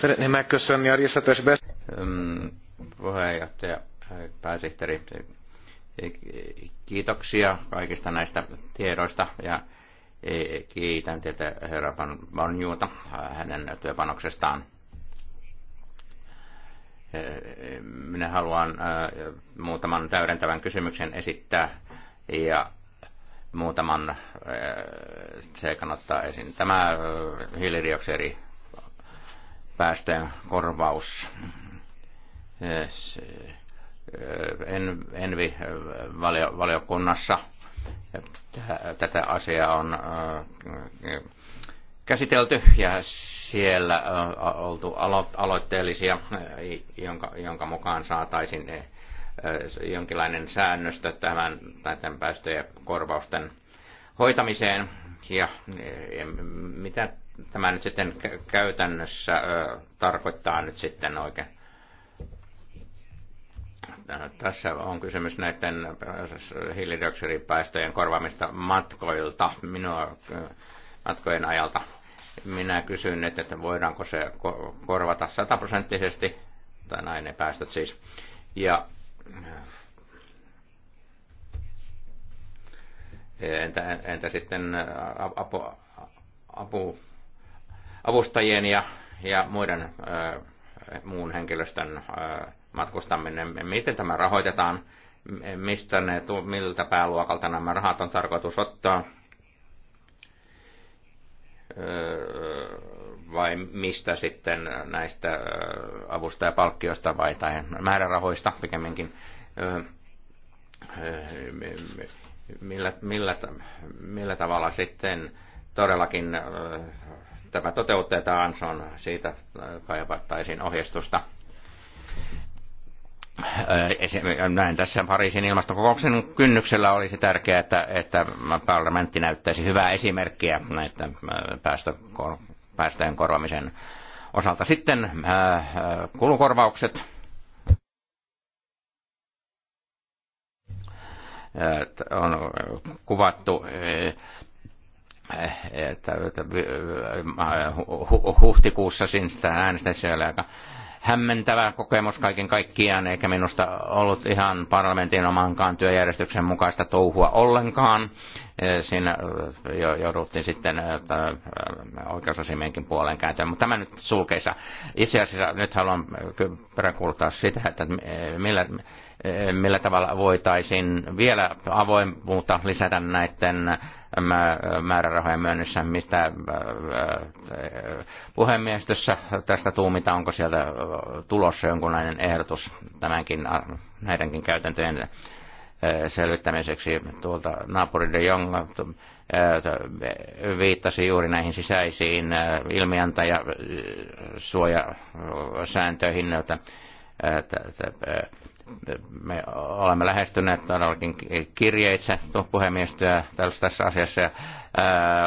Speaker 3: Szeretném megköszönni a részletes be... Puheenjohtaja, pääsihteeri, kiitoksia kaikista näistä tiedoista ja e, kiitän tietä herra Banjuuta hänen työpanoksestaan. E, minä haluan e, muutaman täydentävän kysymyksen esittää ja muutaman se kannattaa esiin. Tämä hiilidioksidi päästään korvaus. En, Envi-valiokunnassa äh, tätä asiaa on äh, käsitelty ja siellä äh, oltu aloitteellisia, jonka, jonka mukaan saataisiin jonkinlainen säännöstö tämän, näiden päästöjen korvausten hoitamiseen. Ja mitä tämä nyt sitten käytännössä ö, tarkoittaa nyt sitten oikein? Äh, tässä on kysymys näiden äh, hiilidioksidipäästöjen korvaamista matkoilta, minua matkojen ajalta. Minä kysyn nyt, että voidaanko se korvata sataprosenttisesti, tai näin ne päästöt siis. Ja äh, entä, entä sitten apu, apu avustajien ja, ja muiden äh, muun henkilöstön äh, matkustaminen, miten tämä rahoitetaan, mistä ne, miltä pääluokalta nämä rahat on tarkoitus ottaa, vai mistä sitten näistä avustajapalkkioista vai tai määrärahoista pikemminkin, millä, millä, millä tavalla sitten todellakin tämä toteutetaan, se on siitä äh, kaivattaisiin ohjeistusta. Äh, näin tässä Pariisin ilmastokokouksen kynnyksellä olisi tärkeää, että, että parlamentti näyttäisi hyvää esimerkkiä näiden äh, päästö, päästöjen korvaamisen osalta. Sitten kulukorvaukset. on kuvattu huhtikuussa äänestä siellä aika hämmentävä kokemus kaiken kaikkiaan, eikä minusta ollut ihan parlamentin omankaan työjärjestyksen mukaista touhua ollenkaan. E, siinä jouduttiin sitten oikeusasimienkin puoleen kääntyä, mutta tämä nyt sulkeissa. Itse asiassa nyt haluan peräkuuluttaa sitä, että millä, millä tavalla voitaisiin vielä avoimuutta lisätä näiden Äh, määrärahojen myönnissä, mitä äh, äh, puhemiestössä tästä tuumita, onko sieltä tulossa jonkunlainen ehdotus tämänkin, näidenkin käytäntöjen selvittämiseksi. Tuolta naapuri de Jong viittasi juuri näihin sisäisiin ja suojasääntöihin, että me olemme lähestyneet todellakin kirjeitse puhemiestyö tässä asiassa ja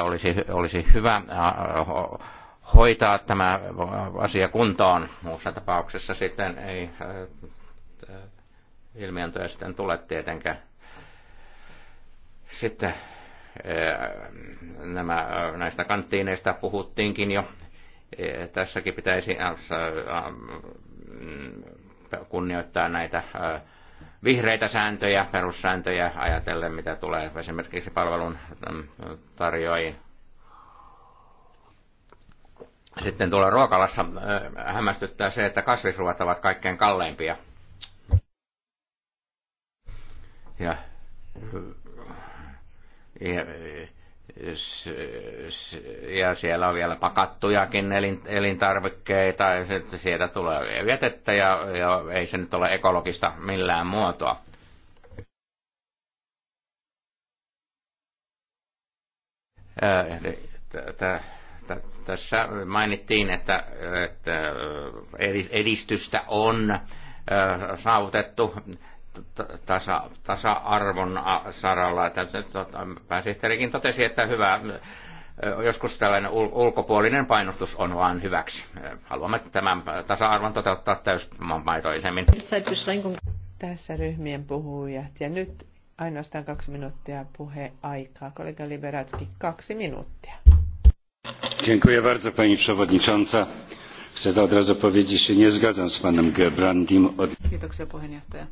Speaker 3: olisi, olisi hyvä hoitaa tämä asia kuntoon. Muussa tapauksessa sitten ei ilmiöntöä sitten tule tietenkään. Sitten nämä, näistä kanttiineista puhuttiinkin jo. Tässäkin pitäisi kunnioittaa näitä vihreitä sääntöjä, perussääntöjä ajatellen, mitä tulee esimerkiksi palvelun mm, tarjoajiin. Sitten tuolla ruokalassa hämmästyttää se, että kasvisruvat ovat kaikkein kalleimpia. Ja, ja, ja siellä on vielä pakattujakin elintarvikkeita ja sieltä tulee vietettä ja, ja ei se nyt ole ekologista millään muotoa. Äh, tässä mainittiin, että, että edistystä on äh, saavutettu tasa, tasa-arvon saralla. Tota, pääsihteerikin totesi, että hyvä, joskus tällainen ulkopuolinen painostus on vain hyväksi. Haluamme tämän tasa-arvon toteuttaa täysmaitoisemmin.
Speaker 2: Tässä ryhmien puhujat. Ja nyt ainoastaan kaksi minuuttia puheaikaa. Kollega Liberatski, kaksi minuuttia.
Speaker 4: Dziękuję bardzo pani przewodnicząca. Chcę od razu powiedzieć, że nie zgadzam z panem Gebrandim.
Speaker 1: Kiitoksia puheenjohtaja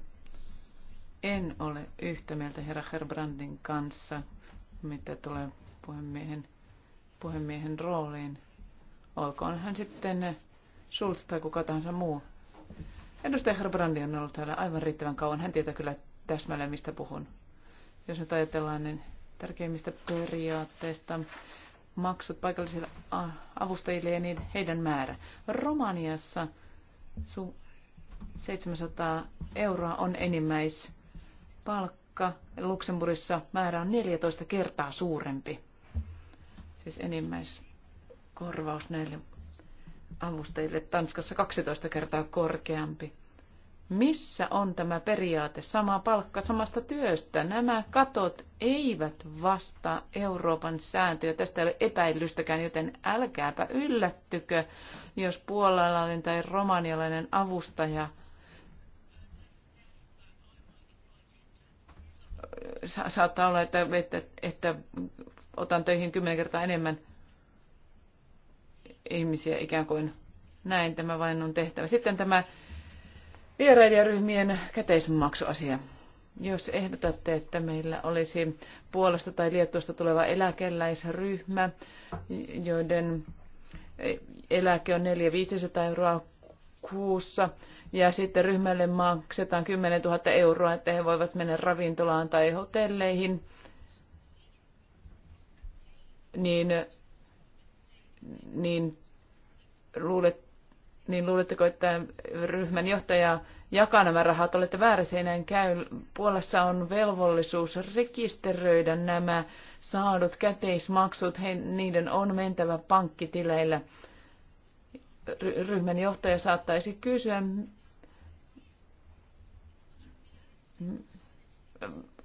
Speaker 1: en ole yhtä mieltä herra Herbrandin kanssa, mitä tulee puhemiehen, puhemiehen rooliin. Olkoon hän sitten Schulz tai kuka tahansa muu. Edustaja Herbrandi on ollut täällä aivan riittävän kauan. Hän tietää kyllä täsmälleen, mistä puhun. Jos nyt ajatellaan, niin tärkeimmistä periaatteista maksut paikallisille avustajille ja niin heidän määrä. Romaniassa 700 euroa on enimmäis palkka Luxemburgissa määrä on 14 kertaa suurempi. Siis enimmäiskorvaus näille avustajille Tanskassa 12 kertaa korkeampi. Missä on tämä periaate, sama palkka samasta työstä? Nämä katot eivät vastaa Euroopan sääntöjä. Tästä ei ole epäilystäkään, joten älkääpä yllättykö, jos puolalainen tai romanialainen avustaja sa- saattaa olla, että, että, että otan töihin kymmenen kertaa enemmän ihmisiä ikään kuin näin tämä vain on tehtävä. Sitten tämä vierailijaryhmien käteismaksuasia. Jos ehdotatte, että meillä olisi Puolasta tai Liettuosta tuleva eläkeläisryhmä, joiden eläke on 4 500 euroa kuussa ja sitten ryhmälle maksetaan 10 000 euroa, että he voivat mennä ravintolaan tai hotelleihin, niin, niin, luulet, niin luuletteko, että ryhmän johtaja jakaa nämä rahat? Olette väärässä, enää käy. Puolassa on velvollisuus rekisteröidä nämä saadut käteismaksut, he, niiden on mentävä pankkitileillä ryhmän johtaja saattaisi kysyä,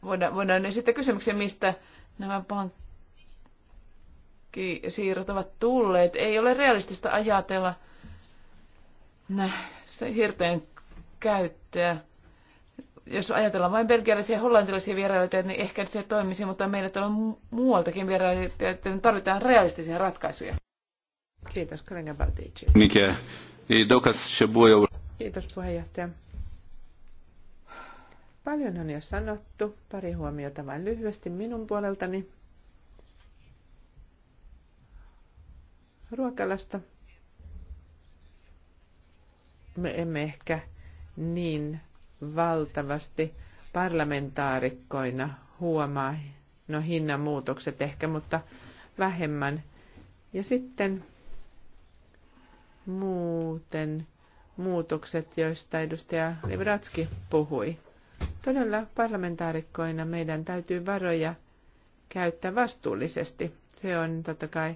Speaker 1: voidaan, voidaan esittää kysymyksiä, mistä nämä pankkisiirrot ovat tulleet. Ei ole realistista ajatella siirtojen käyttöä. Jos ajatellaan vain belgialaisia ja hollantilaisia vierailijoita, niin ehkä se toimisi, mutta meillä on muualtakin vierailijoita, että tarvitaan realistisia ratkaisuja. Kiitos, kollega Mikä?
Speaker 4: Ei dokas se voi
Speaker 1: Kiitos, puheenjohtaja.
Speaker 2: Paljon on jo sanottu. Pari huomiota vain lyhyesti minun puoleltani. Ruokalasta. Me emme ehkä niin valtavasti parlamentaarikkoina huomaa, no hinnan ehkä, mutta vähemmän. Ja sitten muuten muutokset, joista edustaja Libratski puhui. Todella parlamentaarikkoina meidän täytyy varoja käyttää vastuullisesti. Se on totta kai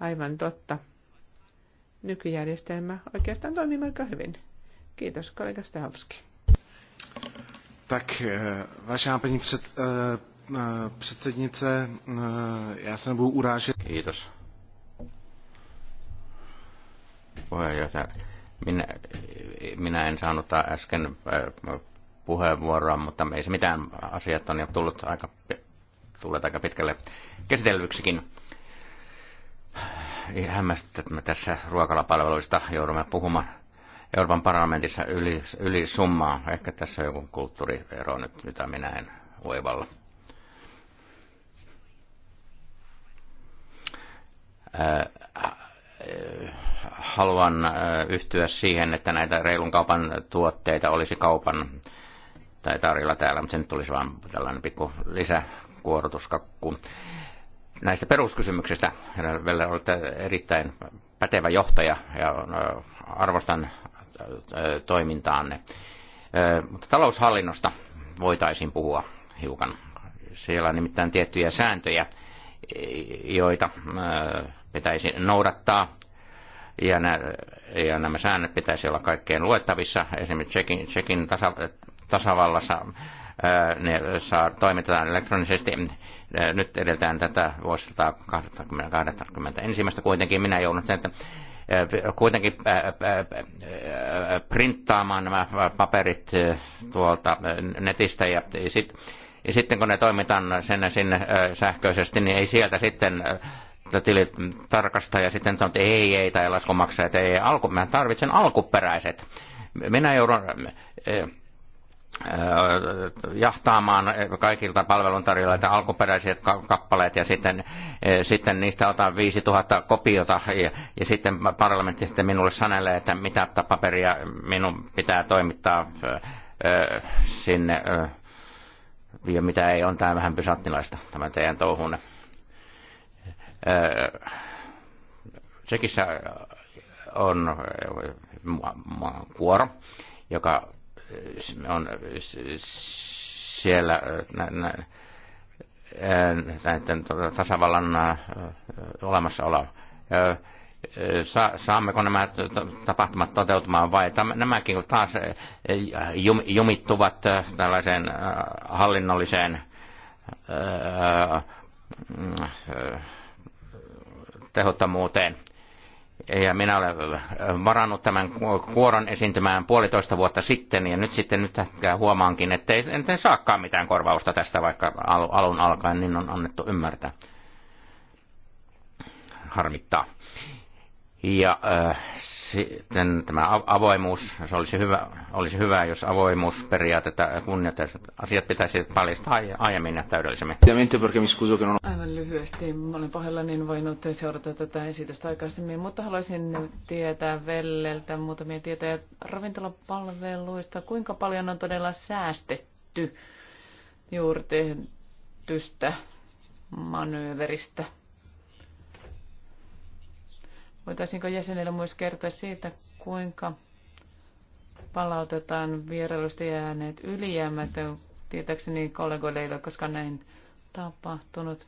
Speaker 2: aivan totta. Nykyjärjestelmä oikeastaan toimii aika hyvin. Kiitos, kollega Stahovski.
Speaker 4: Tak, eh, vážená paní před, eh, eh, předsednice,
Speaker 3: já se nebudu urážet. Kiitos, puheenjohtaja. Minä, minä en saanut äsken äh, puheenvuoroa, mutta ei se mitään. Asiat on jo tullut aika, tullut aika pitkälle käsitellyksikin. Hämmästyttä, että me tässä ruokalapalveluista joudumme puhumaan Euroopan parlamentissa yli, yli summaa. Ehkä tässä on joku kulttuurivero nyt, mitä minä en oivalla. Äh, Äh, haluan äh, yhtyä siihen, että näitä reilun kaupan tuotteita olisi kaupan tai tarjolla täällä, mutta se nyt tulisi vaan tällainen pikku lisäkuorotuskakku. Näistä peruskysymyksistä, Velle, olette erittäin pätevä johtaja ja äh, arvostan toimintaanne. Mutta taloushallinnosta voitaisiin puhua hiukan. Siellä on nimittäin tiettyjä sääntöjä, joita pitäisi noudattaa. Ja, nä, ja nämä säännöt pitäisi olla kaikkeen luettavissa. Esimerkiksi Tsekin, Tsekin tasa, tasavallassa ne saa, toimitetaan elektronisesti. Nyt edeltään tätä vuosilta 2021 kuitenkin. Minä joudun että kuitenkin printtaamaan nämä paperit tuolta netistä ja sitten ja sitten kun ne toimitaan sen sinne sähköisesti, niin ei sieltä sitten tilitarkastaja sitten sanoi, että ei, ei, tai laskumaksajat, ei, ei alku, mä tarvitsen alkuperäiset. Minä joudun äh, äh, jahtaamaan kaikilta palveluntarjoajilta alkuperäiset kappaleet ja sitten, äh, sitten niistä otan 5000 kopiota ja, ja sitten parlamentti sitten minulle sanelee, että mitä paperia minun pitää toimittaa sinne ja mitä ei on. Tämä vähän pysattilaista tämä teidän touhunne. Äh, Tsekissä äh, on äh, kuoro, joka on siellä näiden tasavallan olemassa oleva. saammeko nämä tapahtumat toteutumaan vai nämäkin taas jumittuvat tällaiseen hallinnolliseen tehottomuuteen. Ja minä olen varannut tämän kuoron esiintymään puolitoista vuotta sitten, ja nyt sitten nyt huomaankin, että ei en saakaan mitään korvausta tästä, vaikka alun alkaen niin on annettu ymmärtää. Harmittaa. Ja äh, sitten tämä avoimuus, se olisi hyvä, olisi hyvä jos avoimuusperiaatetta kunnioittaisiin. Asiat pitäisi paljastaa aiemmin ja täydellisemmin.
Speaker 1: Aivan lyhyesti. Olen pahoillani, niin voinut seurata tätä esitystä aikaisemmin, mutta haluaisin tietää Velleltä muutamia tietoja ravintolapalveluista. Kuinka paljon on todella säästetty juuri tehtystä manööveristä? Voitaisiinko jäsenille myös kertoa siitä, kuinka palautetaan vierailusta jääneet ylijäämät? Tietääkseni kollegoille ei ole koskaan näin tapahtunut.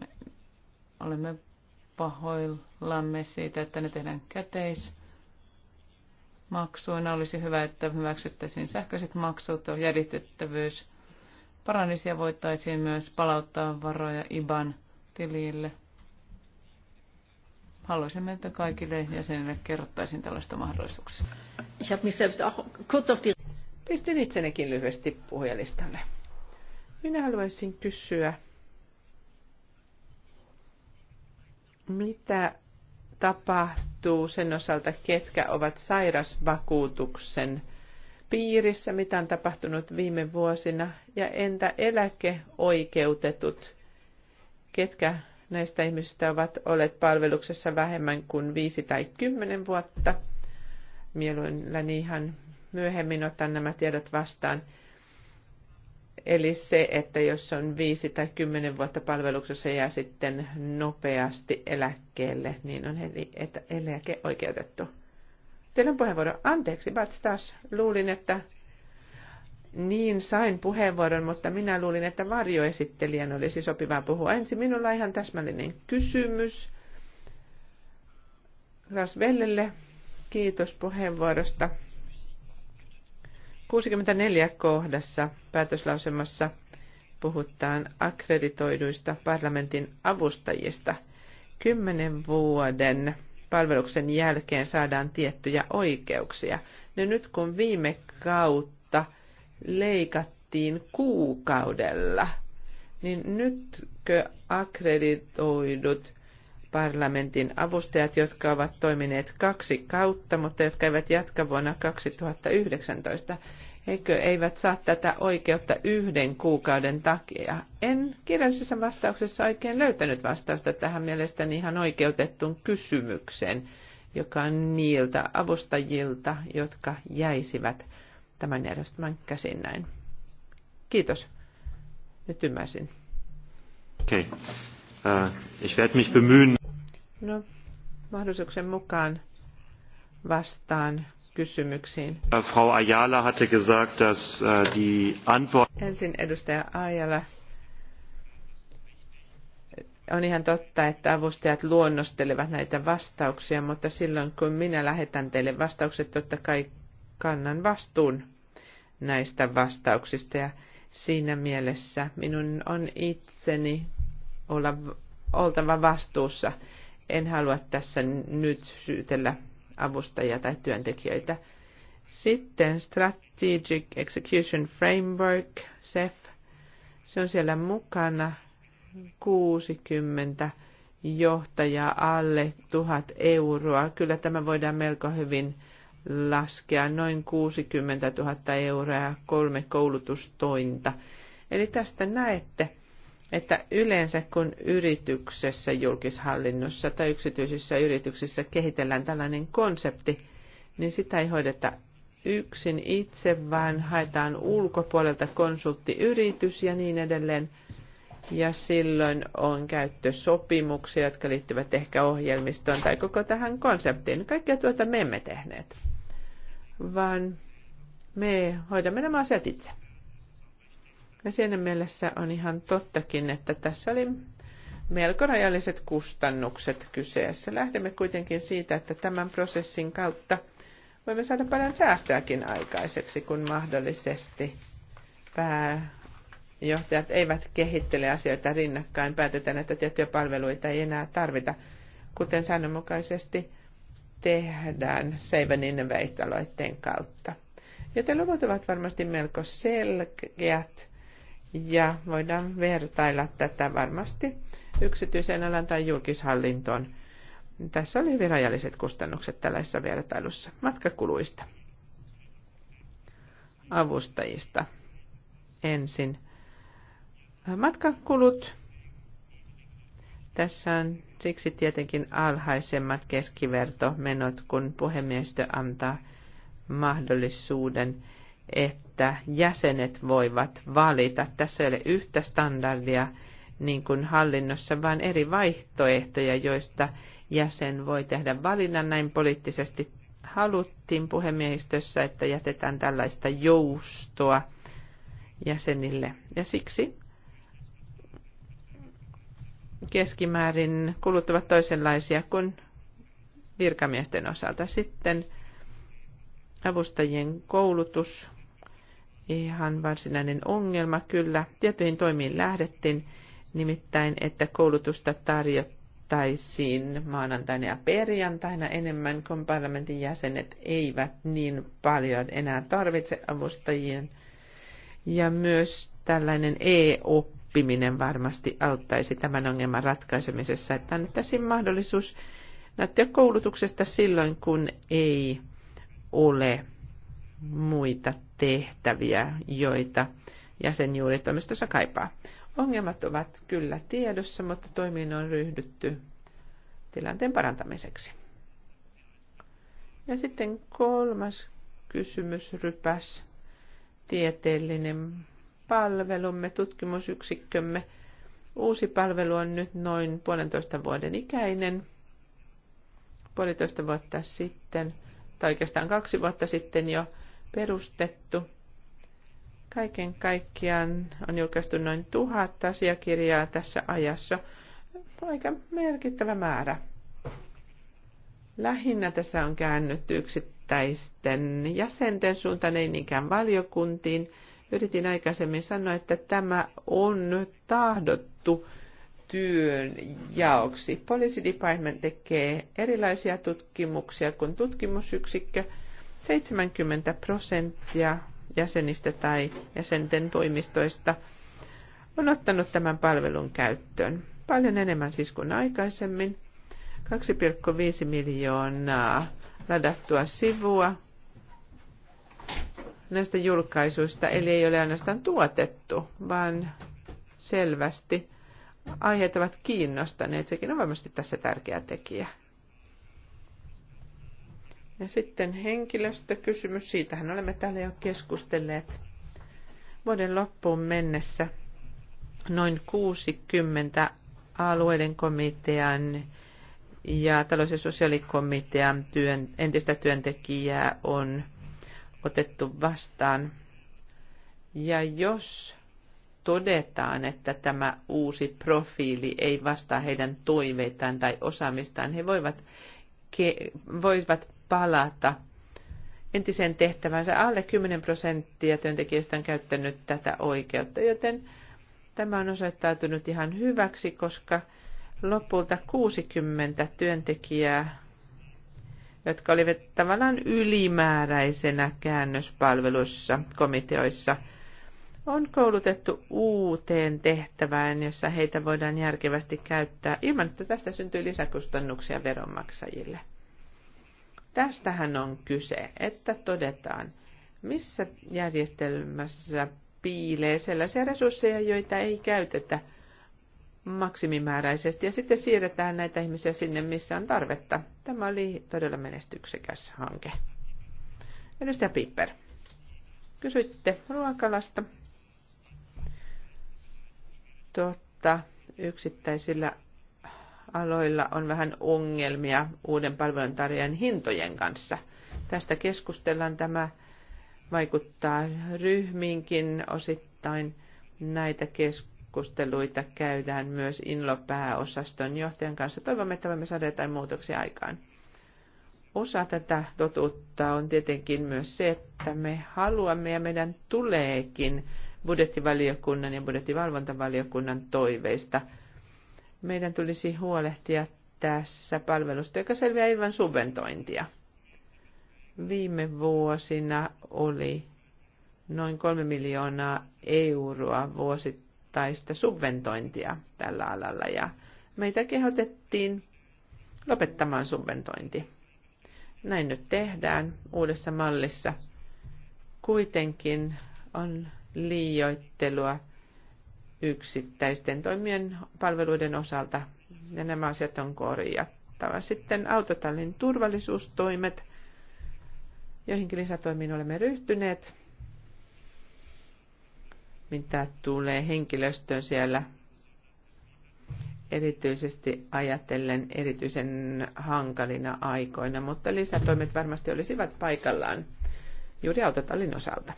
Speaker 1: Me olemme pahoillamme siitä, että ne tehdään käteis maksuina. Olisi hyvä, että hyväksyttäisiin sähköiset maksut, jäljitettävyys paranisi ja voitaisiin myös palauttaa varoja IBAN tilille haluaisimme, että kaikille jäsenille kerrottaisiin tällaista mahdollisuuksista.
Speaker 2: Pistin itsenekin lyhyesti puhujalistalle. Minä haluaisin kysyä, mitä tapahtuu sen osalta, ketkä ovat sairasvakuutuksen piirissä, mitä on tapahtunut viime vuosina, ja entä eläkeoikeutetut, ketkä näistä ihmisistä ovat olleet palveluksessa vähemmän kuin viisi tai kymmenen vuotta. Mieluilläni ihan myöhemmin otan nämä tiedot vastaan. Eli se, että jos on viisi tai kymmenen vuotta palveluksessa ja sitten nopeasti eläkkeelle, niin on heti eläke oikeutettu. Teidän puheenvuoro. Anteeksi, Bats taas luulin, että niin, sain puheenvuoron, mutta minä luulin, että varjoesittelijän olisi sopivaa puhua. Ensin minulla ihan täsmällinen kysymys. Vellelle, kiitos puheenvuorosta. 64 kohdassa päätöslausemassa puhutaan akkreditoiduista parlamentin avustajista. Kymmenen vuoden palveluksen jälkeen saadaan tiettyjä oikeuksia. Ja no nyt kun viime kautta leikattiin kuukaudella, niin nytkö akkreditoidut parlamentin avustajat, jotka ovat toimineet kaksi kautta, mutta jotka eivät jatka vuonna 2019, eikö eivät saa tätä oikeutta yhden kuukauden takia? En kirjallisessa vastauksessa oikein löytänyt vastausta tähän mielestäni ihan oikeutettuun kysymykseen, joka on niiltä avustajilta, jotka jäisivät tämän järjestelmän käsin näin. Kiitos. Nyt ymmärsin.
Speaker 4: Okei. Okay. Uh, äh, ich werde mich bemühen.
Speaker 2: No, mahdollisuuksien mukaan vastaan kysymyksiin.
Speaker 4: Uh, Frau Ayala hatte gesagt, dass uh, die Antwort...
Speaker 2: Ensin edustaja Ayala. On ihan totta, että avustajat luonnostelevat näitä vastauksia, mutta silloin kun minä lähetän teille vastaukset, totta kai kannan vastuun näistä vastauksista ja siinä mielessä minun on itseni olla, oltava vastuussa. En halua tässä nyt syytellä avustajia tai työntekijöitä. Sitten Strategic Execution Framework, SEF, se on siellä mukana 60 johtajaa alle 1000 euroa. Kyllä tämä voidaan melko hyvin laskea noin 60 000 euroa kolme koulutustointa. Eli tästä näette, että yleensä kun yrityksessä, julkishallinnossa tai yksityisissä yrityksissä kehitellään tällainen konsepti, niin sitä ei hoideta yksin itse, vaan haetaan ulkopuolelta konsulttiyritys ja niin edelleen. Ja silloin on sopimuksia, jotka liittyvät ehkä ohjelmistoon tai koko tähän konseptiin. Kaikkea tuota me emme tehneet vaan me hoidamme nämä asiat itse. Ja siinä mielessä on ihan tottakin, että tässä oli melko rajalliset kustannukset kyseessä. Lähdemme kuitenkin siitä, että tämän prosessin kautta voimme saada paljon säästöäkin aikaiseksi, kun mahdollisesti pääjohtajat eivät kehittele asioita rinnakkain. Päätetään, että tiettyjä palveluita ei enää tarvita, kuten säännönmukaisesti tehdään Seivan Innovate-aloitteen kautta. Joten luvut ovat varmasti melko selkeät ja voidaan vertailla tätä varmasti yksityisen alan tai julkishallintoon. Tässä oli hyvin rajalliset kustannukset tällaisessa vertailussa matkakuluista. Avustajista ensin. Matkakulut. Tässä on Siksi tietenkin alhaisemmat keskivertomenot, kun puhemiestö antaa mahdollisuuden, että jäsenet voivat valita. Tässä ei ole yhtä standardia niin kuin hallinnossa, vaan eri vaihtoehtoja, joista jäsen voi tehdä valinnan näin poliittisesti haluttiin puhemiehistössä, että jätetään tällaista joustoa jäsenille. Ja siksi keskimäärin kuluttavat toisenlaisia kuin virkamiesten osalta. Sitten avustajien koulutus, ihan varsinainen ongelma kyllä. Tiettyihin toimiin lähdettiin, nimittäin että koulutusta tarjottaisiin maanantaina ja perjantaina enemmän, kun parlamentin jäsenet eivät niin paljon enää tarvitse avustajien. Ja myös tällainen e-oppi oppiminen varmasti auttaisi tämän ongelman ratkaisemisessa, että annettaisiin mahdollisuus näyttää koulutuksesta silloin, kun ei ole muita tehtäviä, joita jäsenjuuritoimistossa kaipaa. Ongelmat ovat kyllä tiedossa, mutta toimiin on ryhdytty tilanteen parantamiseksi. Ja sitten kolmas kysymysrypäs, tieteellinen palvelumme, tutkimusyksikkömme. Uusi palvelu on nyt noin puolentoista vuoden ikäinen. Puolitoista vuotta sitten, tai oikeastaan kaksi vuotta sitten jo perustettu. Kaiken kaikkiaan on julkaistu noin tuhat asiakirjaa tässä ajassa. Aika merkittävä määrä. Lähinnä tässä on käännytty yksittäisten jäsenten suuntaan, ei niinkään valiokuntiin. Yritin aikaisemmin sanoa, että tämä on tahdottu työn jaoksi. Policy Department tekee erilaisia tutkimuksia kuin tutkimusyksikkö. 70 prosenttia jäsenistä tai jäsenten toimistoista on ottanut tämän palvelun käyttöön. Paljon enemmän siis kuin aikaisemmin. 2,5 miljoonaa ladattua sivua näistä julkaisuista, eli ei ole ainoastaan tuotettu, vaan selvästi aiheet ovat kiinnostaneet. Sekin on varmasti tässä tärkeä tekijä. Ja sitten henkilöstökysymys, siitähän olemme täällä jo keskustelleet. Vuoden loppuun mennessä noin 60 alueiden komitean ja talous- ja sosiaalikomitean työn, entistä työntekijää on otettu vastaan. Ja jos todetaan, että tämä uusi profiili ei vastaa heidän toiveitaan tai osaamistaan, he voivat, ke- voivat palata entiseen tehtävänsä. Alle 10 prosenttia työntekijöistä on käyttänyt tätä oikeutta, joten tämä on osoittautunut ihan hyväksi, koska lopulta 60 työntekijää jotka olivat tavallaan ylimääräisenä käännöspalvelussa komiteoissa, on koulutettu uuteen tehtävään, jossa heitä voidaan järkevästi käyttää ilman, että tästä syntyy lisäkustannuksia veronmaksajille. Tästähän on kyse, että todetaan, missä järjestelmässä piilee sellaisia resursseja, joita ei käytetä – maksimimääräisesti ja sitten siirretään näitä ihmisiä sinne, missä on tarvetta. Tämä oli todella menestyksekäs hanke. Edustaja Piper, kysyitte ruokalasta. Totta, yksittäisillä aloilla on vähän ongelmia uuden palveluntarjoajan hintojen kanssa. Tästä keskustellaan. Tämä vaikuttaa ryhmiinkin osittain näitä keskusteluja keskusteluita käydään myös INLO-pääosaston johtajan kanssa. Toivomme, että voimme saada jotain muutoksia aikaan. Osa tätä totuutta on tietenkin myös se, että me haluamme ja meidän tuleekin budjettivaliokunnan ja budjettivalvontavaliokunnan toiveista. Meidän tulisi huolehtia tässä palvelusta, joka selviää ilman subventointia. Viime vuosina oli noin 3 miljoonaa euroa vuosittain tai sitä subventointia tällä alalla ja meitä kehotettiin lopettamaan subventointi. Näin nyt tehdään uudessa mallissa. Kuitenkin on liioittelua yksittäisten toimien palveluiden osalta ja nämä asiat on korjattava. Sitten autotallin turvallisuustoimet, joihinkin lisätoimiin olemme ryhtyneet – mitä tulee henkilöstöön siellä, erityisesti ajatellen erityisen hankalina aikoina, mutta lisätoimet varmasti olisivat paikallaan juuri autotallin osalta.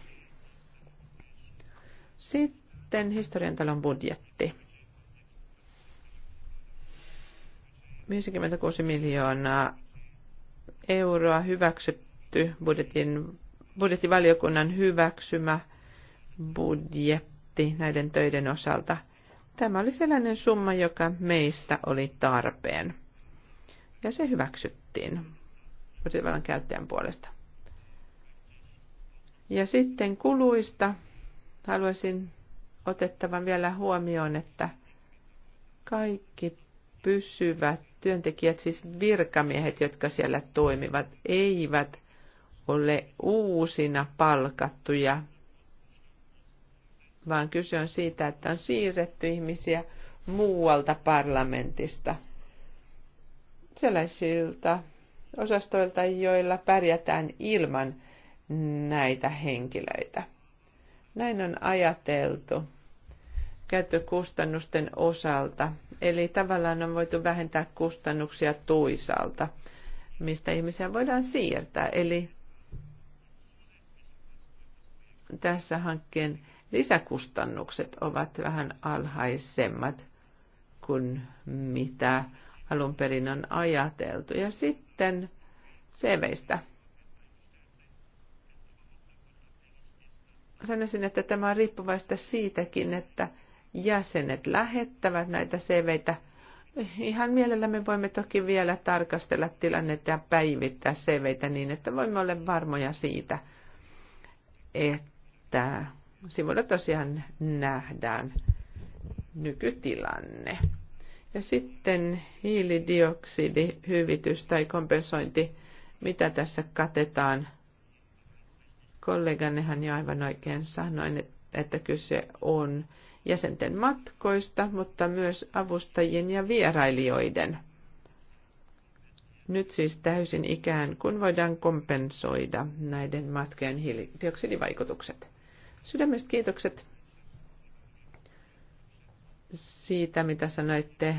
Speaker 2: Sitten historian talon budjetti. 56 miljoonaa euroa hyväksytty budjetin, budjettivaliokunnan hyväksymä – budjetti näiden töiden osalta. Tämä oli sellainen summa, joka meistä oli tarpeen. Ja se hyväksyttiin budjettivallan käyttäjän puolesta. Ja sitten kuluista haluaisin otettavan vielä huomioon, että kaikki pysyvät työntekijät, siis virkamiehet, jotka siellä toimivat, eivät ole uusina palkattuja vaan kyse on siitä, että on siirretty ihmisiä muualta parlamentista sellaisilta osastoilta, joilla pärjätään ilman näitä henkilöitä. Näin on ajateltu käyttökustannusten osalta. Eli tavallaan on voitu vähentää kustannuksia toisaalta, mistä ihmisiä voidaan siirtää. Eli tässä hankkeen lisäkustannukset ovat vähän alhaisemmat kuin mitä alun perin on ajateltu. Ja sitten CVistä. Sanoisin, että tämä on riippuvaista siitäkin, että jäsenet lähettävät näitä CVitä. Ihan mielellämme voimme toki vielä tarkastella tilannetta ja päivittää CVitä niin, että voimme olla varmoja siitä, että sivulla tosiaan nähdään nykytilanne. Ja sitten hiilidioksidihyvitys tai kompensointi, mitä tässä katetaan. Kollegannehan jo aivan oikein sanoin, että kyse on jäsenten matkoista, mutta myös avustajien ja vierailijoiden. Nyt siis täysin ikään kuin voidaan kompensoida näiden matkojen hiilidioksidivaikutukset. Sydämestä kiitokset siitä, mitä sanoitte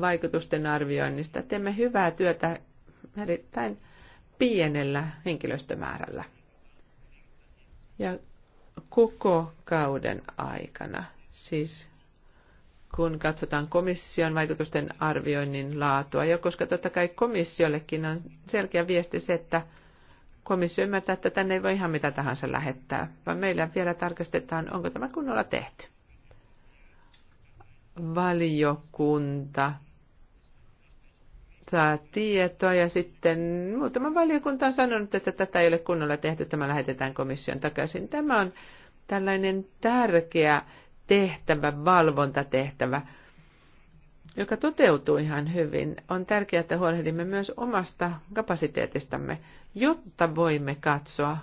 Speaker 2: vaikutusten arvioinnista. Teemme hyvää työtä erittäin pienellä henkilöstömäärällä. Ja koko kauden aikana, siis kun katsotaan komission vaikutusten arvioinnin laatua, ja koska totta kai komissiollekin on selkeä viesti se, että komissio ymmärtää, että tänne ei voi ihan mitä tahansa lähettää, vaan meillä vielä tarkastetaan, onko tämä kunnolla tehty. Valiokunta saa tietoa ja sitten muutama valiokunta on sanonut, että tätä ei ole kunnolla tehty, tämä lähetetään komission takaisin. Tämä on tällainen tärkeä tehtävä, valvontatehtävä joka toteutuu ihan hyvin, on tärkeää, että huolehdimme myös omasta kapasiteetistamme, jotta voimme katsoa,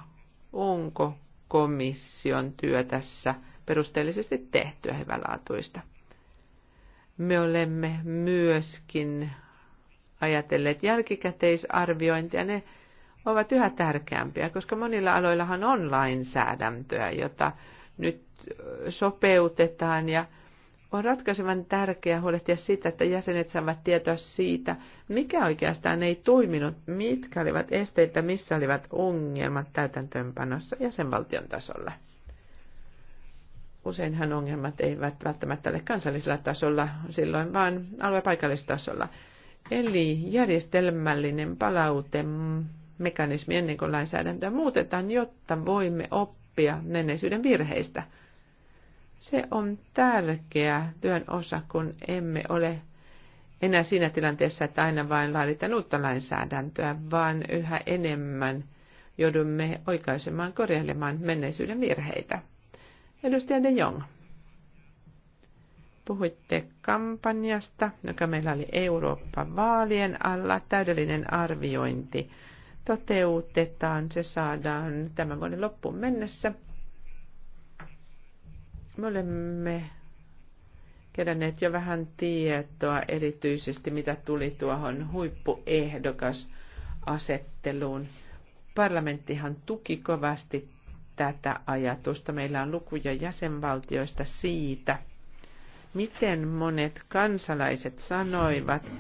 Speaker 2: onko komission työ tässä perusteellisesti tehtyä hyvälaatuista. Me olemme myöskin ajatelleet jälkikäteisarviointia. Ne ovat yhä tärkeämpiä, koska monilla aloillahan on lainsäädäntöä, jota nyt sopeutetaan ja on ratkaisevan tärkeää huolehtia siitä, että jäsenet saavat tietoa siitä, mikä oikeastaan ei toiminut, mitkä olivat esteitä, missä olivat ongelmat täytäntöönpanossa jäsenvaltion tasolla. Useinhan ongelmat eivät välttämättä ole kansallisella tasolla silloin, vaan aluepaikallistasolla. Eli järjestelmällinen palautemekanismi ennen kuin lainsäädäntöä muutetaan, jotta voimme oppia menneisyyden virheistä – se on tärkeä työn osa, kun emme ole enää siinä tilanteessa, että aina vain laaditaan uutta lainsäädäntöä, vaan yhä enemmän joudumme oikaisemaan, korjailemaan menneisyyden virheitä. Edustaja De Jong, puhuitte kampanjasta, joka meillä oli Eurooppa-vaalien alla, täydellinen arviointi toteutetaan, se saadaan tämän vuoden loppuun mennessä – me olemme keränneet jo vähän tietoa erityisesti, mitä tuli tuohon huippuehdokasasetteluun. Parlamenttihan tuki kovasti tätä ajatusta. Meillä on lukuja jäsenvaltioista siitä, miten monet kansalaiset sanoivat,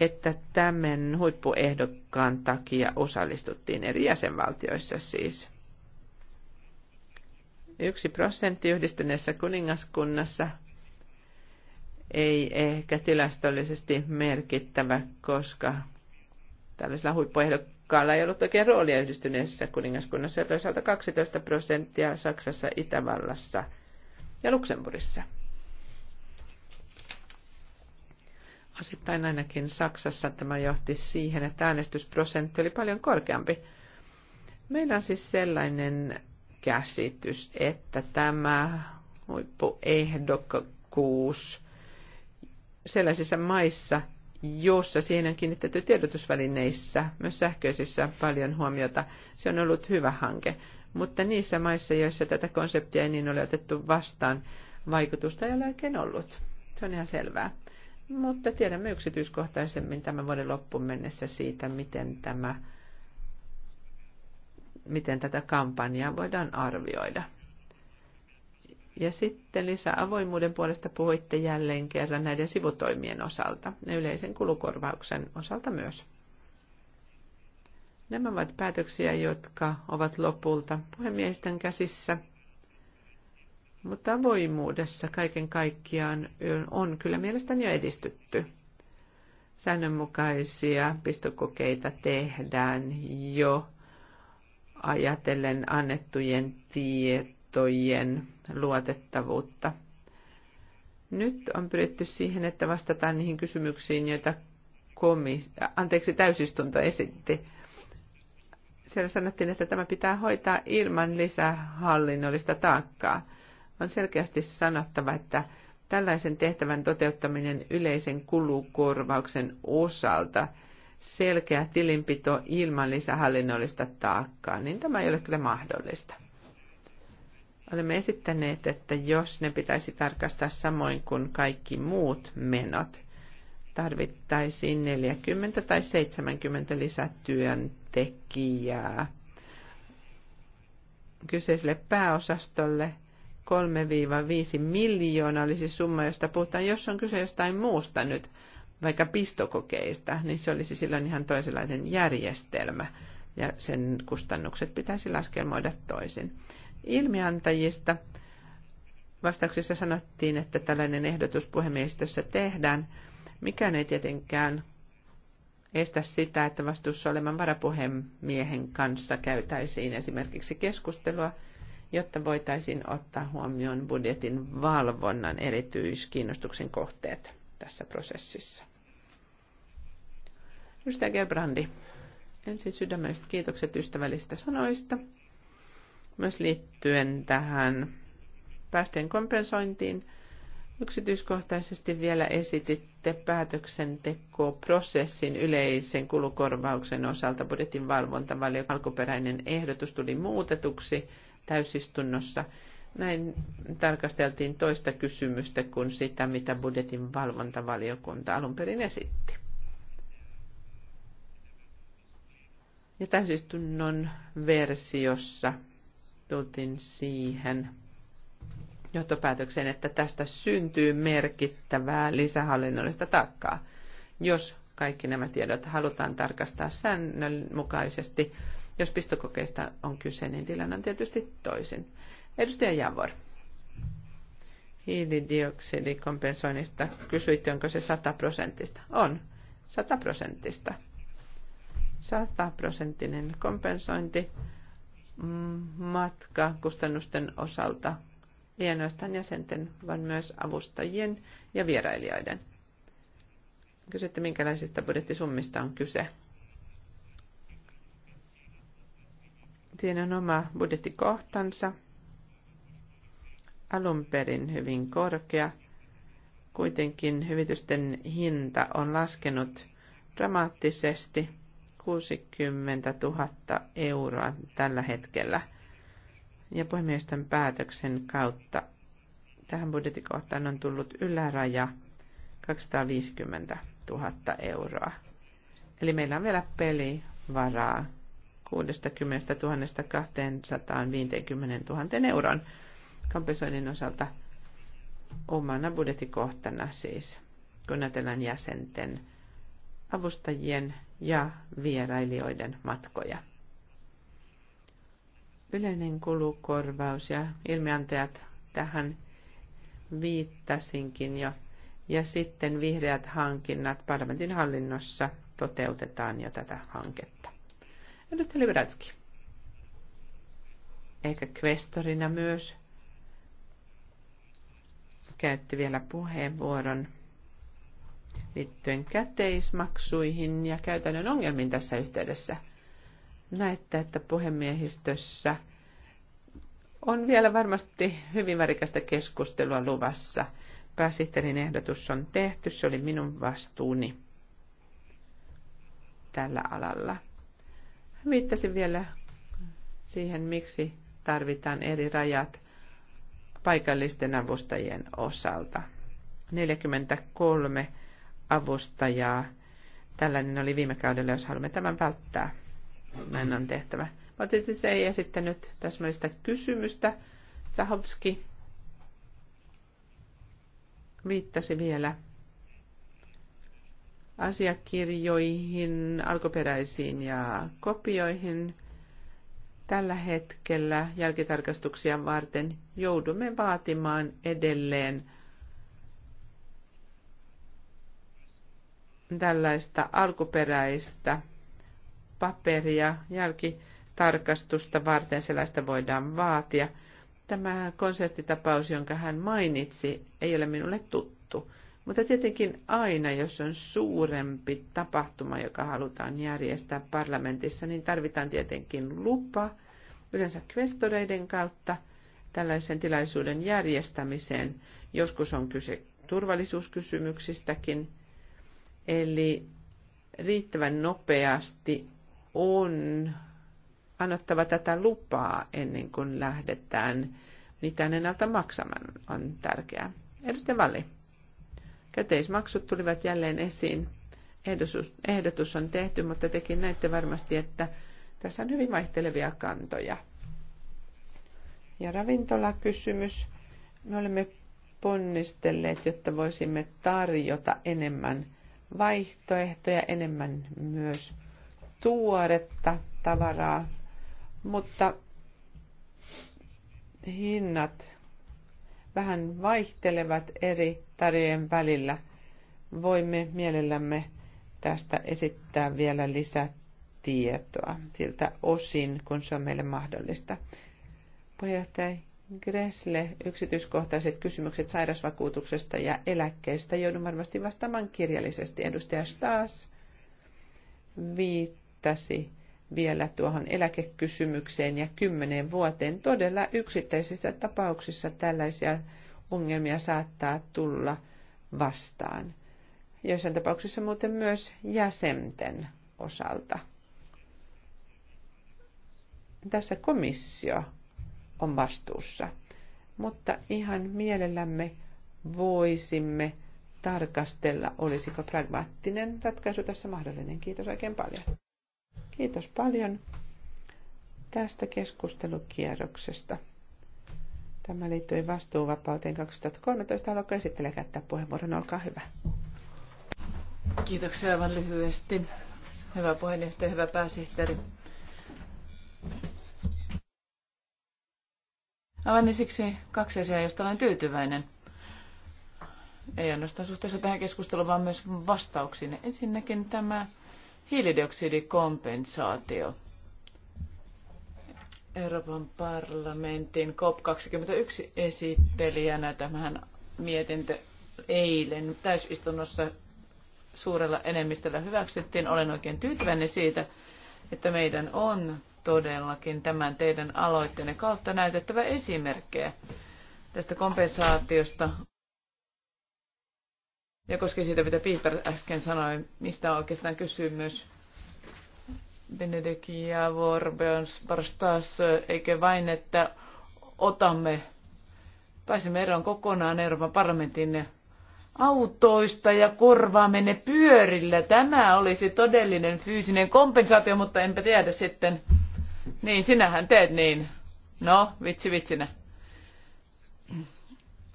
Speaker 2: että tämän huippuehdokkaan takia osallistuttiin eri jäsenvaltioissa siis. Yksi prosentti yhdistyneessä kuningaskunnassa ei ehkä tilastollisesti merkittävä, koska tällaisella huippuehdokkaalla ei ollut oikein roolia yhdistyneessä kuningaskunnassa ja toisaalta 12 prosenttia Saksassa, Itävallassa ja Luxemburgissa. Osittain ainakin Saksassa tämä johti siihen, että äänestysprosentti oli paljon korkeampi. Meillä on siis sellainen käsitys, että tämä huippuehdokkuus sellaisissa maissa, jossa siihen on kiinnitetty tiedotusvälineissä, myös sähköisissä paljon huomiota, se on ollut hyvä hanke. Mutta niissä maissa, joissa tätä konseptia ei niin ole otettu vastaan, vaikutusta ei ole oikein ollut. Se on ihan selvää. Mutta tiedämme yksityiskohtaisemmin tämän vuoden loppuun mennessä siitä, miten tämä miten tätä kampanjaa voidaan arvioida. Ja sitten lisää avoimuuden puolesta puhuitte jälleen kerran näiden sivutoimien osalta ne yleisen kulukorvauksen osalta myös. Nämä ovat päätöksiä, jotka ovat lopulta puhemiehistön käsissä. Mutta avoimuudessa kaiken kaikkiaan on kyllä mielestäni jo edistytty. Säännönmukaisia pistokokeita tehdään jo ajatellen annettujen tietojen luotettavuutta. Nyt on pyritty siihen, että vastataan niihin kysymyksiin, joita komis- äh, anteeksi, täysistunto esitti. Siellä sanottiin, että tämä pitää hoitaa ilman lisähallinnollista taakkaa. On selkeästi sanottava, että tällaisen tehtävän toteuttaminen yleisen kulukorvauksen osalta – selkeä tilinpito ilman lisähallinnollista taakkaa, niin tämä ei ole kyllä mahdollista. Olemme esittäneet, että jos ne pitäisi tarkastaa samoin kuin kaikki muut menot, tarvittaisiin 40 tai 70 lisätyöntekijää kyseiselle pääosastolle – 3-5 miljoonaa olisi summa, josta puhutaan, jos on kyse jostain muusta nyt vaikka pistokokeista, niin se olisi silloin ihan toisenlainen järjestelmä ja sen kustannukset pitäisi laskelmoida toisin. Ilmiantajista vastauksessa sanottiin, että tällainen ehdotus puhemiehistössä tehdään. Mikään ei tietenkään estä sitä, että vastuussa olevan varapuhemiehen kanssa käytäisiin esimerkiksi keskustelua, jotta voitaisiin ottaa huomioon budjetin valvonnan erityiskiinnostuksen kohteet tässä prosessissa. Ystä Gerbrandi, ensin sydämelliset kiitokset ystävällisistä sanoista, myös liittyen tähän päästöjen kompensointiin. Yksityiskohtaisesti vielä esititte päätöksentekoprosessin yleisen kulukorvauksen osalta budjetin valvontavalion alkuperäinen ehdotus tuli muutetuksi täysistunnossa. Näin tarkasteltiin toista kysymystä kuin sitä, mitä budjetin valvontavaliokunta alun perin esitti. Ja täysistunnon versiossa tultiin siihen johtopäätökseen, että tästä syntyy merkittävää lisähallinnollista takkaa. jos kaikki nämä tiedot halutaan tarkastaa säännönmukaisesti. Jos pistokokeista on kyse, niin tilanne on tietysti toisin. Edustaja Javor. Hiilidioksidikompensoinnista kysyitte, onko se 100 prosentista. On, 100 prosentista. 100-prosenttinen kompensointi mm, matkakustannusten osalta ei ainoastaan jäsenten, vaan myös avustajien ja vierailijoiden. Kysytte, minkälaisista budjettisummista on kyse. Siinä on oma budjettikohtansa. Alun perin hyvin korkea. Kuitenkin hyvitysten hinta on laskenut dramaattisesti – 60 000 euroa tällä hetkellä. Ja puhemiesten päätöksen kautta tähän budjettikohtaan on tullut yläraja 250 000 euroa. Eli meillä on vielä pelivaraa 60 000 250 000 euron kompensoinnin osalta omana budjettikohtana siis, kun ajatellaan jäsenten avustajien ja vierailijoiden matkoja. Yleinen kulukorvaus ja ilmiantajat tähän viittasinkin jo. Ja sitten vihreät hankinnat parlamentin hallinnossa toteutetaan jo tätä hanketta. Edustaja Liberatski. Ehkä kvestorina myös käytti vielä puheenvuoron liittyen käteismaksuihin ja käytännön ongelmiin tässä yhteydessä. Näette, että puhemiehistössä on vielä varmasti hyvin värikästä keskustelua luvassa. Pääsihteerin ehdotus on tehty, se oli minun vastuuni tällä alalla. Viittasin vielä siihen, miksi tarvitaan eri rajat paikallisten avustajien osalta. 43 avustajaa. Tällainen oli viime kaudella, jos haluamme tämän välttää. Näin on tehtävä. Mutta sitten se ei esittänyt täsmällistä kysymystä. Sahovski viittasi vielä asiakirjoihin, alkuperäisiin ja kopioihin. Tällä hetkellä jälkitarkastuksia varten joudumme vaatimaan edelleen tällaista alkuperäistä paperia jälkitarkastusta varten, sellaista voidaan vaatia. Tämä konserttitapaus, jonka hän mainitsi, ei ole minulle tuttu. Mutta tietenkin aina, jos on suurempi tapahtuma, joka halutaan järjestää parlamentissa, niin tarvitaan tietenkin lupa, yleensä kvestoreiden kautta, tällaisen tilaisuuden järjestämiseen. Joskus on kyse turvallisuuskysymyksistäkin, Eli riittävän nopeasti on annettava tätä lupaa ennen kuin lähdetään mitään ennalta maksamaan on tärkeää. Edustaja Valli. Käteismaksut tulivat jälleen esiin. Ehdotus, ehdotus on tehty, mutta tekin näette varmasti, että tässä on hyvin vaihtelevia kantoja. Ja ravintolakysymys. Me olemme ponnistelleet, jotta voisimme tarjota enemmän vaihtoehtoja, enemmän myös tuoretta tavaraa, mutta hinnat vähän vaihtelevat eri tarjojen välillä. Voimme mielellämme tästä esittää vielä lisätietoa siltä osin, kun se on meille mahdollista. Puheenjohtaja Gressle yksityiskohtaiset kysymykset sairausvakuutuksesta ja eläkkeestä, joudun varmasti vastaamaan kirjallisesti. Edustaja Staas viittasi vielä tuohon eläkekysymykseen ja kymmeneen vuoteen. Todella yksittäisissä tapauksissa tällaisia ongelmia saattaa tulla vastaan. Joissain tapauksissa muuten myös jäsenten osalta. Tässä komissio on vastuussa. Mutta ihan mielellämme voisimme tarkastella, olisiko pragmaattinen ratkaisu tässä mahdollinen. Kiitos oikein paljon. Kiitos paljon tästä keskustelukierroksesta. Tämä liittyy vastuuvapauteen 2013. Haluatko esittelijä käyttää puheenvuoron? Olkaa hyvä.
Speaker 1: Kiitoksia aivan lyhyesti. Hyvä puheenjohtaja, hyvä pääsihteeri. Aivan niin siksi kaksi asiaa, josta olen tyytyväinen. Ei ainoastaan suhteessa tähän keskusteluun, vaan myös vastauksiin. Ensinnäkin tämä hiilidioksidikompensaatio. Euroopan parlamentin COP21 esittelijänä tämähän mietintö eilen täysistunnossa suurella enemmistöllä hyväksyttiin. Olen oikein tyytyväinen siitä, että meidän on todellakin tämän teidän aloitteenne kautta näytettävä esimerkkejä tästä kompensaatiosta. Ja koskee siitä, mitä Piper äsken sanoi, mistä on oikeastaan kysymys. Benedekia Vorbeons Barstas, eikä vain, että otamme, pääsemme eroon kokonaan Euroopan parlamentin autoista ja korvaamme ne pyörillä. Tämä olisi todellinen fyysinen kompensaatio, mutta enpä tiedä sitten, niin, sinähän teet niin. No, vitsi vitsinä.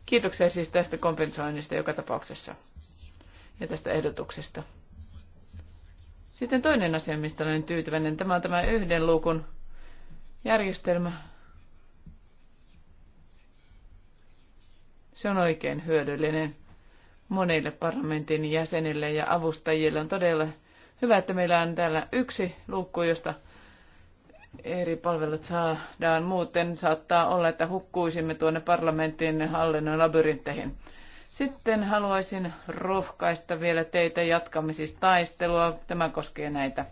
Speaker 1: Kiitoksia siis tästä kompensoinnista joka tapauksessa ja tästä ehdotuksesta. Sitten toinen asia, mistä olen tyytyväinen, tämä on tämä yhden luukun järjestelmä. Se on oikein hyödyllinen monille parlamentin jäsenille ja avustajille. On todella hyvä, että meillä on täällä yksi luukku, josta eri palvelut saadaan. Muuten saattaa olla, että hukkuisimme tuonne parlamentin hallinnon labyrintteihin. Sitten haluaisin rohkaista vielä teitä jatkamme siis taistelua. Tämä koskee näitä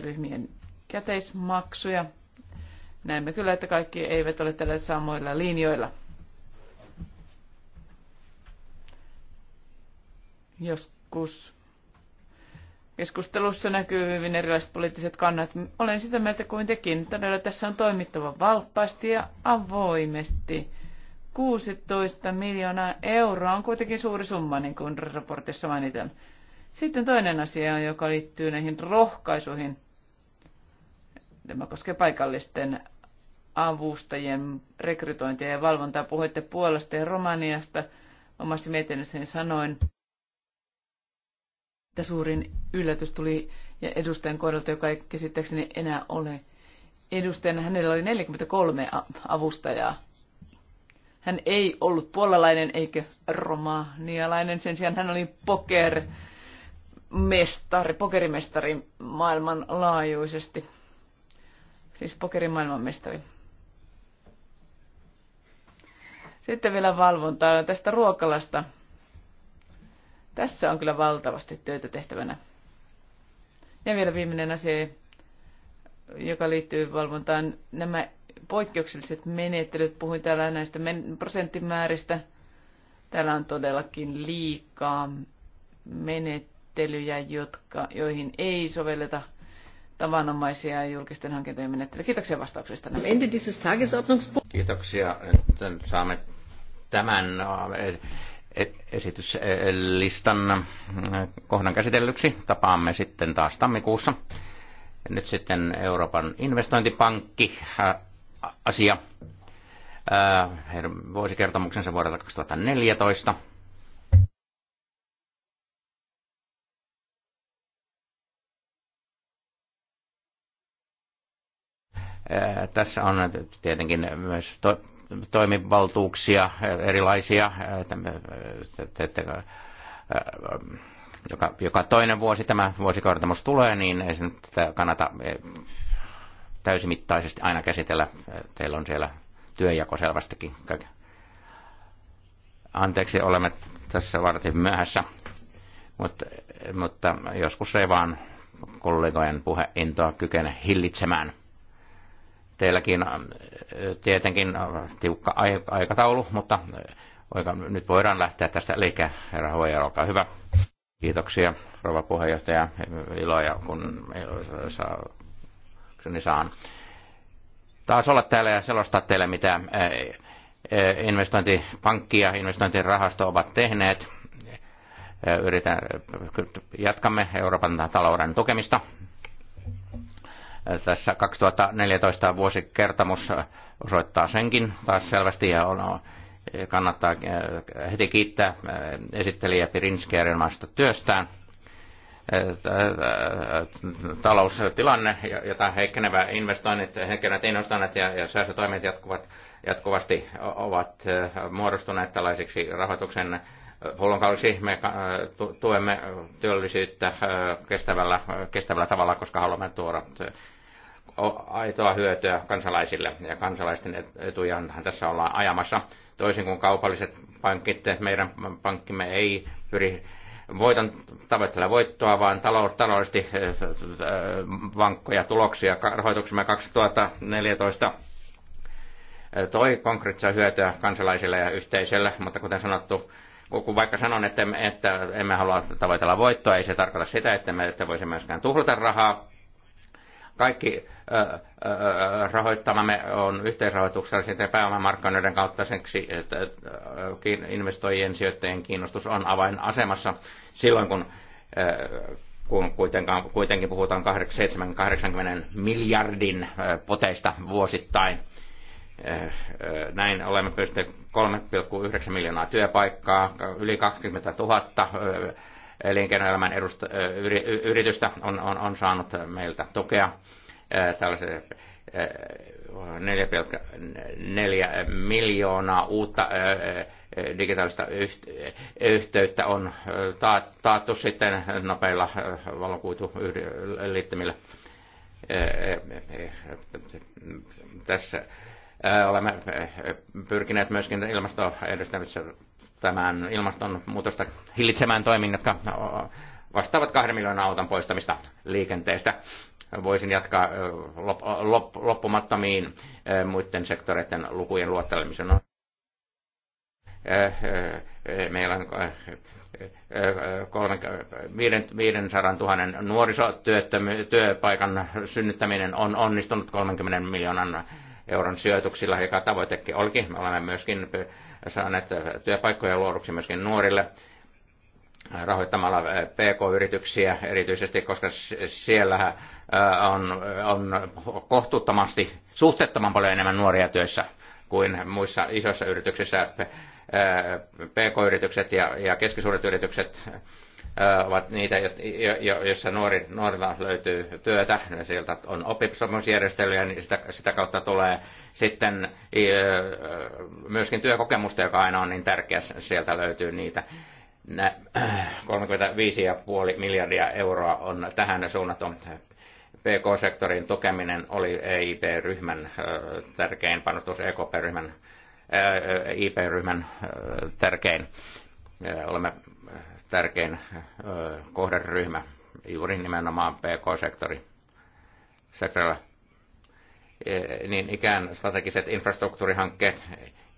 Speaker 1: ryhmien käteismaksuja. Näemme kyllä, että kaikki eivät ole tällä samoilla linjoilla. Joskus Keskustelussa näkyy hyvin erilaiset poliittiset kannat. Olen sitä mieltä kuin tekin. Todella tässä on toimittava valppaasti ja avoimesti. 16 miljoonaa euroa on kuitenkin suuri summa, niin kuin raportissa mainitaan. Sitten toinen asia, joka liittyy näihin rohkaisuihin. Tämä koskee paikallisten avustajien rekrytointia ja valvontaa. Puhuitte Puolasta ja Romaniasta. Omassa mietinnössäni sanoin, että suurin yllätys tuli edustajan kohdalta, joka ei käsittääkseni enää ole edustajana. Hänellä oli 43 avustajaa. Hän ei ollut puolalainen eikä romanialainen. Sen sijaan hän oli poker siis mestari, pokerimestari maailmanlaajuisesti. Siis pokerin maailmanmestari. Sitten vielä valvontaa tästä ruokalasta. Tässä on kyllä valtavasti työtä tehtävänä. Ja vielä viimeinen asia, joka liittyy valvontaan. Nämä poikkeukselliset menettelyt, puhuin täällä näistä prosenttimääristä. Täällä on todellakin liikaa menettelyjä, jotka, joihin ei sovelleta tavanomaisia julkisten hankintojen menettelyjä. Kiitoksia vastauksesta.
Speaker 3: Kiitoksia. Nyt saamme tämän äh, esityslistan äh, kohdan käsitellyksi. Tapaamme sitten taas tammikuussa. Nyt sitten Euroopan investointipankki äh, asia. Äh, heidän vuosikertomuksensa vuodelta 2014. Tässä on tietenkin myös toimivaltuuksia erilaisia, joka, joka toinen vuosi tämä vuosikertomus tulee, niin ei sen kannata täysimittaisesti aina käsitellä. Teillä on siellä työjako selvästikin. Anteeksi, olemme tässä vartin myöhässä, mutta, mutta joskus ei vaan kollegojen puheintoa kykene hillitsemään. Teilläkin äh, tietenkin äh, tiukka aikataulu, mutta äh, nyt voidaan lähteä tästä liike. Herra Hoijer, olkaa hyvä. Kiitoksia, rouva puheenjohtaja. Iloja, kun saa, saan taas olla täällä ja selostaa teille, mitä investointipankki ja investointirahasto ovat tehneet. Yritän, jatkamme Euroopan talouden tukemista tässä 2014 vuosikertomus osoittaa senkin taas selvästi ja on, eh, kannattaa eh, heti kiittää eh, esittelijä Pirinskiä erinomaisesta työstään taloustilanne, jota heikkenevät investoinnit, heikkenevät investoinnit ja, ja säästötoimet jatkuvat, jatkuvasti ovat muodostuneet tällaisiksi rahoituksen pullonkauliksi. Me tuemme työllisyyttä kestävällä, kestävällä tavalla, koska haluamme tuoda aitoa hyötyä kansalaisille ja kansalaisten etujanhan tässä ollaan ajamassa. Toisin kuin kaupalliset pankit, meidän pankkimme ei pyri voiton tavoittele voittoa, vaan taloudellisesti vankkoja tuloksia. Rahoituksemme 2014 toi konkreettisia hyötyä kansalaisille ja yhteisölle, mutta kuten sanottu, kun vaikka sanon, että, että emme halua tavoitella voittoa, ei se tarkoita sitä, että me että voisi myöskään tuhlata rahaa, kaikki rahoittamamme on yhteisrahoituksella sitten pääomamarkkinoiden kautta seksi, että investoijien sijoittajien kiinnostus on avainasemassa silloin, kun kun kuitenkaan, kuitenkin puhutaan 70-80 miljardin poteista vuosittain. Näin olemme pystyneet 3,9 miljoonaa työpaikkaa, yli 20 000 elinkeinoelämän edusta, yri, yritystä on, on, on saanut meiltä tukea tällaiselle 4,4 miljoonaa uutta digitaalista yhteyttä on taattu sitten nopeilla valokuituliittymillä. Tässä olemme pyrkineet myöskin ilmastoa edistämisessä tämän ilmastonmuutosta hillitsemään toimin, jotka vastaavat kahden miljoonan auton poistamista liikenteestä. Voisin jatkaa lop, lop, loppumattomiin muiden sektoreiden lukujen luottelemisen. No, meillä on 500 000 nuorisotyöpaikan synnyttäminen on onnistunut 30 miljoonan euron sijoituksilla, joka tavoitekin olikin. Me olemme myöskin saaneet työpaikkoja luoduksi myöskin nuorille rahoittamalla eh, PK-yrityksiä erityisesti, koska siellä eh, on, on kohtuuttomasti, suhteettoman paljon enemmän nuoria työssä kuin muissa isoissa yrityksissä. Eh, PK-yritykset ja, ja keskisuuret yritykset ovat niitä, joissa nuori, nuorilla löytyy työtä, sieltä on oppisopimusjärjestelyjä, niin sitä, sitä kautta tulee sitten myöskin työkokemusta, joka aina on niin tärkeä, sieltä löytyy niitä. 35,5 miljardia euroa on tähän suunnaton PK-sektorin tukeminen oli EIP-ryhmän tärkein panostus, EKP-ryhmän, EIP-ryhmän tärkein. Olemme tärkein kohderyhmä, juuri nimenomaan PK-sektori. Sektorilla. E, niin ikään strategiset infrastruktuurihankkeet,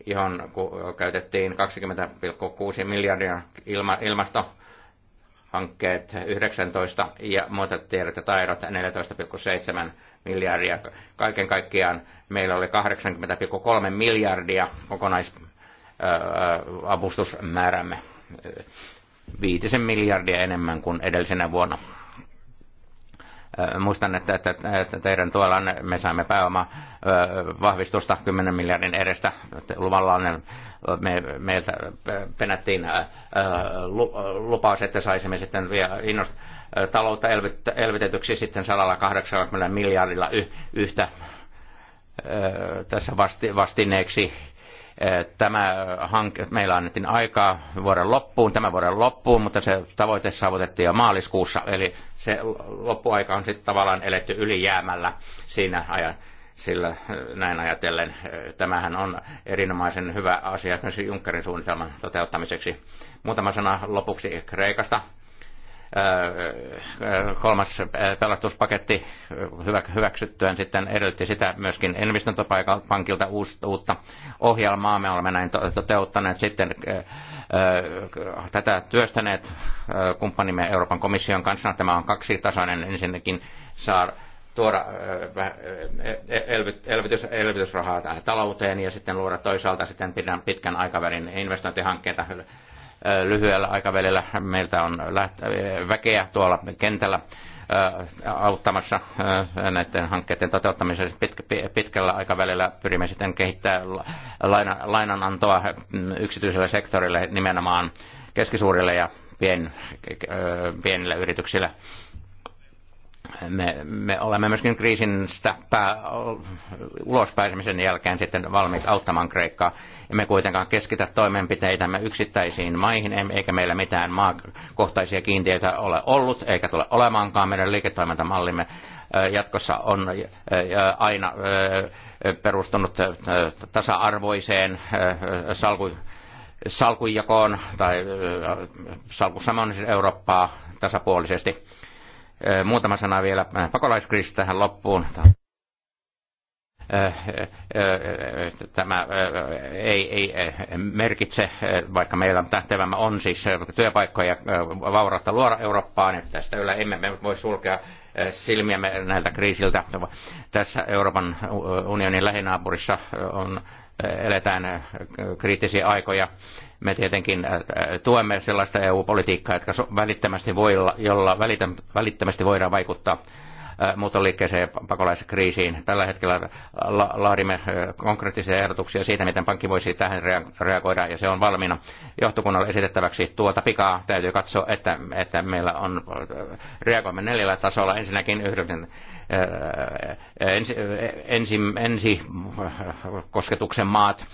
Speaker 3: johon käytettiin 20,6 miljardia ilma, ilmasto hankkeet 19 ja muut tiedot ja taidot 14,7 miljardia. Kaiken kaikkiaan meillä oli 80,3 miljardia kokonaisavustusmäärämme viitisen miljardia enemmän kuin edellisenä vuonna. Muistan, että, että, että teidän tuolla me saimme pääoma vahvistusta 10 miljardin edestä. Luvallaan me, meiltä penättiin lupaus, että saisimme sitten vielä innost, taloutta elvytetyksi sitten 180 miljardilla yhtä tässä vastineeksi Eh, tämä hanke, meillä annettiin aikaa vuoden loppuun, tämän vuoden loppuun, mutta se tavoite saavutettiin jo maaliskuussa, eli se loppuaika on sitten tavallaan eletty ylijäämällä siinä ajan sillä eh, näin ajatellen eh, tämähän on erinomaisen hyvä asia myös Junckerin suunnitelman toteuttamiseksi. Muutama sana lopuksi Kreikasta. Äh, äh, kolmas pelastuspaketti äh, hyväksyttyään sitten edellytti sitä myöskin investointipankilta uutta ohjelmaa. Me olemme näin toteuttaneet sitten tätä työstäneet kumppanimme Euroopan komission kanssa. Tämä on kaksitasainen ensinnäkin saa tuoda e-, elvytys, elvytysrahaa talouteen ja sitten luoda toisaalta sitten pitkän aikavälin investointihankkeita lyhyellä aikavälillä meiltä on väkeä tuolla kentällä auttamassa näiden hankkeiden toteuttamisessa pitkällä aikavälillä pyrimme sitten kehittämään lainanantoa yksityiselle sektorille nimenomaan keskisuurille ja pienille yrityksille me, me olemme myöskin kriisin ulospääsemisen jälkeen sitten valmiit auttamaan Kreikkaa. Emme kuitenkaan keskitä toimenpiteitämme yksittäisiin maihin, eikä meillä mitään maakohtaisia kiintiöitä ole ollut, eikä tule olemaankaan. Meidän liiketoimintamallimme jatkossa on aina perustunut tasa-arvoiseen salku, salkunjakoon tai salkussa Eurooppaa tasapuolisesti Muutama sana vielä pakolaiskriisi tähän loppuun tämä ei, ei merkitse, vaikka meillä tähtävämme on siis työpaikkoja vaurautta luoda Eurooppaan, niin tästä yllä emme voi sulkea silmiämme näiltä kriisiltä. Tässä Euroopan unionin lähinaapurissa on, eletään kriittisiä aikoja me tietenkin äh, äh, tuemme sellaista EU-politiikkaa, jotka välittömästi voi olla, jolla välittömästi voidaan vaikuttaa äh, muuttoliikkeeseen ja pakolaiskriisiin. Tällä hetkellä laadimme konkreettisia ehdotuksia siitä, miten pankki voisi tähän reagoida, ja se on valmiina johtokunnalle esitettäväksi. Tuota pikaa täytyy katsoa, että, että meillä on, reagoimme neljällä tasolla. Ensinnäkin yhden ensi, ensi, ensi kosketuksen maat,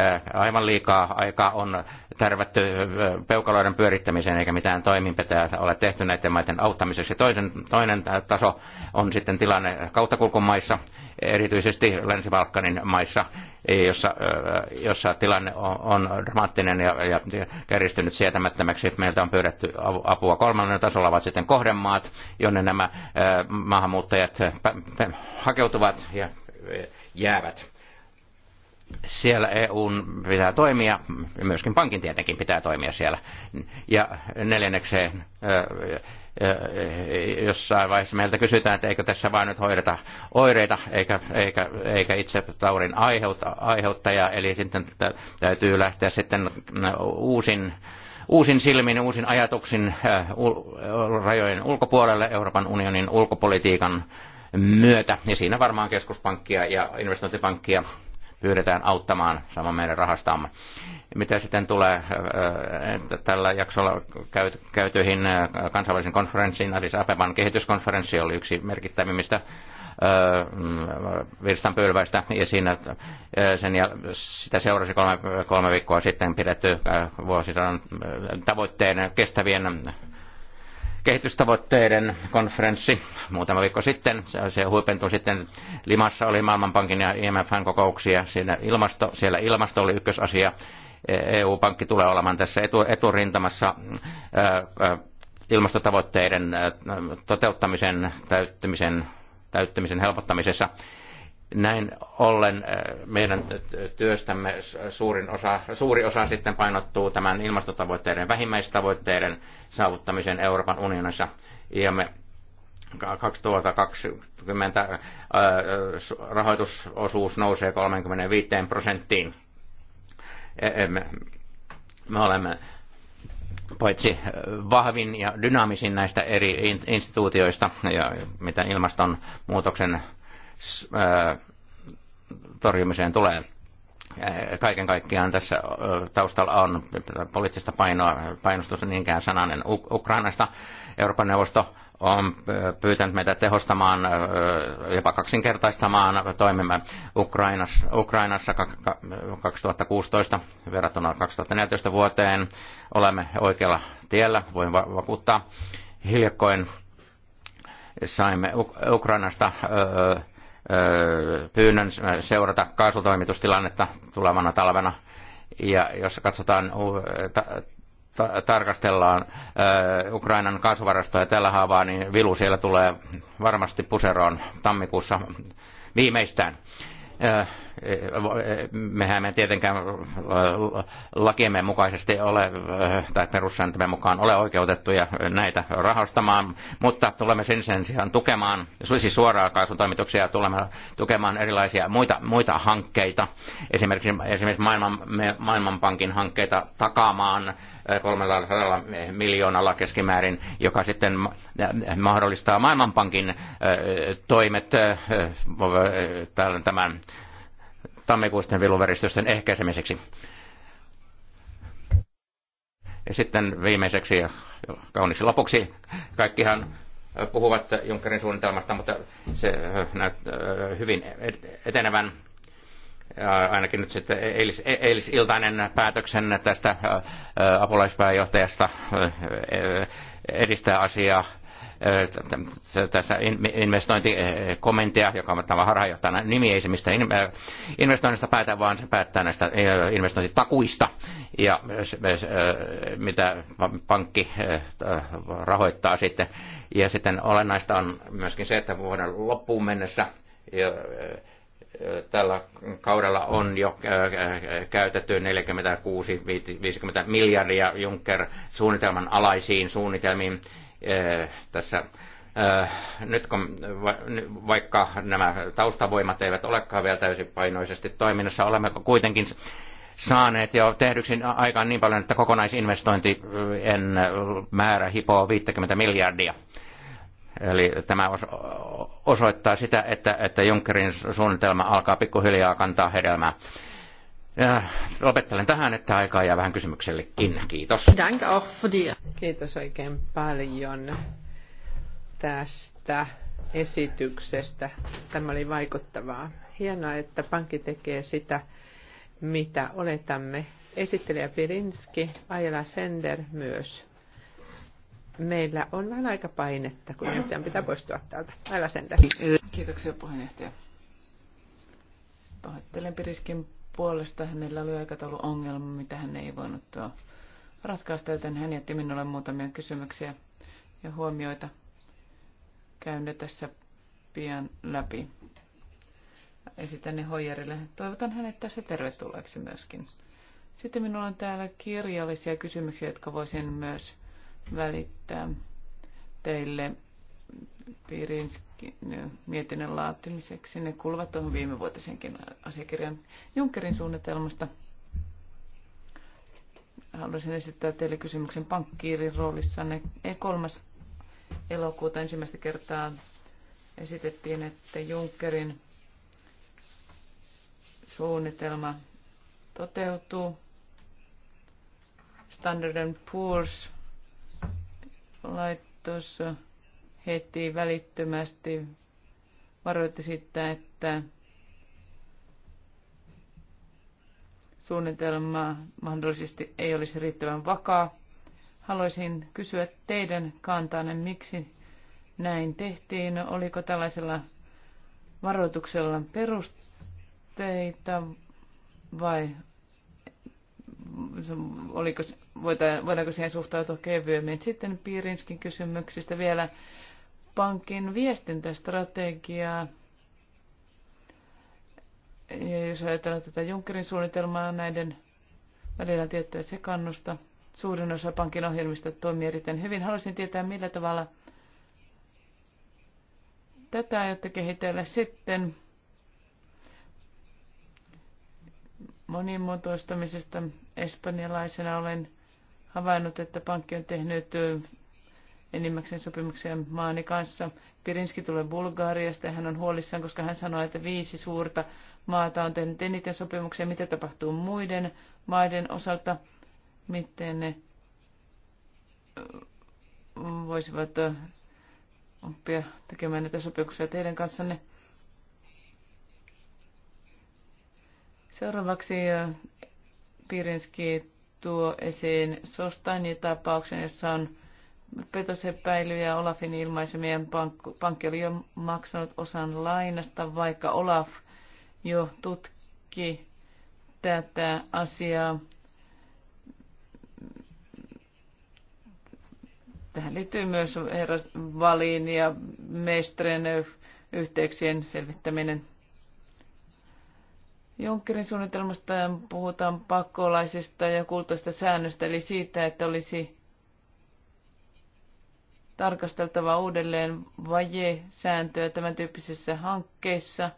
Speaker 3: Äh, aivan liikaa aikaa on tärvätty äh, peukaloiden pyörittämiseen eikä mitään toimenpiteitä ole tehty näiden maiden auttamiseksi. Toisen, toinen taso on sitten tilanne kauttakulkumaissa, erityisesti Länsi-Balkanin maissa, eh, jossa, äh, jossa tilanne on dramaattinen ja, ja kärjistynyt sietämättömäksi. Meiltä on pyydetty apua kolmannen tasolla ovat sitten kohdemaat, jonne nämä maahanmuuttajat hakeutuvat ja jäävät siellä EUn pitää toimia, myöskin pankin tietenkin pitää toimia siellä. Ja neljännekseen, jossain vaiheessa meiltä kysytään, että eikö tässä vain nyt hoideta oireita, eikä, eikä, eikä itse taurin aiheuta, aiheuttaja, eli sitten täytyy lähteä sitten uusin uusin silmin, uusin ajatuksin rajojen ulkopuolelle Euroopan unionin ulkopolitiikan myötä. Ja siinä varmaan keskuspankkia ja investointipankkia pyydetään auttamaan sama meidän rahastamme. Mitä sitten tulee äh, tällä jaksolla käytyihin äh, kansainvälisen konferenssiin, Addis Abeban kehityskonferenssi oli yksi merkittävimmistä äh, virstanpylväistä ja siinä sen, sitä seurasi kolme, kolme viikkoa sitten pidetty vuosisadan tavoitteen kestävien kehitystavoitteiden konferenssi muutama viikko sitten. Se, se huipentui sitten Limassa, oli Maailmanpankin ja IMFn kokouksia. Siinä ilmasto, siellä ilmasto oli ykkösasia. EU-pankki tulee olemaan tässä etu, eturintamassa ilmastotavoitteiden toteuttamisen, täyttämisen, täyttämisen helpottamisessa näin ollen äh, meidän työstämme suurin osa, suuri osa sitten painottuu tämän ilmastotavoitteiden vähimmäistavoitteiden saavuttamiseen Euroopan unionissa. Ja me 2020 äh, rahoitusosuus nousee 35 prosenttiin. E- e- me olemme paitsi äh, vahvin ja dynaamisin näistä eri instituutioista ja mitä ilmastonmuutoksen torjumiseen tulee. Kaiken kaikkiaan tässä taustalla on poliittista painoa, painostusta niinkään sananen Ukrainasta. Euroopan neuvosto on pyytänyt meitä tehostamaan, jopa kaksinkertaistamaan toimimme Ukrainassa, Ukrainassa 2016 verrattuna 2014 vuoteen. Olemme oikealla tiellä, voin vakuuttaa. Hiljakkoin saimme Ukrainasta pyynnön seurata kaasutoimitustilannetta tulevana talvena. Ja jos katsotaan, tarkastellaan Ukrainan kaasuvarastoja tällä haavaa, niin vilu siellä tulee varmasti puseroon tammikuussa viimeistään mehän me tietenkään äh, lakiemme mukaisesti ole, äh, tai perussääntömme mukaan ole oikeutettuja näitä rahastamaan, mutta tulemme sen, sen sijaan tukemaan, siis suoraan kaasutoimituksia tulemme tukemaan erilaisia muita, muita hankkeita, esimerkiksi, esimerkiksi maailman, Maailmanpankin hankkeita takaamaan 300 äh, miljoonalla keskimäärin, joka sitten mahdollistaa Maailmanpankin toimet tämän tammikuisten viluveristysten ehkäisemiseksi. Ja sitten viimeiseksi ja kaunis lopuksi, kaikkihan puhuvat Junckerin suunnitelmasta, mutta se näyttää hyvin etenevän ainakin nyt sitten eilis, e-, eilisiltainen päätöksen tästä apulaispääjohtajasta edistää asiaa tässä investointikomitea, joka on tämä harhaanjohtana nimi, ei se mistä investoinnista päätä, vaan se päättää näistä investointitakuista ja mitä pankki rahoittaa sitten. Ja sitten olennaista on myöskin se, että vuoden loppuun mennessä tällä kaudella on jo käytetty 46-50 miljardia Juncker-suunnitelman alaisiin suunnitelmiin Eh, tässä eh, nyt kun vaikka nämä taustavoimat eivät olekaan vielä täysipainoisesti toiminnassa, olemme kuitenkin saaneet jo tehdyksi aikaan niin paljon, että kokonaisinvestointien eh, määrä hipoo 50 miljardia. Eli tämä osoittaa sitä, että, että Junckerin suunnitelma alkaa pikkuhiljaa kantaa hedelmää. Äh, lopettelen tähän, että aikaa jää vähän kysymyksellekin. Kiitos. Dank
Speaker 2: auch für dir. Kiitos oikein paljon tästä esityksestä. Tämä oli vaikuttavaa. Hienoa, että pankki tekee sitä, mitä oletamme. Esittelijä Pirinski, Ajala Sender myös. Meillä on vähän aika painetta, kun johtajan pitää poistua täältä. Ajala Sender. Kiitoksia
Speaker 1: puheenjohtaja. Pahoittelen Piriskin puolesta. Hänellä oli aikatauluongelma, mitä hän ei voinut tuo ratkaista, joten hän jätti minulle muutamia kysymyksiä ja huomioita. Käyn ne tässä pian läpi. Esitän ne Hoijerille. Toivotan hänet tässä tervetulleeksi myöskin. Sitten minulla on täällä kirjallisia kysymyksiä, jotka voisin myös välittää teille Piirinskin mietinnön laatimiseksi. Ne kuuluvat tuohon viime vuotisenkin asiakirjan Junckerin suunnitelmasta. Haluaisin esittää teille kysymyksen pankkiirin Ne e kolmas elokuuta ensimmäistä kertaa esitettiin, että Junckerin suunnitelma toteutuu. Standard Poor's laitos heti välittömästi varoitti sitä, että suunnitelma mahdollisesti ei olisi riittävän vakaa. Haluaisin kysyä teidän kantanne, miksi näin tehtiin. Oliko tällaisella varoituksella perusteita vai oliko, voidaanko siihen suhtautua kevyemmin? Sitten Piirinskin kysymyksistä vielä pankin viestintästrategiaa. Ja jos ajatellaan tätä Junckerin suunnitelmaa näiden välillä tiettyä sekannusta, suurin osa pankin ohjelmista toimii erittäin hyvin. Haluaisin tietää, millä tavalla tätä aiotte kehitellä sitten monimuotoistamisesta. Espanjalaisena olen havainnut, että pankki on tehnyt enimmäkseen sopimuksia maani kanssa. Pirinski tulee Bulgariasta ja hän on huolissaan, koska hän sanoi, että viisi suurta maata on tehnyt eniten sopimuksia. Mitä tapahtuu muiden maiden osalta? Miten ne äh, voisivat äh, oppia tekemään näitä sopimuksia teidän kanssanne? Seuraavaksi äh, Pirinski tuo esiin Sostani-tapauksen, jossa on petosepäilyjä Olafin ilmaisemien pank- pankki oli jo maksanut osan lainasta, vaikka Olaf jo tutki tätä asiaa. Tähän liittyy myös herra Valin ja Mestren yhteyksien selvittäminen. Junckerin suunnitelmasta puhutaan pakolaisista ja kultaista säännöstä, eli siitä, että olisi tarkasteltava uudelleen vajesääntöä tämän tyyppisissä hankkeissa,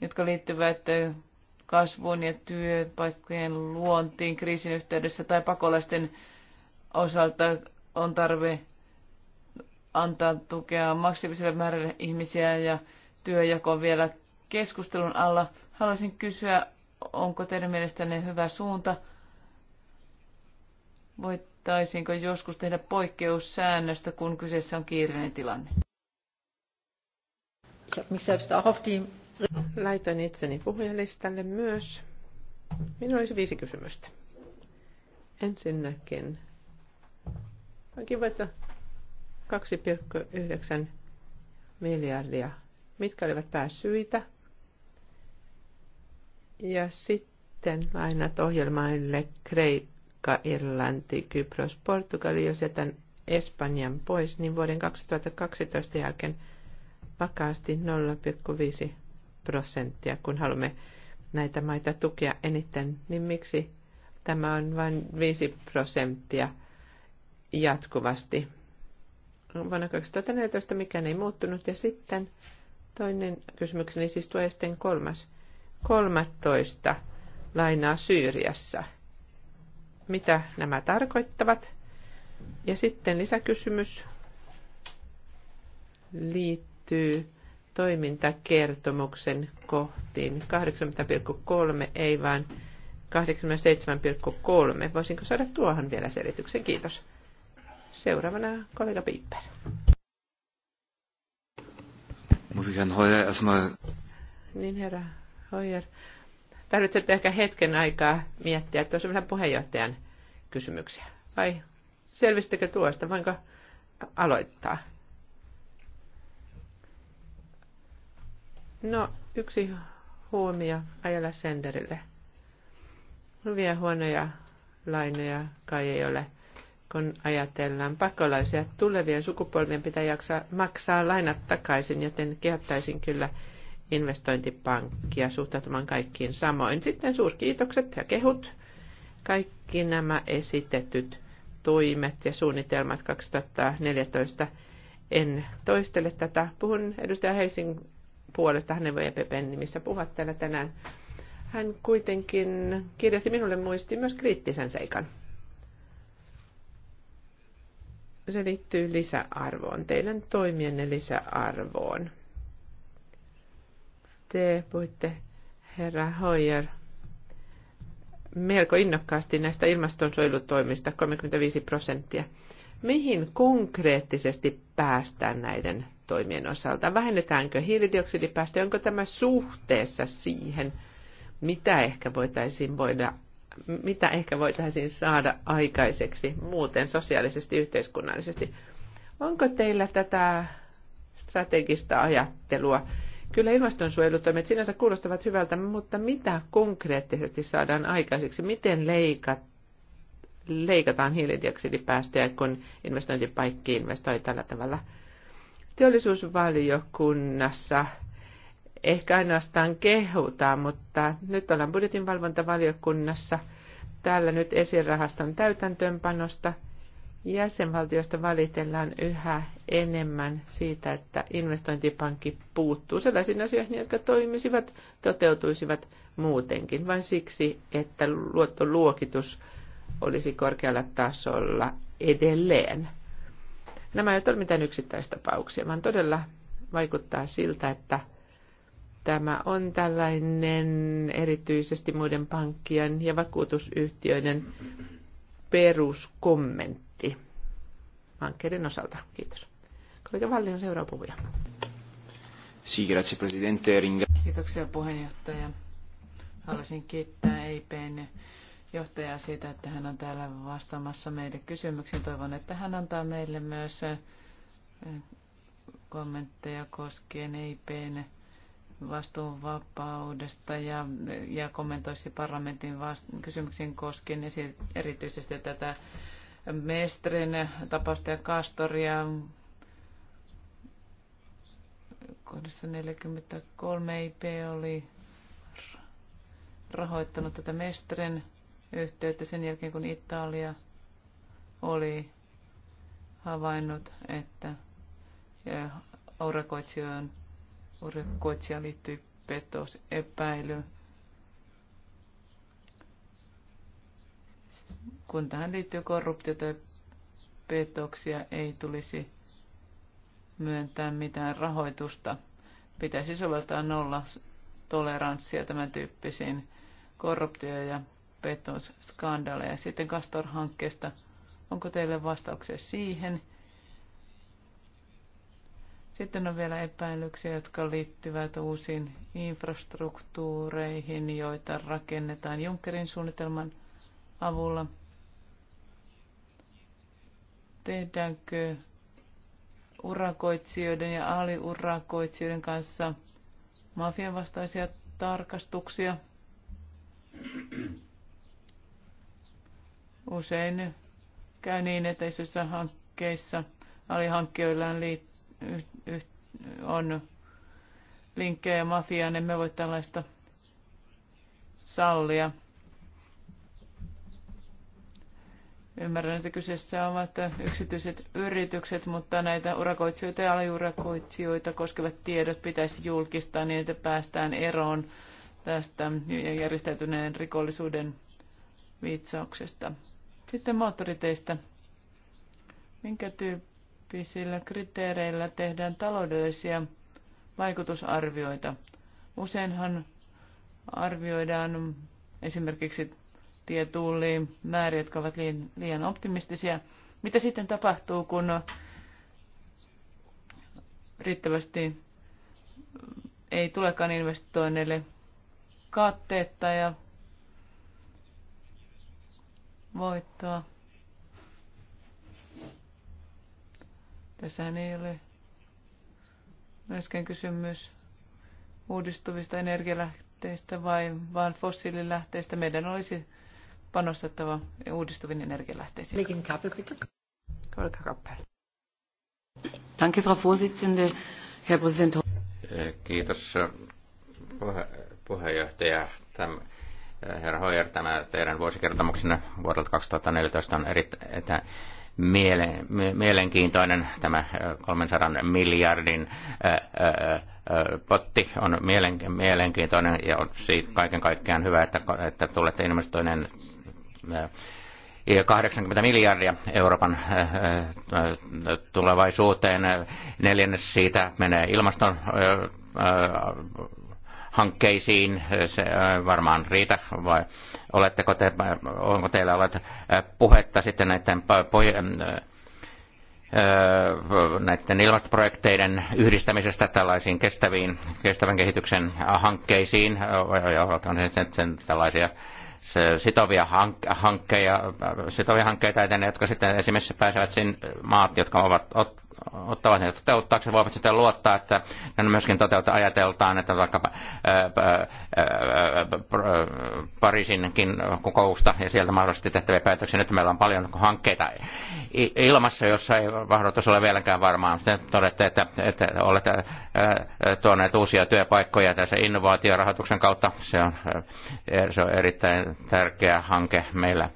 Speaker 1: jotka liittyvät kasvuun ja työpaikkojen luontiin kriisin yhteydessä tai pakolaisten osalta on tarve antaa tukea maksimiselle määrälle ihmisiä ja työjako on vielä keskustelun alla. Haluaisin kysyä, onko teidän mielestänne hyvä suunta? Voit voitaisiinko joskus tehdä poikkeussäännöstä, kun kyseessä on kiireinen tilanne?
Speaker 2: Laitoin itseni puhujalistalle myös. Minulla olisi viisi kysymystä. Ensinnäkin, onkin vaikka 2,9 miljardia. Mitkä olivat pääsyitä? Ja sitten lainat ohjelmaille Great Kreikka, Irlanti, Kypros, Portugali, jos jätän Espanjan pois, niin vuoden 2012 jälkeen vakaasti 0,5 prosenttia, kun haluamme näitä maita tukea eniten, niin miksi tämä on vain 5 prosenttia jatkuvasti? Vuonna 2014 mikään ei muuttunut ja sitten toinen kysymykseni, siis tuo sitten kolmas. 13 lainaa Syyriassa – mitä nämä tarkoittavat. Ja sitten lisäkysymys liittyy toimintakertomuksen kohtiin 80,3 ei vaan 87,3. Voisinko saada tuohon vielä selityksen? Kiitos. Seuraavana kollega Piipper.
Speaker 4: Musiikan hoider,
Speaker 2: Niin herra Hoijer, tarvitsette ehkä hetken aikaa miettiä, että olisi vähän puheenjohtajan kysymyksiä. Vai selvistäkö tuosta? Voinko aloittaa? No, yksi huomio ajalla senderille. vielä huonoja lainoja kai ei ole, kun ajatellaan pakolaisia. Tulevien sukupolvien pitää jaksaa maksaa lainat takaisin, joten kehottaisin kyllä – investointipankkia suhtautumaan kaikkiin samoin. Sitten suurkiitokset ja kehut. Kaikki nämä esitetyt toimet ja suunnitelmat 2014. En toistele tätä. Puhun edustaja Heisin puolesta, hänen voi EPPn nimissä puhua täällä tänään. Hän kuitenkin kirjasi minulle muisti myös kriittisen seikan. Se liittyy lisäarvoon, teidän toimienne lisäarvoon te puhuitte, herra Hoyer, melko innokkaasti näistä ilmastonsuojelutoimista, 35 prosenttia. Mihin konkreettisesti päästään näiden toimien osalta? Vähennetäänkö hiilidioksidipäästöjä? Onko tämä suhteessa siihen, mitä ehkä voitaisiin voida mitä ehkä voitaisiin saada aikaiseksi muuten sosiaalisesti, yhteiskunnallisesti. Onko teillä tätä strategista ajattelua Kyllä ilmastonsuojelutoimet sinänsä kuulostavat hyvältä, mutta mitä konkreettisesti saadaan aikaiseksi? Miten leikat, leikataan hiilidioksidipäästöjä, kun investointipaikki investoi tällä tavalla? Teollisuusvaliokunnassa ehkä ainoastaan kehutaan, mutta nyt ollaan budjetinvalvontavaliokunnassa. Täällä nyt esirahaston täytäntöönpanosta – jäsenvaltioista valitellaan yhä enemmän siitä, että investointipankki puuttuu sellaisiin asioihin, jotka toimisivat, toteutuisivat muutenkin, vain siksi, että luottoluokitus olisi korkealla tasolla edelleen. Nämä eivät ole mitään yksittäistapauksia, vaan todella vaikuttaa siltä, että tämä on tällainen erityisesti muiden pankkien ja vakuutusyhtiöiden peruskommentti hankkeiden
Speaker 1: osalta. Kiitos. Kollega Valli on seuraava puhuja. Sì, grazie Presidente. Kiitoksia puheenjohtaja. Haluaisin kiittää EIPn johtajaa siitä, että hän on täällä vastaamassa meille kysymyksiin. Toivon, että hän antaa meille myös eh, kommentteja koskien EIPn vastuunvapaudesta ja, ja kommentoisi parlamentin vast- kysymyksiin koskien erityisesti tätä Mestrin tapasta ja Kastoria kohdassa 43 IP oli rahoittanut tätä Mestren yhteyttä sen jälkeen, kun Italia oli havainnut, että urakoitsijoon urakoitsija liittyy petos epäily kun tähän liittyy korruptiota ja petoksia, ei tulisi myöntää mitään rahoitusta. Pitäisi soveltaa nolla toleranssia tämän tyyppisiin korruptio- ja petosskandaaleja. Sitten Castor-hankkeesta, onko teille vastauksia siihen? Sitten on vielä epäilyksiä, jotka liittyvät uusiin infrastruktuureihin, joita rakennetaan Junckerin suunnitelman avulla – Tehdäänkö urakoitsijoiden ja aliurakoitsijoiden kanssa mafian vastaisia tarkastuksia? Usein käy niin, että isoissa hankkeissa alihankkijoilla on, on linkkejä mafiaan. Emme voi tällaista sallia. Ymmärrän, että kyseessä ovat yksityiset yritykset, mutta näitä urakoitsijoita ja aliurakoitsijoita koskevat tiedot pitäisi julkistaa niin, että päästään eroon tästä järjestäytyneen rikollisuuden viitsauksesta. Sitten moottoriteistä. Minkä tyyppisillä kriteereillä tehdään taloudellisia vaikutusarvioita? Useinhan arvioidaan esimerkiksi prosenttia määriä, jotka ovat liian optimistisia. Mitä sitten tapahtuu, kun riittävästi ei tulekaan investoinneille katteetta ja voittoa? Tässähän ei ole myöskään kysymys uudistuvista energialähteistä vai vaan fossiililähteistä. Meidän olisi panostettava uudistuviin energialähteisiin. Liikin Kappel, bitte. Kollega Kappel. Danke, Frau Vorsitzende, Herr Präsident.
Speaker 3: Kiitos puheenjohtaja. tämä herra Hoyer, tämä teidän vuosikertomuksenne vuodelta 2014 on erittäin mielenkiintoinen tämä 300 miljardin potti on mielenkiintoinen ja on siitä kaiken kaikkiaan hyvä, että, että tulette investoineen 80 miljardia Euroopan tulevaisuuteen. Neljännes siitä menee ilmaston hankkeisiin. Se varmaan riitä vai oletteko te, onko teillä ollut puhetta sitten näiden näiden ilmastoprojekteiden yhdistämisestä tällaisiin kestäviin, kestävän kehityksen hankkeisiin, ja sen, sen tällaisia sitovia, hankkeja, sitovia hankkeita etenee, jotka sitten esimerkiksi pääsevät sinne maat, jotka ovat ottavat ne toteuttaakseen, voivat sitten luottaa, että ne myöskin toteuttaa ajateltaan, että vaikkapa Pariisinkin kokousta ja sieltä mahdollisesti tehtäviä päätöksiä. Nyt meillä on paljon hankkeita ilmassa, jossa ei mahdotus ole vieläkään varmaan. Sitten todette, että, että olette tuoneet uusia työpaikkoja tässä innovaatiorahoituksen kautta. Se on, se on erittäin tärkeä hanke meillä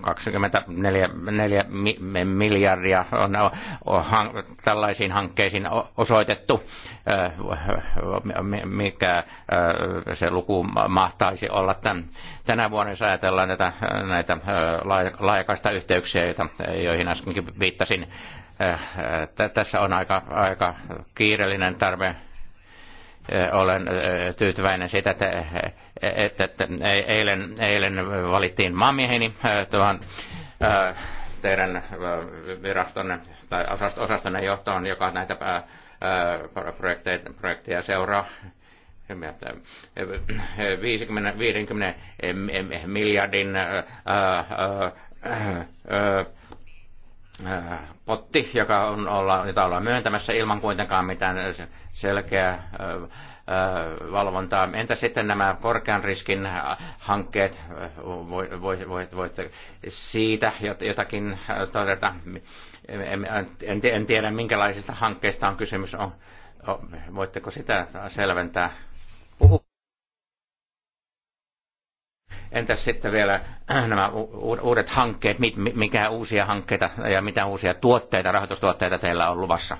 Speaker 3: 24 äh, 4 miljardia on, on tällaisiin hankkeisiin osoitettu, äh, mikä äh, se luku mahtaisi olla tämän, tänä vuonna, jos ajatellaan näitä, näitä laajakaista yhteyksiä, joita, joihin äskenkin viittasin. Tässä on aika, aika kiireellinen tarve. Olen tyytyväinen siitä, että että, että eilen, eilen valittiin maamieheni äh, tuohon äh, teidän äh, virastonne tai osastonne johtoon, joka näitä projekteja, projekteja seuraa. 50, 50 miljardin potti, joka on, olla, jota ollaan myöntämässä ilman kuitenkaan mitään selkeää valvontaa. Entä sitten nämä korkean riskin hankkeet? Voitte siitä jotakin todeta? En tiedä, minkälaisista hankkeista on kysymys. Voitteko sitä selventää? Puhu. Entäs sitten vielä äh, nämä uudet hankkeet, mikä uusia hankkeita ja mitä uusia tuotteita, rahoitustuotteita teillä on luvassa?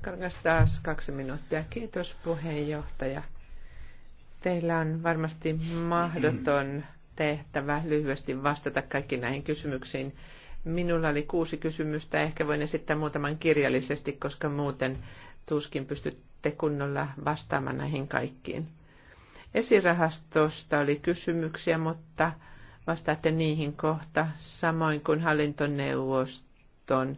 Speaker 2: Karkas taas kaksi minuuttia. Kiitos puheenjohtaja. Teillä on varmasti mahdoton tehtävä lyhyesti vastata kaikki näihin kysymyksiin. Minulla oli kuusi kysymystä. Ehkä voin esittää muutaman kirjallisesti, koska muuten tuskin pystytte kunnolla vastaamaan näihin kaikkiin. Esirahastosta oli kysymyksiä, mutta vastaatte niihin kohta, samoin kuin hallintoneuvoston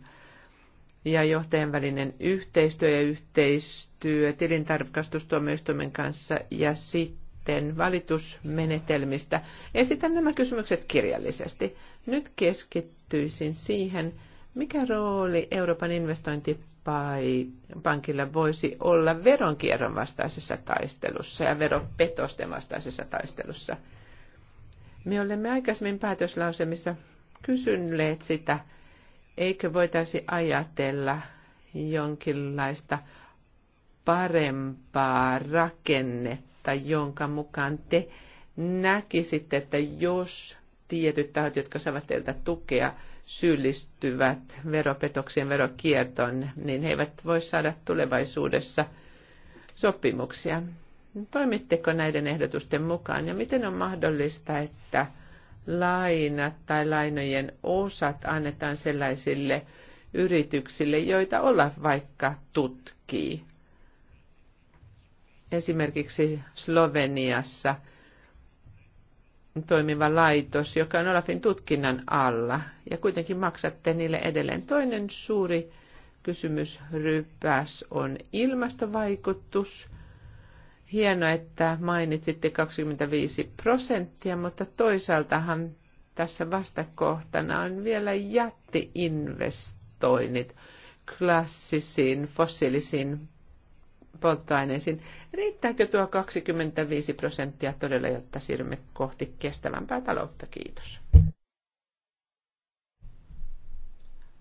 Speaker 2: ja johtajan välinen yhteistyö ja yhteistyö tilintarkastustuomioistuimen kanssa ja sitten valitusmenetelmistä. Esitän nämä kysymykset kirjallisesti. Nyt keskittyisin siihen, mikä rooli Euroopan investointipankilla voisi olla veronkierron vastaisessa taistelussa ja veropetosten vastaisessa taistelussa? Me olemme aikaisemmin päätöslausemissa kysyneet sitä, Eikö voitaisi ajatella jonkinlaista parempaa rakennetta, jonka mukaan te näkisitte, että jos tietyt tahot, jotka saavat teiltä tukea, syyllistyvät veropetoksien verokiertoon, niin he eivät voi saada tulevaisuudessa sopimuksia. Toimitteko näiden ehdotusten mukaan ja miten on mahdollista, että lainat tai lainojen osat annetaan sellaisille yrityksille, joita olla vaikka tutkii. Esimerkiksi Sloveniassa toimiva laitos, joka on Olafin tutkinnan alla, ja kuitenkin maksatte niille edelleen. Toinen suuri kysymysrypäs on ilmastovaikutus. Hieno, että mainitsitte 25 prosenttia, mutta toisaaltahan tässä vastakohtana on vielä jättiinvestoinnit klassisiin fossiilisiin polttoaineisiin. Riittääkö tuo 25 prosenttia todella, jotta siirrymme kohti kestävämpää taloutta? Kiitos.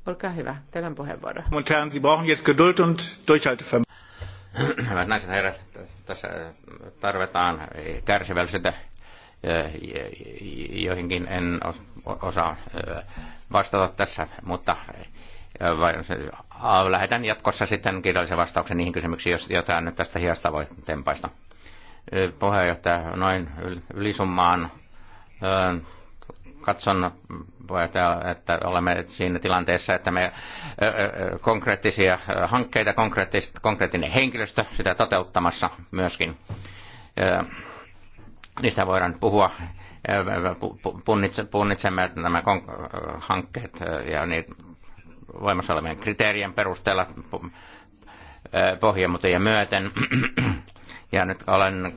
Speaker 2: Olkaa hyvä, teillä on puheenvuoro.
Speaker 3: Sie brauchen jetzt Geduld und Durchhaltevermögen. Hyvät naiset herrat, tässä äh, tarvitaan äh, kärsivällisyyttä äh, joihinkin en osaa vastata tässä, mutta lähetän jatkossa sitten kirjallisen vastauksen niihin kysymyksiin, jotain nyt tästä hiasta voi tempaista. Puheenjohtaja, noin ylisummaan katson, että olemme siinä tilanteessa, että me konkreettisia hankkeita, konkreettinen henkilöstö sitä toteuttamassa myöskin. Niistä voidaan puhua. Punnitsemme nämä hankkeet ja niitä voimassa olevien kriteerien perusteella ja myöten. Ja nyt olen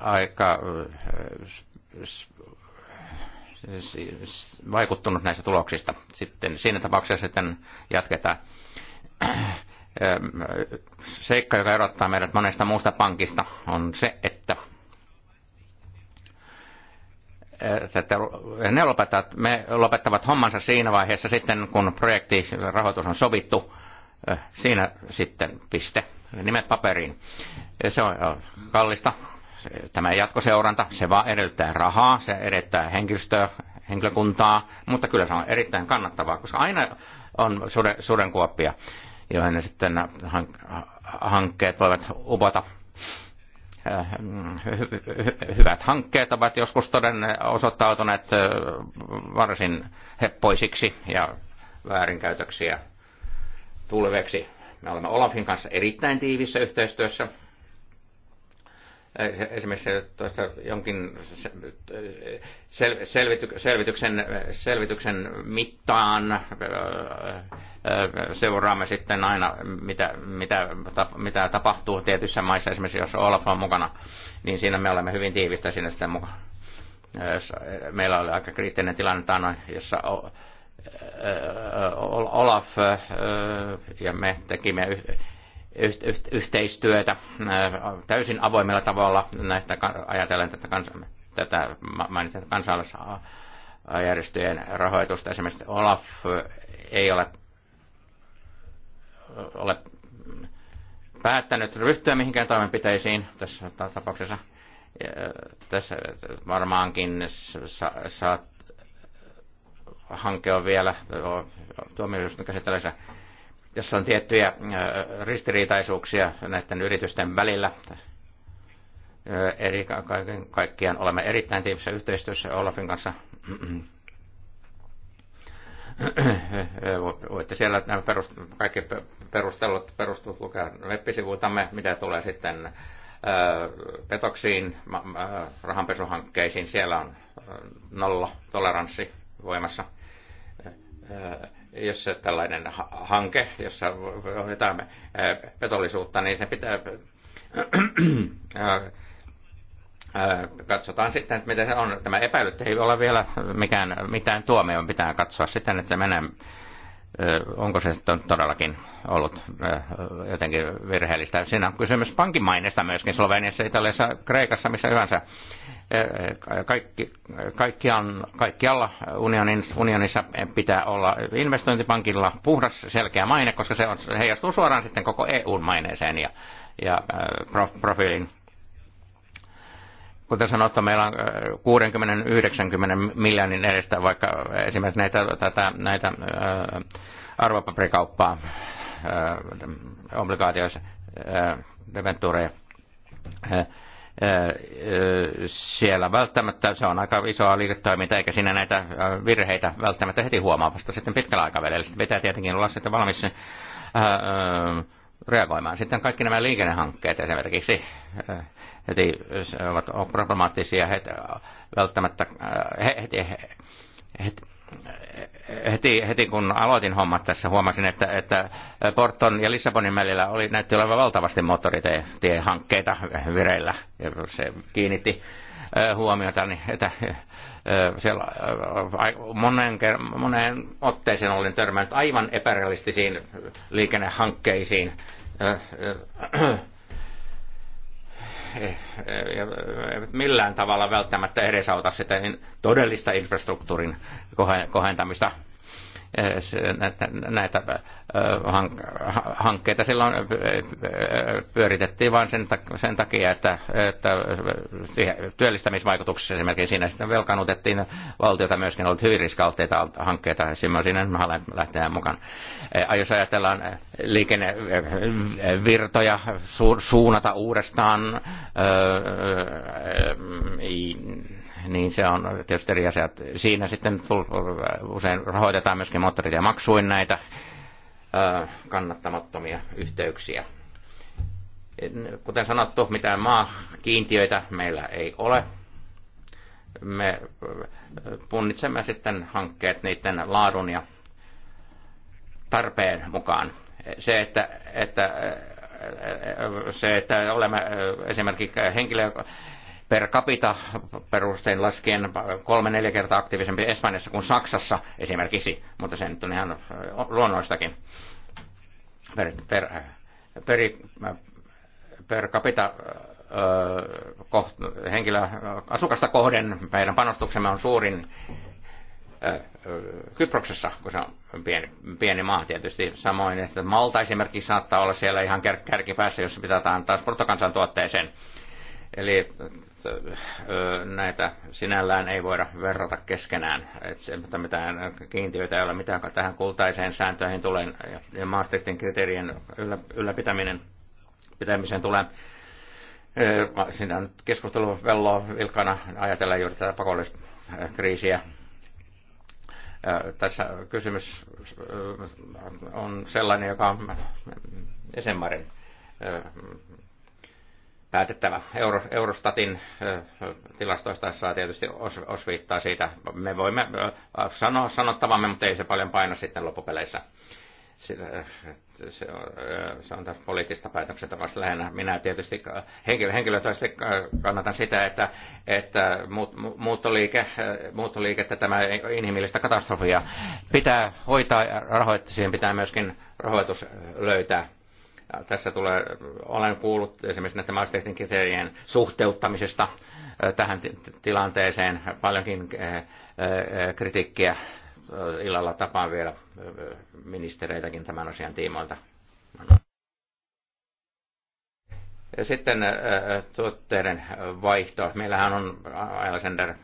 Speaker 3: aika vaikuttunut näistä tuloksista. Sitten siinä tapauksessa sitten jatketaan ehm, seikka, joka erottaa meidät monesta muusta pankista, on se, että ne lopettavat, me lopettavat hommansa siinä vaiheessa sitten, kun projekti rahoitus on sovittu. Ehm, siinä sitten piste, nimet paperiin. Se on kallista, tämä jatkoseuranta, se vaan edellyttää rahaa, se edellyttää henkilöstöä, henkilökuntaa, mutta kyllä se on erittäin kannattavaa, koska aina on suden, sudenkuoppia, joihin sitten hankkeet voivat upota äh, hyvät hankkeet ovat joskus toden osoittautuneet äh, varsin heppoisiksi ja väärinkäytöksiä tulveksi. Me olemme Olafin kanssa erittäin tiivissä yhteistyössä Äh, esimerkiksi tuossa jonkin sel, selvity, selvityksen, äh, selvityksen mittaan äh, seuraamme sitten aina, mitä, mitä, mitä tapahtuu tietyissä maissa, esimerkiksi jos Olaf on mukana, niin siinä me olemme hyvin tiivistä sinne sitten mukaan. Meillä oli aika kriittinen tilanne taannoin, jossa Olaf ja me tekimme yhteistyötä äh, täysin avoimella tavalla näistä, ajatellen tätä, kans, tätä mainitsen kansalaisjärjestöjen rahoitusta. Esimerkiksi Olaf ei ole, ole päättänyt ryhtyä mihinkään toimenpiteisiin tässä tapauksessa. Tässä varmaankin saat, hanke on vielä tuomioistuin käsittelyssä jossa on tiettyjä äh, ristiriitaisuuksia näiden yritysten välillä. Äh, eri, kaiken kaikkiaan olemme erittäin tiivissä yhteistyössä Olafin kanssa. Äh, voitte siellä nämä perust, kaikki perustelut, perustuvat lukea web-sivuiltamme, mitä tulee sitten petoksiin, rahanpesuhankkeisiin. Siellä on nolla toleranssi voimassa jos tällainen hanke, jossa on jotain petollisuutta, niin se pitää katsotaan sitten, että miten se on. Tämä epäilyt ei ole vielä mikään, mitään tuomioon, pitää katsoa sitten, että se menee onko se todellakin ollut jotenkin virheellistä. Siinä on kysymys pankimainesta myöskin Sloveniassa, Italiassa, Kreikassa, missä hyvänsä. Kaikki, kaikkiaan, kaikkialla unionin, unionissa pitää olla investointipankilla puhdas selkeä maine, koska se on, heijastuu suoraan sitten koko EUn maineeseen ja, ja profiilin kuten sanottu, meillä on 60-90 äh, miljardin edestä vaikka esimerkiksi näitä, tätä, näitä äh, arvopaperikauppaa äh, obligaatioissa, deventureja. Siellä välttämättä se on aika isoa liiketoimintaa, eikä siinä näitä virheitä välttämättä heti huomaa vasta sitten pitkällä aikavälillä. Sitten pitää tietenkin olla sitten valmis ää, ää, reagoimaan. Sitten kaikki nämä liikennehankkeet esimerkiksi eh, heti ovat problemaattisia eh, heti, välttämättä heti, heti, heti, heti kun aloitin hommat tässä, huomasin, että, että Porton ja Lissabonin välillä oli, näytti olevan valtavasti moottoritiehankkeita vireillä. Ja se kiinnitti eh, huomiota, niin että siellä monen, monen otteeseen olin törmännyt aivan epärealistisiin liikennehankkeisiin. Eh, ja millään tavalla välttämättä edesauta sitä niin todellista infrastruktuurin kohentamista. Eh, näitä eh, hankkeita silloin eh, pyöritettiin vain sen takia, että, työllistämisvaikutuksessa esimerkiksi siinä sitten velkanutettiin valtiota myöskin, ollut hyvin riskautteita hankkeita, siinä mä haluan lähteä mukaan. Jos ajatellaan liikennevirtoja suunnata uudestaan, mm, niin se on tietysti eri asia. Siinä sitten usein rahoitetaan myöskin ja maksuin näitä kannattamattomia yhteyksiä. Kuten sanottu, mitään maakiintiöitä meillä ei ole. Me punnitsemme sitten hankkeet niiden laadun ja tarpeen mukaan. Se, että, että se, että olemme esimerkiksi henkilö, per capita perustein laskien kolme-neljä kertaa aktiivisempi Espanjassa kuin Saksassa esimerkiksi, mutta se nyt on ihan luonnoistakin. Per, per, per, per capita koht, henkilö, asukasta kohden meidän panostuksemme on suurin Kyproksessa, kun se on pieni, pieni maa tietysti. Samoin, että Malta esimerkiksi saattaa olla siellä ihan kär, kärkipäässä, jos pitää taas bruttokansantuotteeseen. Eli näitä sinällään ei voida verrata keskenään. Että mitään kiintiöitä ei ole mitään tähän kultaiseen sääntöihin tulee ja Maastrichtin kriteerien ylläpitäminen pitämiseen tulee. Siinä on nyt keskustelu velloa vilkana ajatella juuri tätä pakolliskriisiä. Tässä kysymys on sellainen, joka on jäsenmaiden päätettävä. Euro, Eurostatin tilastoista saa tietysti os, osviittaa siitä. Me voimme sanoa sanottavamme, mutta ei se paljon paina sitten loppupeleissä. se, on, se on taas poliittista päätöksentekoa lähinnä. Minä tietysti henkilö, henkilökohtaisesti kannatan sitä, että, että muut, muuttoliike, muuttoliikettä, tämä inhimillistä katastrofia pitää hoitaa ja rahoittaa. Siihen pitää myöskin rahoitus löytää tässä tulee, olen kuullut esimerkiksi näiden Maastrichtin kriteerien suhteuttamisesta tähän tilanteeseen paljonkin kritiikkiä. Illalla tapaan vielä ministereitäkin tämän asian tiimoilta. Ja sitten tuotteiden vaihto. Meillähän on Alexander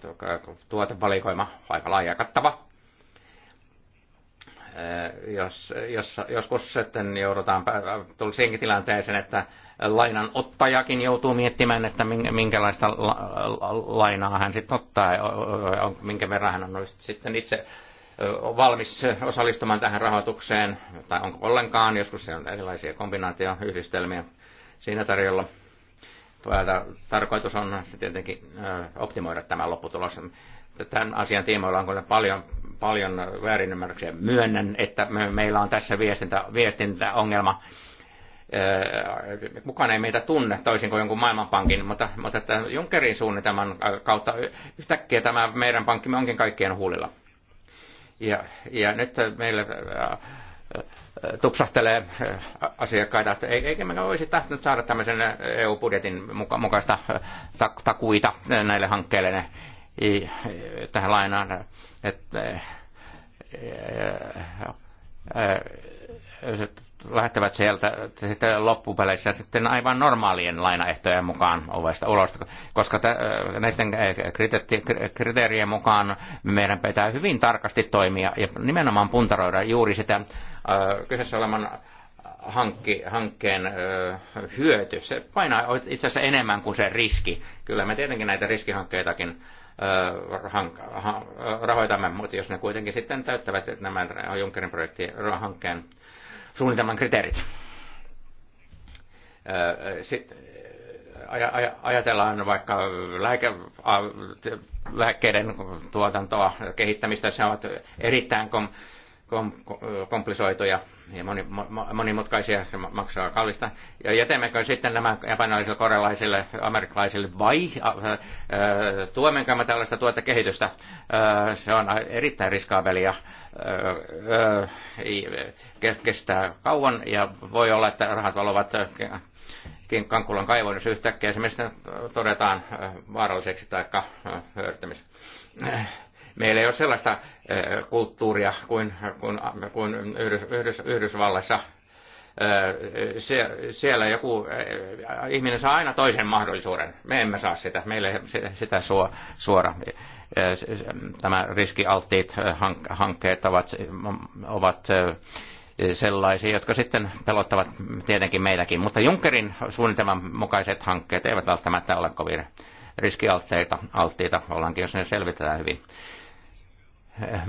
Speaker 3: tuota, tuotevalikoima aika laaja kattava Äh, jos, jos, joskus sitten joudutaan äh, siihenkin tilanteeseen, että lainan ottajakin joutuu miettimään, että minkälaista lainaa hän sitten ottaa, minkä verran hän on sitten itse valmis osallistumaan tähän rahoitukseen, tai onko ollenkaan, joskus se on erilaisia kombinaatioyhdistelmiä siinä tarjolla. Tarkoitus on tietenkin optimoida tämä lopputulos tämän asian tiimoilla on paljon, paljon väärinymmärryksiä. Myönnän, että me, meillä on tässä viestintä, viestintäongelma. Öö, kukaan ei meitä tunne toisin kuin jonkun maailmanpankin, mutta, mutta tämän Junckerin suunnitelman kautta yhtäkkiä tämä meidän pankkimme onkin kaikkien huulilla. Ja, ja nyt meille öö, öö, tupsahtelee asiakkaita, että eikä me olisi tahtonut saada tämmöisen EU-budjetin mukaista takuita näille hankkeille tähän lainaan, että eh, eh, eh, lähtevät sieltä sitten loppupeleissä sitten aivan normaalien lainaehtojen mukaan ovesta ulos, koska näiden kriteerien mukaan meidän pitää hyvin tarkasti toimia ja nimenomaan puntaroida juuri sitä kyseessä olevan hankki, hankkeen ö, hyöty. Se painaa itse asiassa enemmän kuin se riski. Kyllä me tietenkin näitä riskihankkeitakin Äh, rahoitamme, mutta jos ne kuitenkin sitten täyttävät nämä Junckerin projektin hankkeen suunnitelman kriteerit. Äh, sitten ajatellaan vaikka lääke, lääkkeiden tuotantoa, kehittämistä, se ovat erittäin kom, kom, komplisoituja ja moni, monimutkaisia, se maksaa kallista. Ja jätämmekö sitten nämä japanilaisille, korealaisille, amerikkalaisille vai äh, tuemmeko me tällaista tuota kehitystä? Äh, se on erittäin riskaabelia. Äh, äh, kestää kauan ja voi olla, että rahat valovat kankulan kaivoon, jos yhtäkkiä esimerkiksi todetaan vaaralliseksi tai hyödyttämiseksi Meillä ei ole sellaista eh, kulttuuria kuin, kuin, kuin Yhdys, Yhdys, Yhdysvalloissa. Eh, se, siellä joku eh, ihminen saa aina toisen mahdollisuuden. Me emme saa sitä. Meillä ei sitä suo, suora. Tämä riskialttiit hankkeet ovat, ovat sellaisia, jotka sitten pelottavat tietenkin meitäkin. Mutta Junckerin suunnitelman mukaiset hankkeet eivät välttämättä ole kovin riskialttiita, alttiita, ollaankin jos ne selvitetään hyvin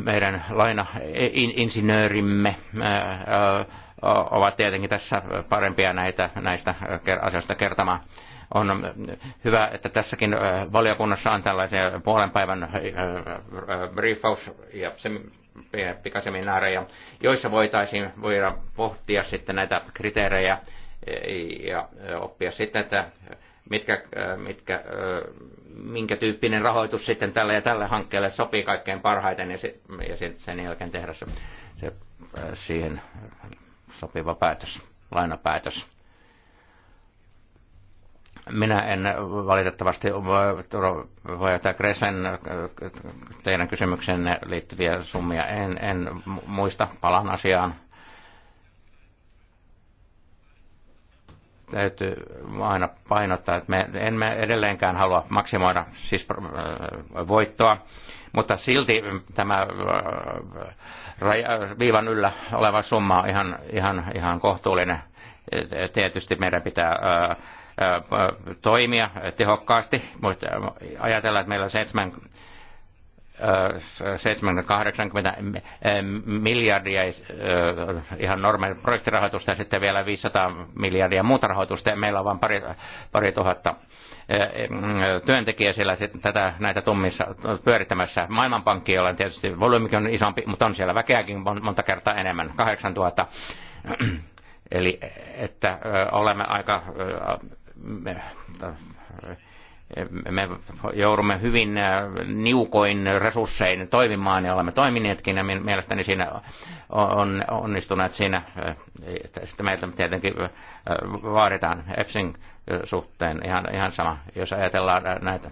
Speaker 3: meidän lainainsinöörimme ovat tietenkin tässä parempia näitä, näistä asioista kertomaan. On hyvä, että tässäkin valiokunnassa on tällaisia puolen päivän briefaus ja pikaseminaareja, joissa voitaisiin voida pohtia sitten näitä kriteerejä ja oppia sitten, että mitkä, äh, mitkä, äh, minkä tyyppinen rahoitus sitten tälle ja tälle hankkeelle sopii kaikkein parhaiten ja, se, ja sen jälkeen tehdä se, se äh, siihen sopiva päätös, lainapäätös. Minä en valitettavasti voi ottaa kresen teidän kysymykseen liittyviä summia. En, en muista, palan asiaan täytyy aina painottaa, että me emme edelleenkään halua maksimoida siis äh, voittoa, mutta silti tämä äh, viivan yllä oleva summa on ihan, ihan, ihan kohtuullinen. Tietysti meidän pitää äh, toimia tehokkaasti, mutta ajatellaan, että meillä on seitsemän 70-80 miljardia äh, ihan normaali projektirahoitusta ja sitten vielä 500 miljardia muuta rahoitusta ja meillä on vain pari, pari tuhatta äh, työntekijä siellä tätä, näitä tummissa pyörittämässä. Maailmanpankki on tietysti volyymikin on isompi, mutta on siellä väkeäkin monta kertaa enemmän, 8000. Eli että olemme aika me joudumme hyvin äh, niukoin resurssein toimimaan ja olemme toimineetkin ja mielestäni siinä on onnistuneet siinä, äh, että sitä meiltä tietenkin äh, vaaditaan EFSin suhteen ihan, ihan sama, jos ajatellaan näitä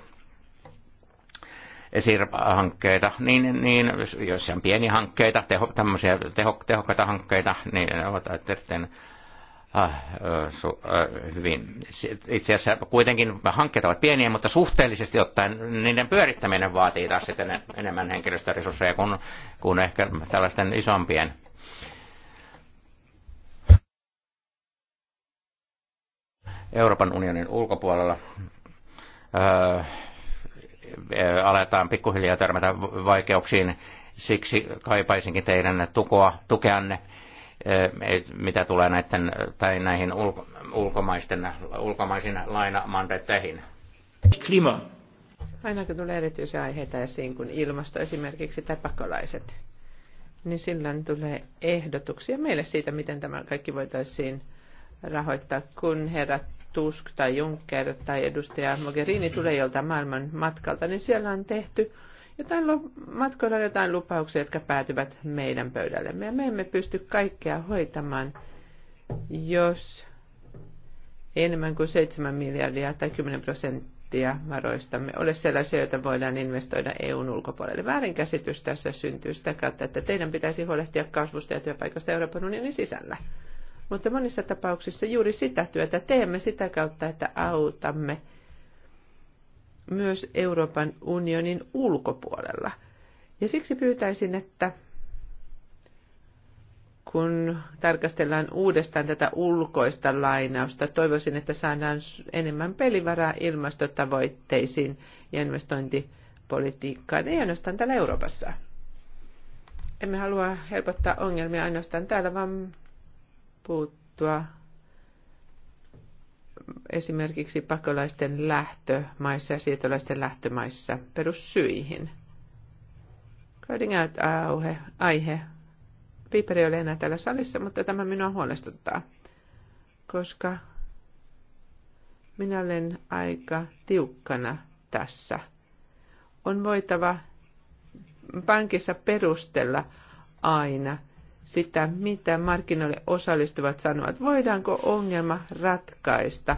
Speaker 3: esirhankkeita, niin, niin jos on pieniä hankkeita, teho, tämmöisiä teho, tehokkaita hankkeita, niin ne ovat erittäin Ah, äh, äh, hyvin. Itse asiassa kuitenkin hankkeet ovat pieniä, mutta suhteellisesti ottaen niiden pyörittäminen vaatii taas sitten enemmän henkilöstöresursseja kuin, kuin ehkä tällaisten isompien. Euroopan unionin ulkopuolella öö, aletaan pikkuhiljaa törmätä vaikeuksiin. Siksi kaipaisinkin teidän tukoa, tukeanne mitä tulee näiden, tai näihin ulko, ulkomaisten, ulkomaisiin lainamandatteihin. Klima.
Speaker 2: Aina kun tulee erityisiä aiheita esiin, kun ilmasto esimerkiksi tai pakolaiset, niin silloin tulee ehdotuksia meille siitä, miten tämä kaikki voitaisiin rahoittaa, kun herra Tusk tai Juncker tai edustaja Mogherini tulee joltain maailman matkalta, niin siellä on tehty jotain matkoilla on jotain lupauksia, jotka päätyvät meidän pöydällemme. Ja me emme pysty kaikkea hoitamaan, jos enemmän kuin 7 miljardia tai 10 prosenttia varoistamme ole sellaisia, joita voidaan investoida EUn ulkopuolelle. Väärinkäsitys tässä syntyy sitä kautta, että teidän pitäisi huolehtia kasvusta ja työpaikasta Euroopan unionin sisällä. Mutta monissa tapauksissa juuri sitä työtä teemme sitä kautta, että autamme – myös Euroopan unionin ulkopuolella. Ja siksi pyytäisin, että kun tarkastellaan uudestaan tätä ulkoista lainausta, toivoisin, että saadaan enemmän pelivaraa ilmastotavoitteisiin ja investointipolitiikkaan, ei ainoastaan täällä Euroopassa. Emme halua helpottaa ongelmia ainoastaan täällä, vaan puuttua esimerkiksi pakolaisten lähtömaissa ja siirtolaisten lähtömaissa perussyihin. Crowding out äh, aihe. aihe. Piiperi ei ole enää täällä salissa, mutta tämä minua huolestuttaa, koska minä olen aika tiukkana tässä. On voitava pankissa perustella aina – sitä, mitä markkinoille osallistuvat sanovat. Voidaanko ongelma ratkaista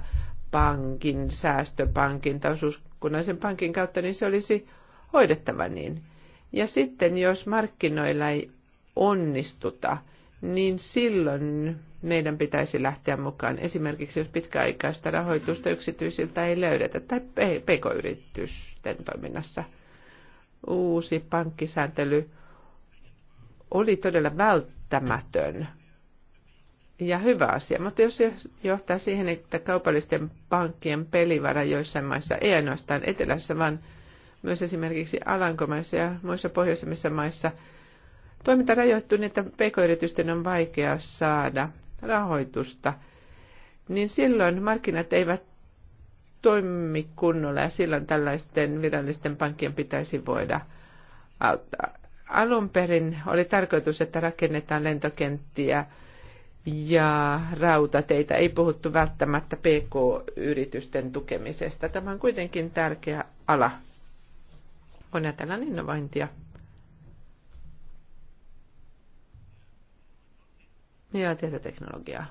Speaker 2: pankin, säästöpankin tai osuuskunnallisen pankin kautta, niin se olisi hoidettava niin. Ja sitten jos markkinoilla ei onnistuta, niin silloin meidän pitäisi lähteä mukaan. Esimerkiksi jos pitkäaikaista rahoitusta yksityisiltä ei löydetä tai pk-yritysten toiminnassa. Uusi pankkisääntely oli todella välttämätöntä välttämätön ja hyvä asia. Mutta jos se johtaa siihen, että kaupallisten pankkien pelivara joissain maissa, ei ainoastaan etelässä, vaan myös esimerkiksi Alankomaissa ja muissa pohjoisemmissa maissa, toiminta rajoittuu niin, että pk-yritysten on vaikea saada rahoitusta, niin silloin markkinat eivät toimi kunnolla ja silloin tällaisten virallisten pankkien pitäisi voida auttaa. Alun perin oli tarkoitus, että rakennetaan lentokenttiä ja rautateitä. Ei puhuttu välttämättä PK-yritysten tukemisesta. Tämä on kuitenkin tärkeä ala. On ajatellaan innovointia. ja tietoteknologiaa.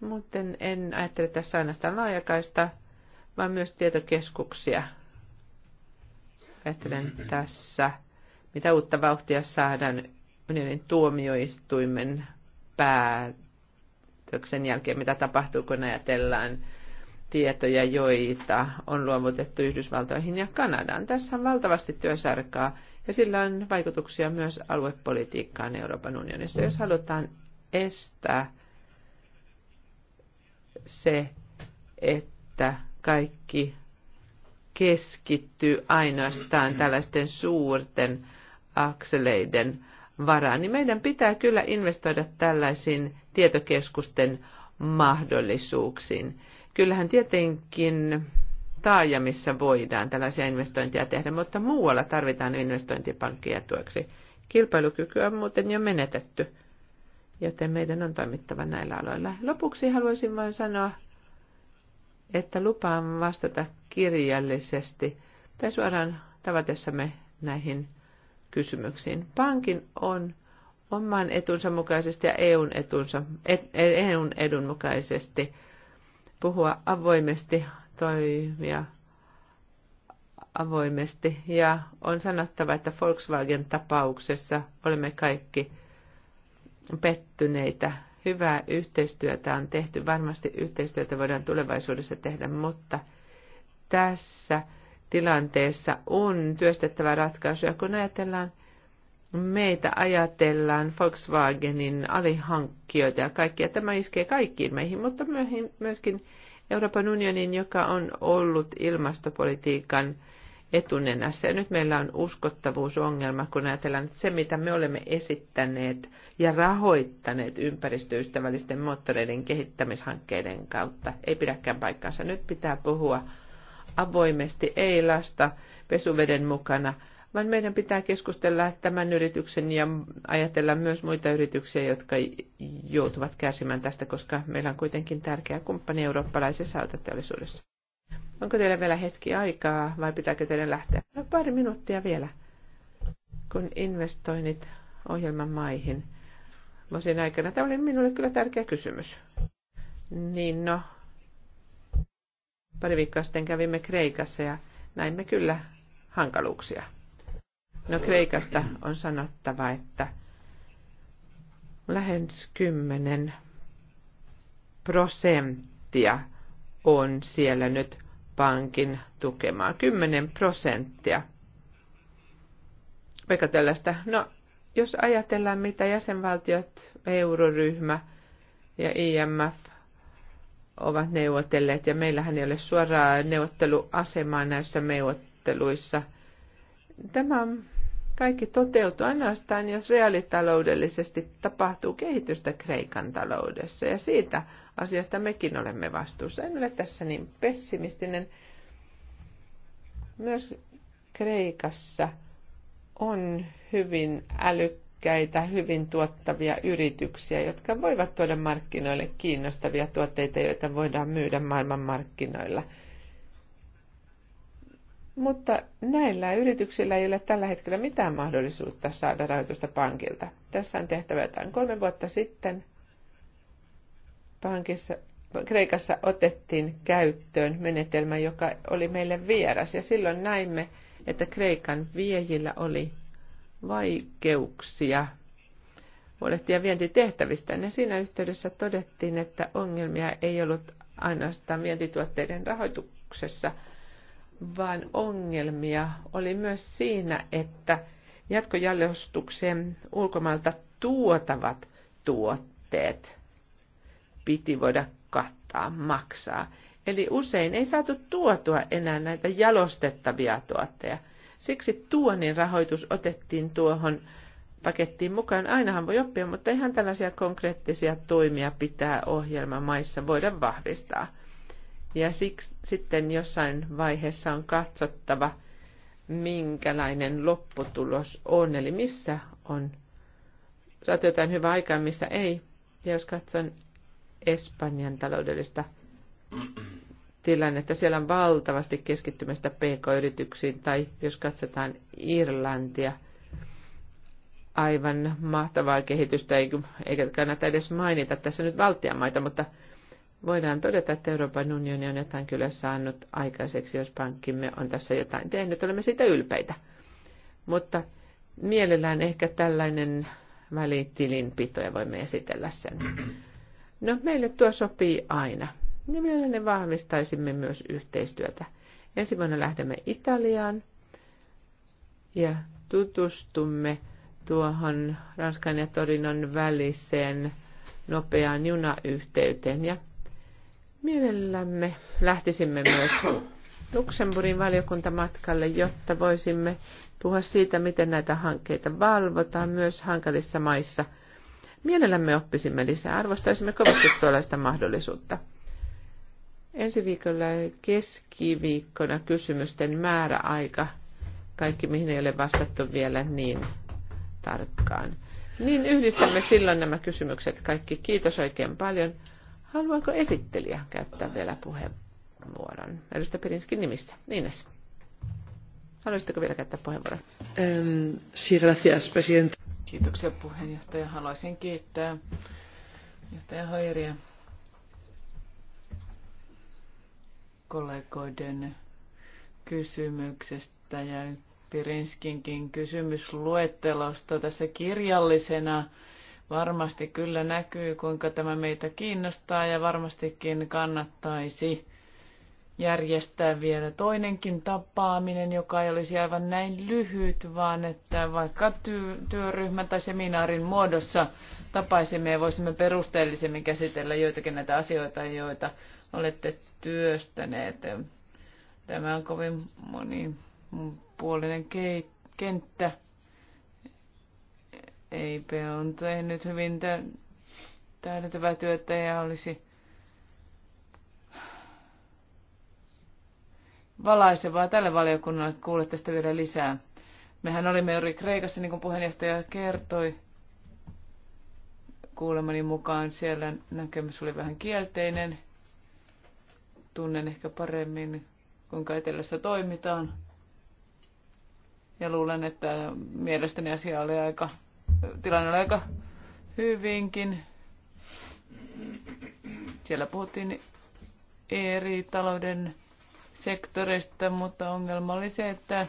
Speaker 2: Mutta en ajattele tässä ainoastaan laajakaista, vaan myös tietokeskuksia. Ajattelen tässä mitä uutta vauhtia saadaan unionin tuomioistuimen päätöksen jälkeen, mitä tapahtuu, kun ajatellaan tietoja, joita on luovutettu Yhdysvaltoihin ja Kanadaan. Tässä on valtavasti työsarkaa ja sillä on vaikutuksia myös aluepolitiikkaan Euroopan unionissa. Jos halutaan estää se, että kaikki keskittyy ainoastaan tällaisten suurten akseleiden varaan, niin meidän pitää kyllä investoida tällaisiin tietokeskusten mahdollisuuksiin. Kyllähän tietenkin taajamissa voidaan tällaisia investointeja tehdä, mutta muualla tarvitaan investointipankkia tueksi. Kilpailukyky on muuten jo menetetty, joten meidän on toimittava näillä aloilla. Lopuksi haluaisin vain sanoa, että lupaan vastata kirjallisesti tai suoraan tavatessamme näihin kysymyksiin. Pankin on oman etunsa mukaisesti ja EUn, etunsa, et, e, EUn edun mukaisesti puhua avoimesti, toimia avoimesti. Ja on sanottava, että Volkswagen-tapauksessa olemme kaikki pettyneitä. Hyvää yhteistyötä on tehty. Varmasti yhteistyötä voidaan tulevaisuudessa tehdä, mutta tässä tilanteessa on työstettävä ratkaisuja, kun ajatellaan meitä ajatellaan Volkswagenin alihankkijoita ja kaikkia. Tämä iskee kaikkiin meihin, mutta myöskin Euroopan unionin, joka on ollut ilmastopolitiikan etunenässä. Ja nyt meillä on uskottavuusongelma, kun ajatellaan, että se mitä me olemme esittäneet ja rahoittaneet ympäristöystävällisten moottoreiden kehittämishankkeiden kautta, ei pidäkään paikkaansa. Nyt pitää puhua avoimesti, ei lasta pesuveden mukana, vaan meidän pitää keskustella tämän yrityksen ja ajatella myös muita yrityksiä, jotka joutuvat kärsimään tästä, koska meillä on kuitenkin tärkeä kumppani eurooppalaisessa autoteollisuudessa. Onko teillä vielä hetki aikaa vai pitääkö teidän lähteä? No pari minuuttia vielä. Kun investoinnit ohjelman maihin vuosien aikana, tämä oli minulle kyllä tärkeä kysymys. Niin no, Pari viikkoa sitten kävimme Kreikassa ja näimme kyllä hankaluuksia. No Kreikasta on sanottava, että lähes 10 prosenttia on siellä nyt pankin tukemaa. 10 prosenttia. Vaikka tällaista, no jos ajatellaan mitä jäsenvaltiot, euroryhmä ja IMF ovat neuvotelleet, ja meillähän ei ole suoraa neuvotteluasemaa näissä neuvotteluissa. Tämä kaikki toteutuu ainoastaan, jos reaalitaloudellisesti tapahtuu kehitystä Kreikan taloudessa, ja siitä asiasta mekin olemme vastuussa. En ole tässä niin pessimistinen. Myös Kreikassa on hyvin älykkä älykkäitä, hyvin tuottavia yrityksiä, jotka voivat tuoda markkinoille kiinnostavia tuotteita, joita voidaan myydä maailmanmarkkinoilla. Mutta näillä yrityksillä ei ole tällä hetkellä mitään mahdollisuutta saada rahoitusta pankilta. Tässä on tehtävä jotain. Kolme vuotta sitten pankissa, Kreikassa otettiin käyttöön menetelmä, joka oli meille vieras. Ja silloin näimme, että Kreikan viejillä oli vaikeuksia huolehtia vientitehtävistä. Ja siinä yhteydessä todettiin, että ongelmia ei ollut ainoastaan vientituotteiden rahoituksessa, vaan ongelmia oli myös siinä, että jatkojalostukseen ulkomailta tuotavat tuotteet piti voida kattaa, maksaa. Eli usein ei saatu tuotua enää näitä jalostettavia tuotteja – Siksi tuonin rahoitus otettiin tuohon pakettiin mukaan. Ainahan voi oppia, mutta ihan tällaisia konkreettisia toimia pitää ohjelma maissa voida vahvistaa. Ja siksi sitten jossain vaiheessa on katsottava, minkälainen lopputulos on, eli missä on saatu jotain hyvää aikaa, missä ei. Ja jos katson Espanjan taloudellista tilannetta. Siellä on valtavasti keskittymistä pk-yrityksiin tai jos katsotaan Irlantia, aivan mahtavaa kehitystä, eikä kannata edes mainita tässä nyt valtiamaita, maita, mutta voidaan todeta, että Euroopan unioni on jotain kyllä saanut aikaiseksi, jos pankkimme on tässä jotain tehnyt. Olemme siitä ylpeitä. Mutta mielellään ehkä tällainen välitilinpito ja voimme esitellä sen. No meille tuo sopii aina niin mielelläni vahvistaisimme myös yhteistyötä. Ensi vuonna lähdemme Italiaan ja tutustumme tuohon Ranskan ja Torinon väliseen nopeaan junayhteyteen ja mielellämme lähtisimme myös Luxemburgin valiokuntamatkalle, jotta voisimme puhua siitä, miten näitä hankkeita valvotaan myös hankalissa maissa. Mielellämme oppisimme lisää, arvostaisimme kovasti tuollaista mahdollisuutta. Ensi viikolla keskiviikkona kysymysten määräaika, kaikki mihin ei ole vastattu vielä niin tarkkaan. Niin yhdistämme silloin nämä kysymykset kaikki. Kiitos oikein paljon. Haluaako esittelijä käyttää vielä puheenvuoron? Edustaja Pirinskin nimissä.
Speaker 1: Niines. Haluaisitteko vielä käyttää puheenvuoron?
Speaker 2: Um, sí, gracias, presidente.
Speaker 1: Kiitoksia puheenjohtaja. Haluaisin kiittää johtaja Hoiria kollegoiden kysymyksestä ja Pirinskinkin kysymysluettelosta tässä kirjallisena. Varmasti kyllä näkyy, kuinka tämä meitä kiinnostaa ja varmastikin kannattaisi järjestää vielä toinenkin tapaaminen, joka ei olisi aivan näin lyhyt, vaan että vaikka ty- työryhmän tai seminaarin muodossa tapaisimme ja voisimme perusteellisemmin käsitellä joitakin näitä asioita, joita olette työstäneet. Tämä on kovin monipuolinen kenttä. EIP on tehnyt hyvin täydentävää työtä ja olisi valaisevaa tälle valiokunnalle kuulla tästä vielä lisää. Mehän olimme juuri Kreikassa, niin kuin puheenjohtaja kertoi. Kuulemani mukaan siellä näkemys oli vähän kielteinen tunnen ehkä paremmin, kuinka etelässä toimitaan. Ja luulen, että mielestäni asia oli aika, tilanne oli aika hyvinkin. Siellä puhuttiin eri talouden sektoreista, mutta ongelma oli se, että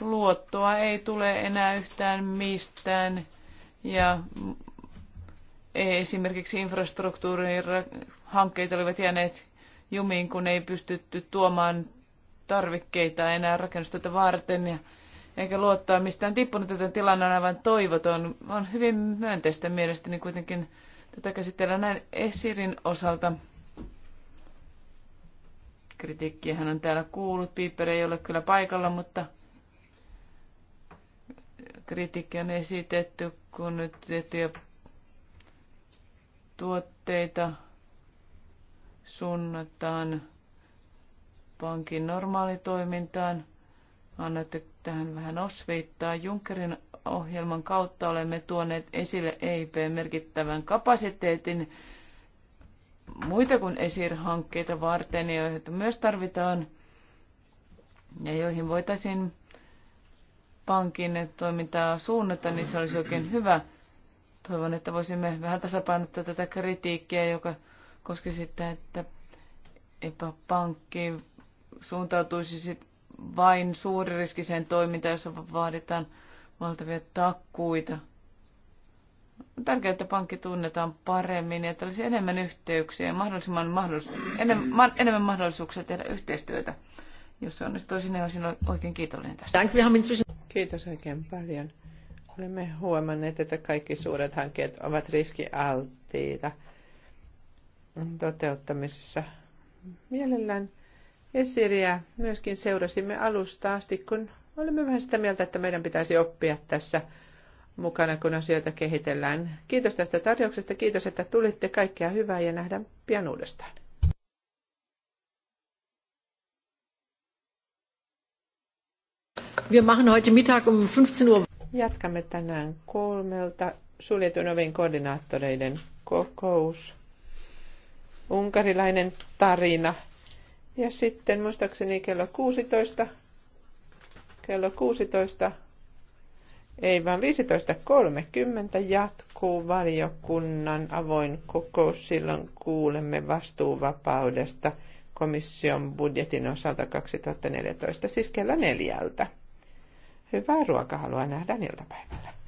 Speaker 1: luottoa ei tule enää yhtään mistään. Ja esimerkiksi infrastruktuurin hankkeet olivat jääneet jumiin, kun ei pystytty tuomaan tarvikkeita enää rakennustyötä varten ja eikä luottaa mistään tippunut, joten tilanne on aivan toivoton. On hyvin myönteistä mielestäni kuitenkin tätä käsitellä näin Esirin osalta. Kritiikkiä hän on täällä kuullut. Piipper ei ole kyllä paikalla, mutta kritiikki on esitetty, kun nyt tiettyjä tuotteita suunnataan pankin normaalitoimintaan. Annatte tähän vähän osviittaa. Junckerin ohjelman kautta olemme tuoneet esille EIP merkittävän kapasiteetin muita kuin esirhankkeita varten, joita myös tarvitaan ja joihin voitaisiin pankin toimintaa suunnata, niin se olisi oikein hyvä. Toivon, että voisimme vähän tasapainottaa tätä kritiikkiä, joka koska sitten että epäpankki suuntautuisi sit vain suuririskiseen toimintaan, jossa vaaditaan valtavia takkuita. On tärkeää, että pankki tunnetaan paremmin ja että olisi enemmän yhteyksiä ja mahdollisimman mahdollis- enemmän, enemmän mahdollisuuksia tehdä yhteistyötä. Jos se onnistuu sinne, niin olisin oikein kiitollinen tästä.
Speaker 2: Kiitos oikein paljon. Olemme huomanneet, että kaikki suuret hankkeet ovat riskialttiita – toteuttamisessa. Mielellään esiriä myöskin seurasimme alusta asti, kun olemme vähän sitä mieltä, että meidän pitäisi oppia tässä mukana, kun asioita kehitellään. Kiitos tästä tarjouksesta, kiitos, että tulitte. Kaikkea hyvää ja nähdään pian uudestaan.
Speaker 1: Wir machen heute Mittag um
Speaker 2: 15 Uhr. Jatkamme tänään kolmelta suljetun ovin koordinaattoreiden kokous unkarilainen tarina. Ja sitten muistaakseni kello 16, kello 16, ei vaan 15.30 jatkuu valiokunnan avoin kokous. Silloin kuulemme vastuuvapaudesta komission budjetin osalta 2014, siis kello neljältä. Hyvää ruokaa haluan nähdä iltapäivällä.